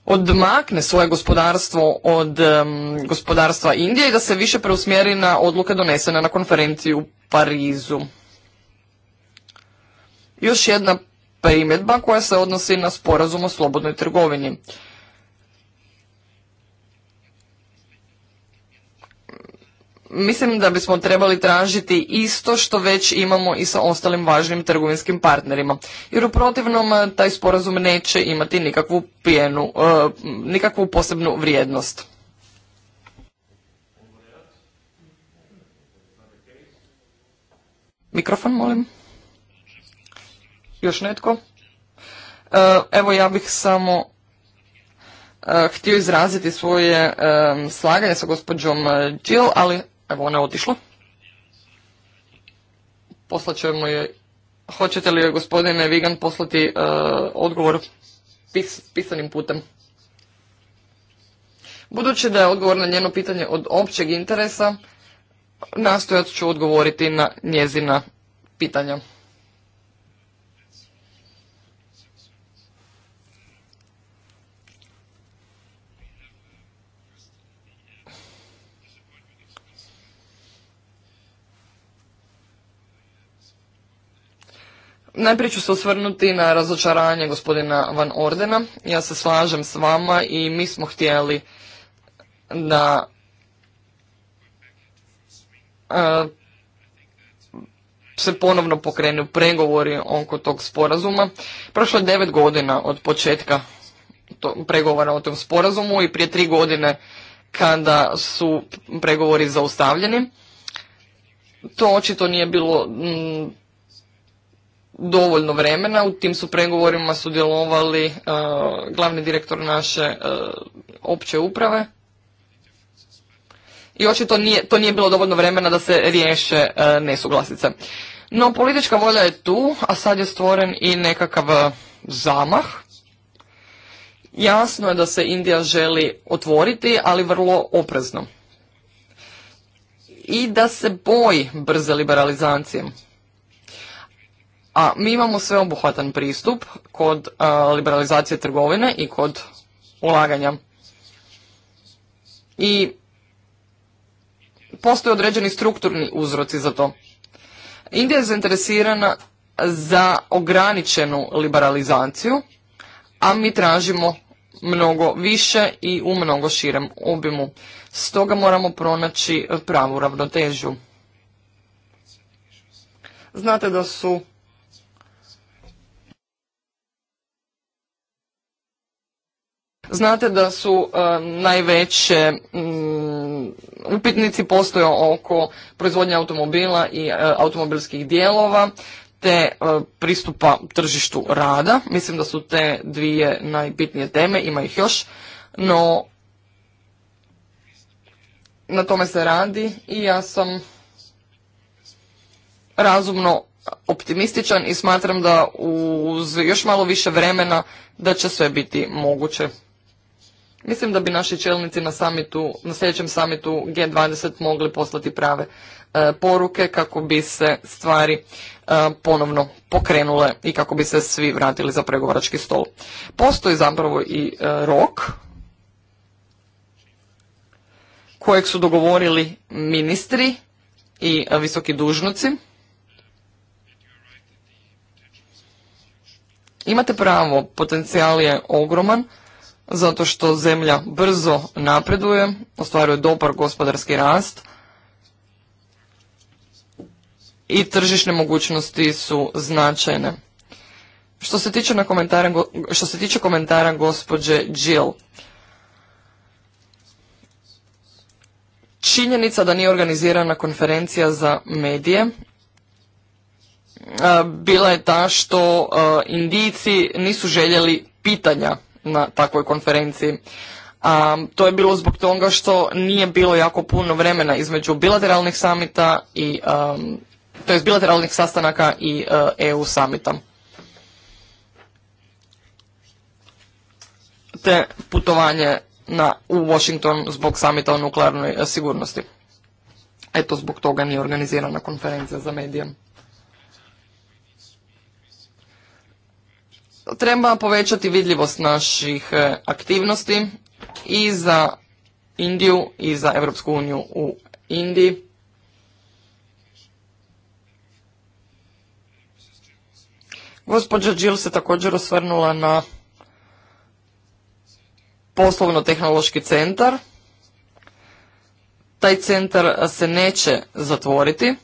odmakne svoje gospodarstvo od e, gospodarstva Indije i da se više preusmjeri na odluke donesene na konferenciju u Parizu. Još jedna primjedba koja se odnosi na sporazum o slobodnoj trgovini. mislim da bismo trebali tražiti isto što već imamo i sa ostalim važnim trgovinskim partnerima. Jer u protivnom eh, taj sporazum neće imati nikakvu, pijenu, eh, nikakvu posebnu vrijednost. Mikrofon, molim. Još netko? Eh, evo ja bih samo htio izraziti svoje slaganje sa gospođom Jill, ali Evo, ona je otišla. Poslaćemo je. Hoćete li, gospodine Vigan, poslati e, odgovor pisanim putem? Budući da je odgovor na njeno pitanje od općeg interesa, nastojat ću odgovoriti na njezina pitanja. Najprije ću se osvrnuti na razočaranje gospodina Van Ordena. Ja se slažem s vama i mi smo htjeli da e, se ponovno pokrenu pregovori oko tog sporazuma. Prošlo je devet godina od početka pregovora o tom sporazumu i prije tri godine kada su pregovori zaustavljeni. To očito nije bilo dovoljno vremena. U tim su pregovorima sudjelovali e, glavni direktor naše e, opće uprave. I očito nije, to nije bilo dovoljno vremena da se riješe nesuglasica. nesuglasice. No politička volja je tu, a sad je stvoren i nekakav e, zamah. Jasno je da se Indija želi otvoriti, ali vrlo oprezno. I da se boji brze liberalizacije. A mi imamo sveobuhvatan pristup kod liberalizacije trgovine i kod ulaganja. I postoje određeni strukturni uzroci za to. Indija je zainteresirana za ograničenu liberalizaciju, a mi tražimo mnogo više i u mnogo širem obimu. Stoga moramo pronaći pravu ravnotežu. Znate da su Znate da su e, najveće mm, upitnici postoje oko proizvodnje automobila i e, automobilskih dijelova te e, pristupa tržištu rada. Mislim da su te dvije najbitnije teme, ima ih još, no na tome se radi i ja sam razumno optimističan i smatram da uz još malo više vremena da će sve biti moguće. Mislim da bi naši čelnici na, samitu, na sljedećem samitu G20 mogli poslati prave e, poruke kako bi se stvari e, ponovno pokrenule i kako bi se svi vratili za pregovarački stol. Postoji zapravo i e, rok kojeg su dogovorili ministri i visoki dužnici. Imate pravo, potencijal je ogroman zato što zemlja brzo napreduje, ostvaruje dobar gospodarski rast i tržišne mogućnosti su značajne. Što se tiče, na komentara, što se tiče komentara gospođe Jill, činjenica da nije organizirana konferencija za medije bila je ta što Indijci nisu željeli pitanja na takvoj konferenciji. Um, to je bilo zbog toga što nije bilo jako puno vremena između bilateralnih samita i um, to bilateralnih sastanaka i uh, EU samita. Te putovanje na, u Washington zbog samita o nuklearnoj uh, sigurnosti. Eto, zbog toga nije organizirana konferencija za medije. Treba povećati vidljivost naših e, aktivnosti i za Indiju i za Europsku uniju u Indiji. Gospođa Jill se također osvrnula na poslovno-tehnološki centar. Taj centar se neće zatvoriti,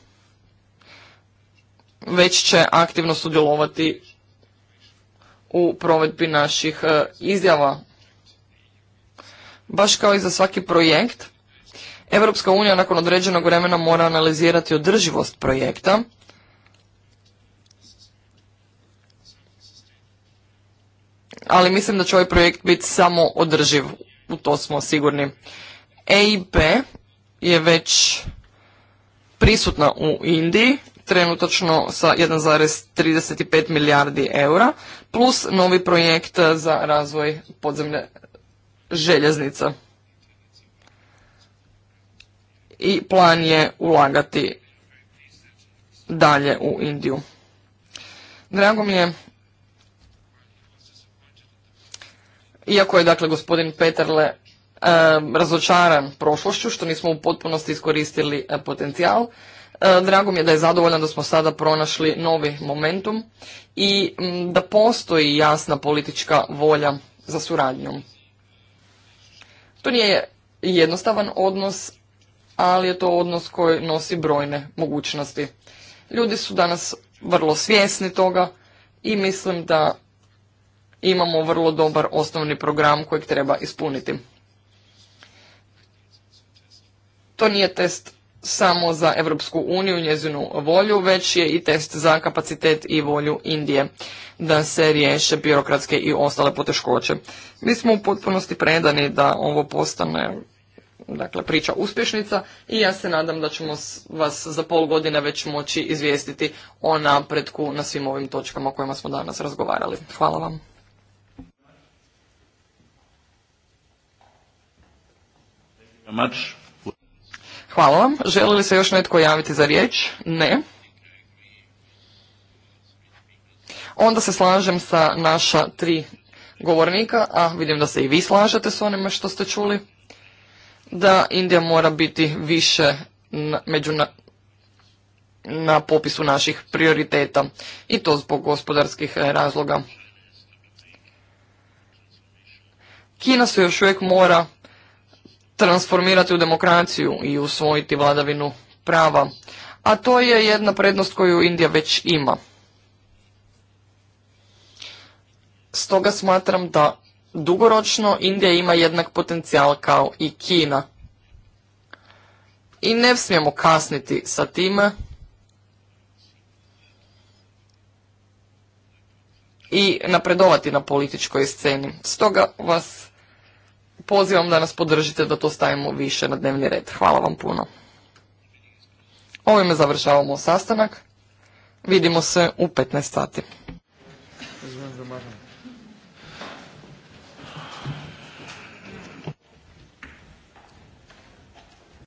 već će aktivno sudjelovati u provedbi naših e, izjava. Baš kao i za svaki projekt, Europska unija nakon određenog vremena mora analizirati održivost projekta, ali mislim da će ovaj projekt biti samo održiv, u to smo sigurni. EIP je već prisutna u Indiji, trenutačno sa 1,35 milijardi eura, plus novi projekt za razvoj podzemne željeznica. I plan je ulagati dalje u Indiju. Drago mi je, iako je dakle gospodin Peterle eh, razočaran prošlošću, što nismo u potpunosti iskoristili eh, potencijal, E, drago mi je da je zadovoljno da smo sada pronašli novi momentum i da postoji jasna politička volja za suradnjom. To nije jednostavan odnos, ali je to odnos koji nosi brojne mogućnosti. Ljudi su danas vrlo svjesni toga i mislim da imamo vrlo dobar osnovni program kojeg treba ispuniti. To nije test samo za Europsku uniju i njezinu volju, već je i test za kapacitet i volju Indije da se riješe birokratske i ostale poteškoće. Mi smo u potpunosti predani da ovo postane dakle, priča uspješnica i ja se nadam da ćemo vas za pol godine već moći izvijestiti o napretku na svim ovim točkama o kojima smo danas razgovarali. Hvala vam. Hvala vam. Želi li se još netko javiti za riječ? Ne. Onda se slažem sa naša tri govornika, a vidim da se i vi slažete s onime što ste čuli, da Indija mora biti više na, među na, na popisu naših prioriteta i to zbog gospodarskih e, razloga. Kina se još uvijek mora transformirati u demokraciju i usvojiti vladavinu prava. A to je jedna prednost koju Indija već ima. Stoga smatram da dugoročno Indija ima jednak potencijal kao i Kina. I ne smijemo kasniti sa time. i napredovati na političkoj sceni. Stoga vas pozivam da nas podržite da to stavimo više na dnevni red. Hvala vam puno. Ovime završavamo sastanak. Vidimo se u 15 sati.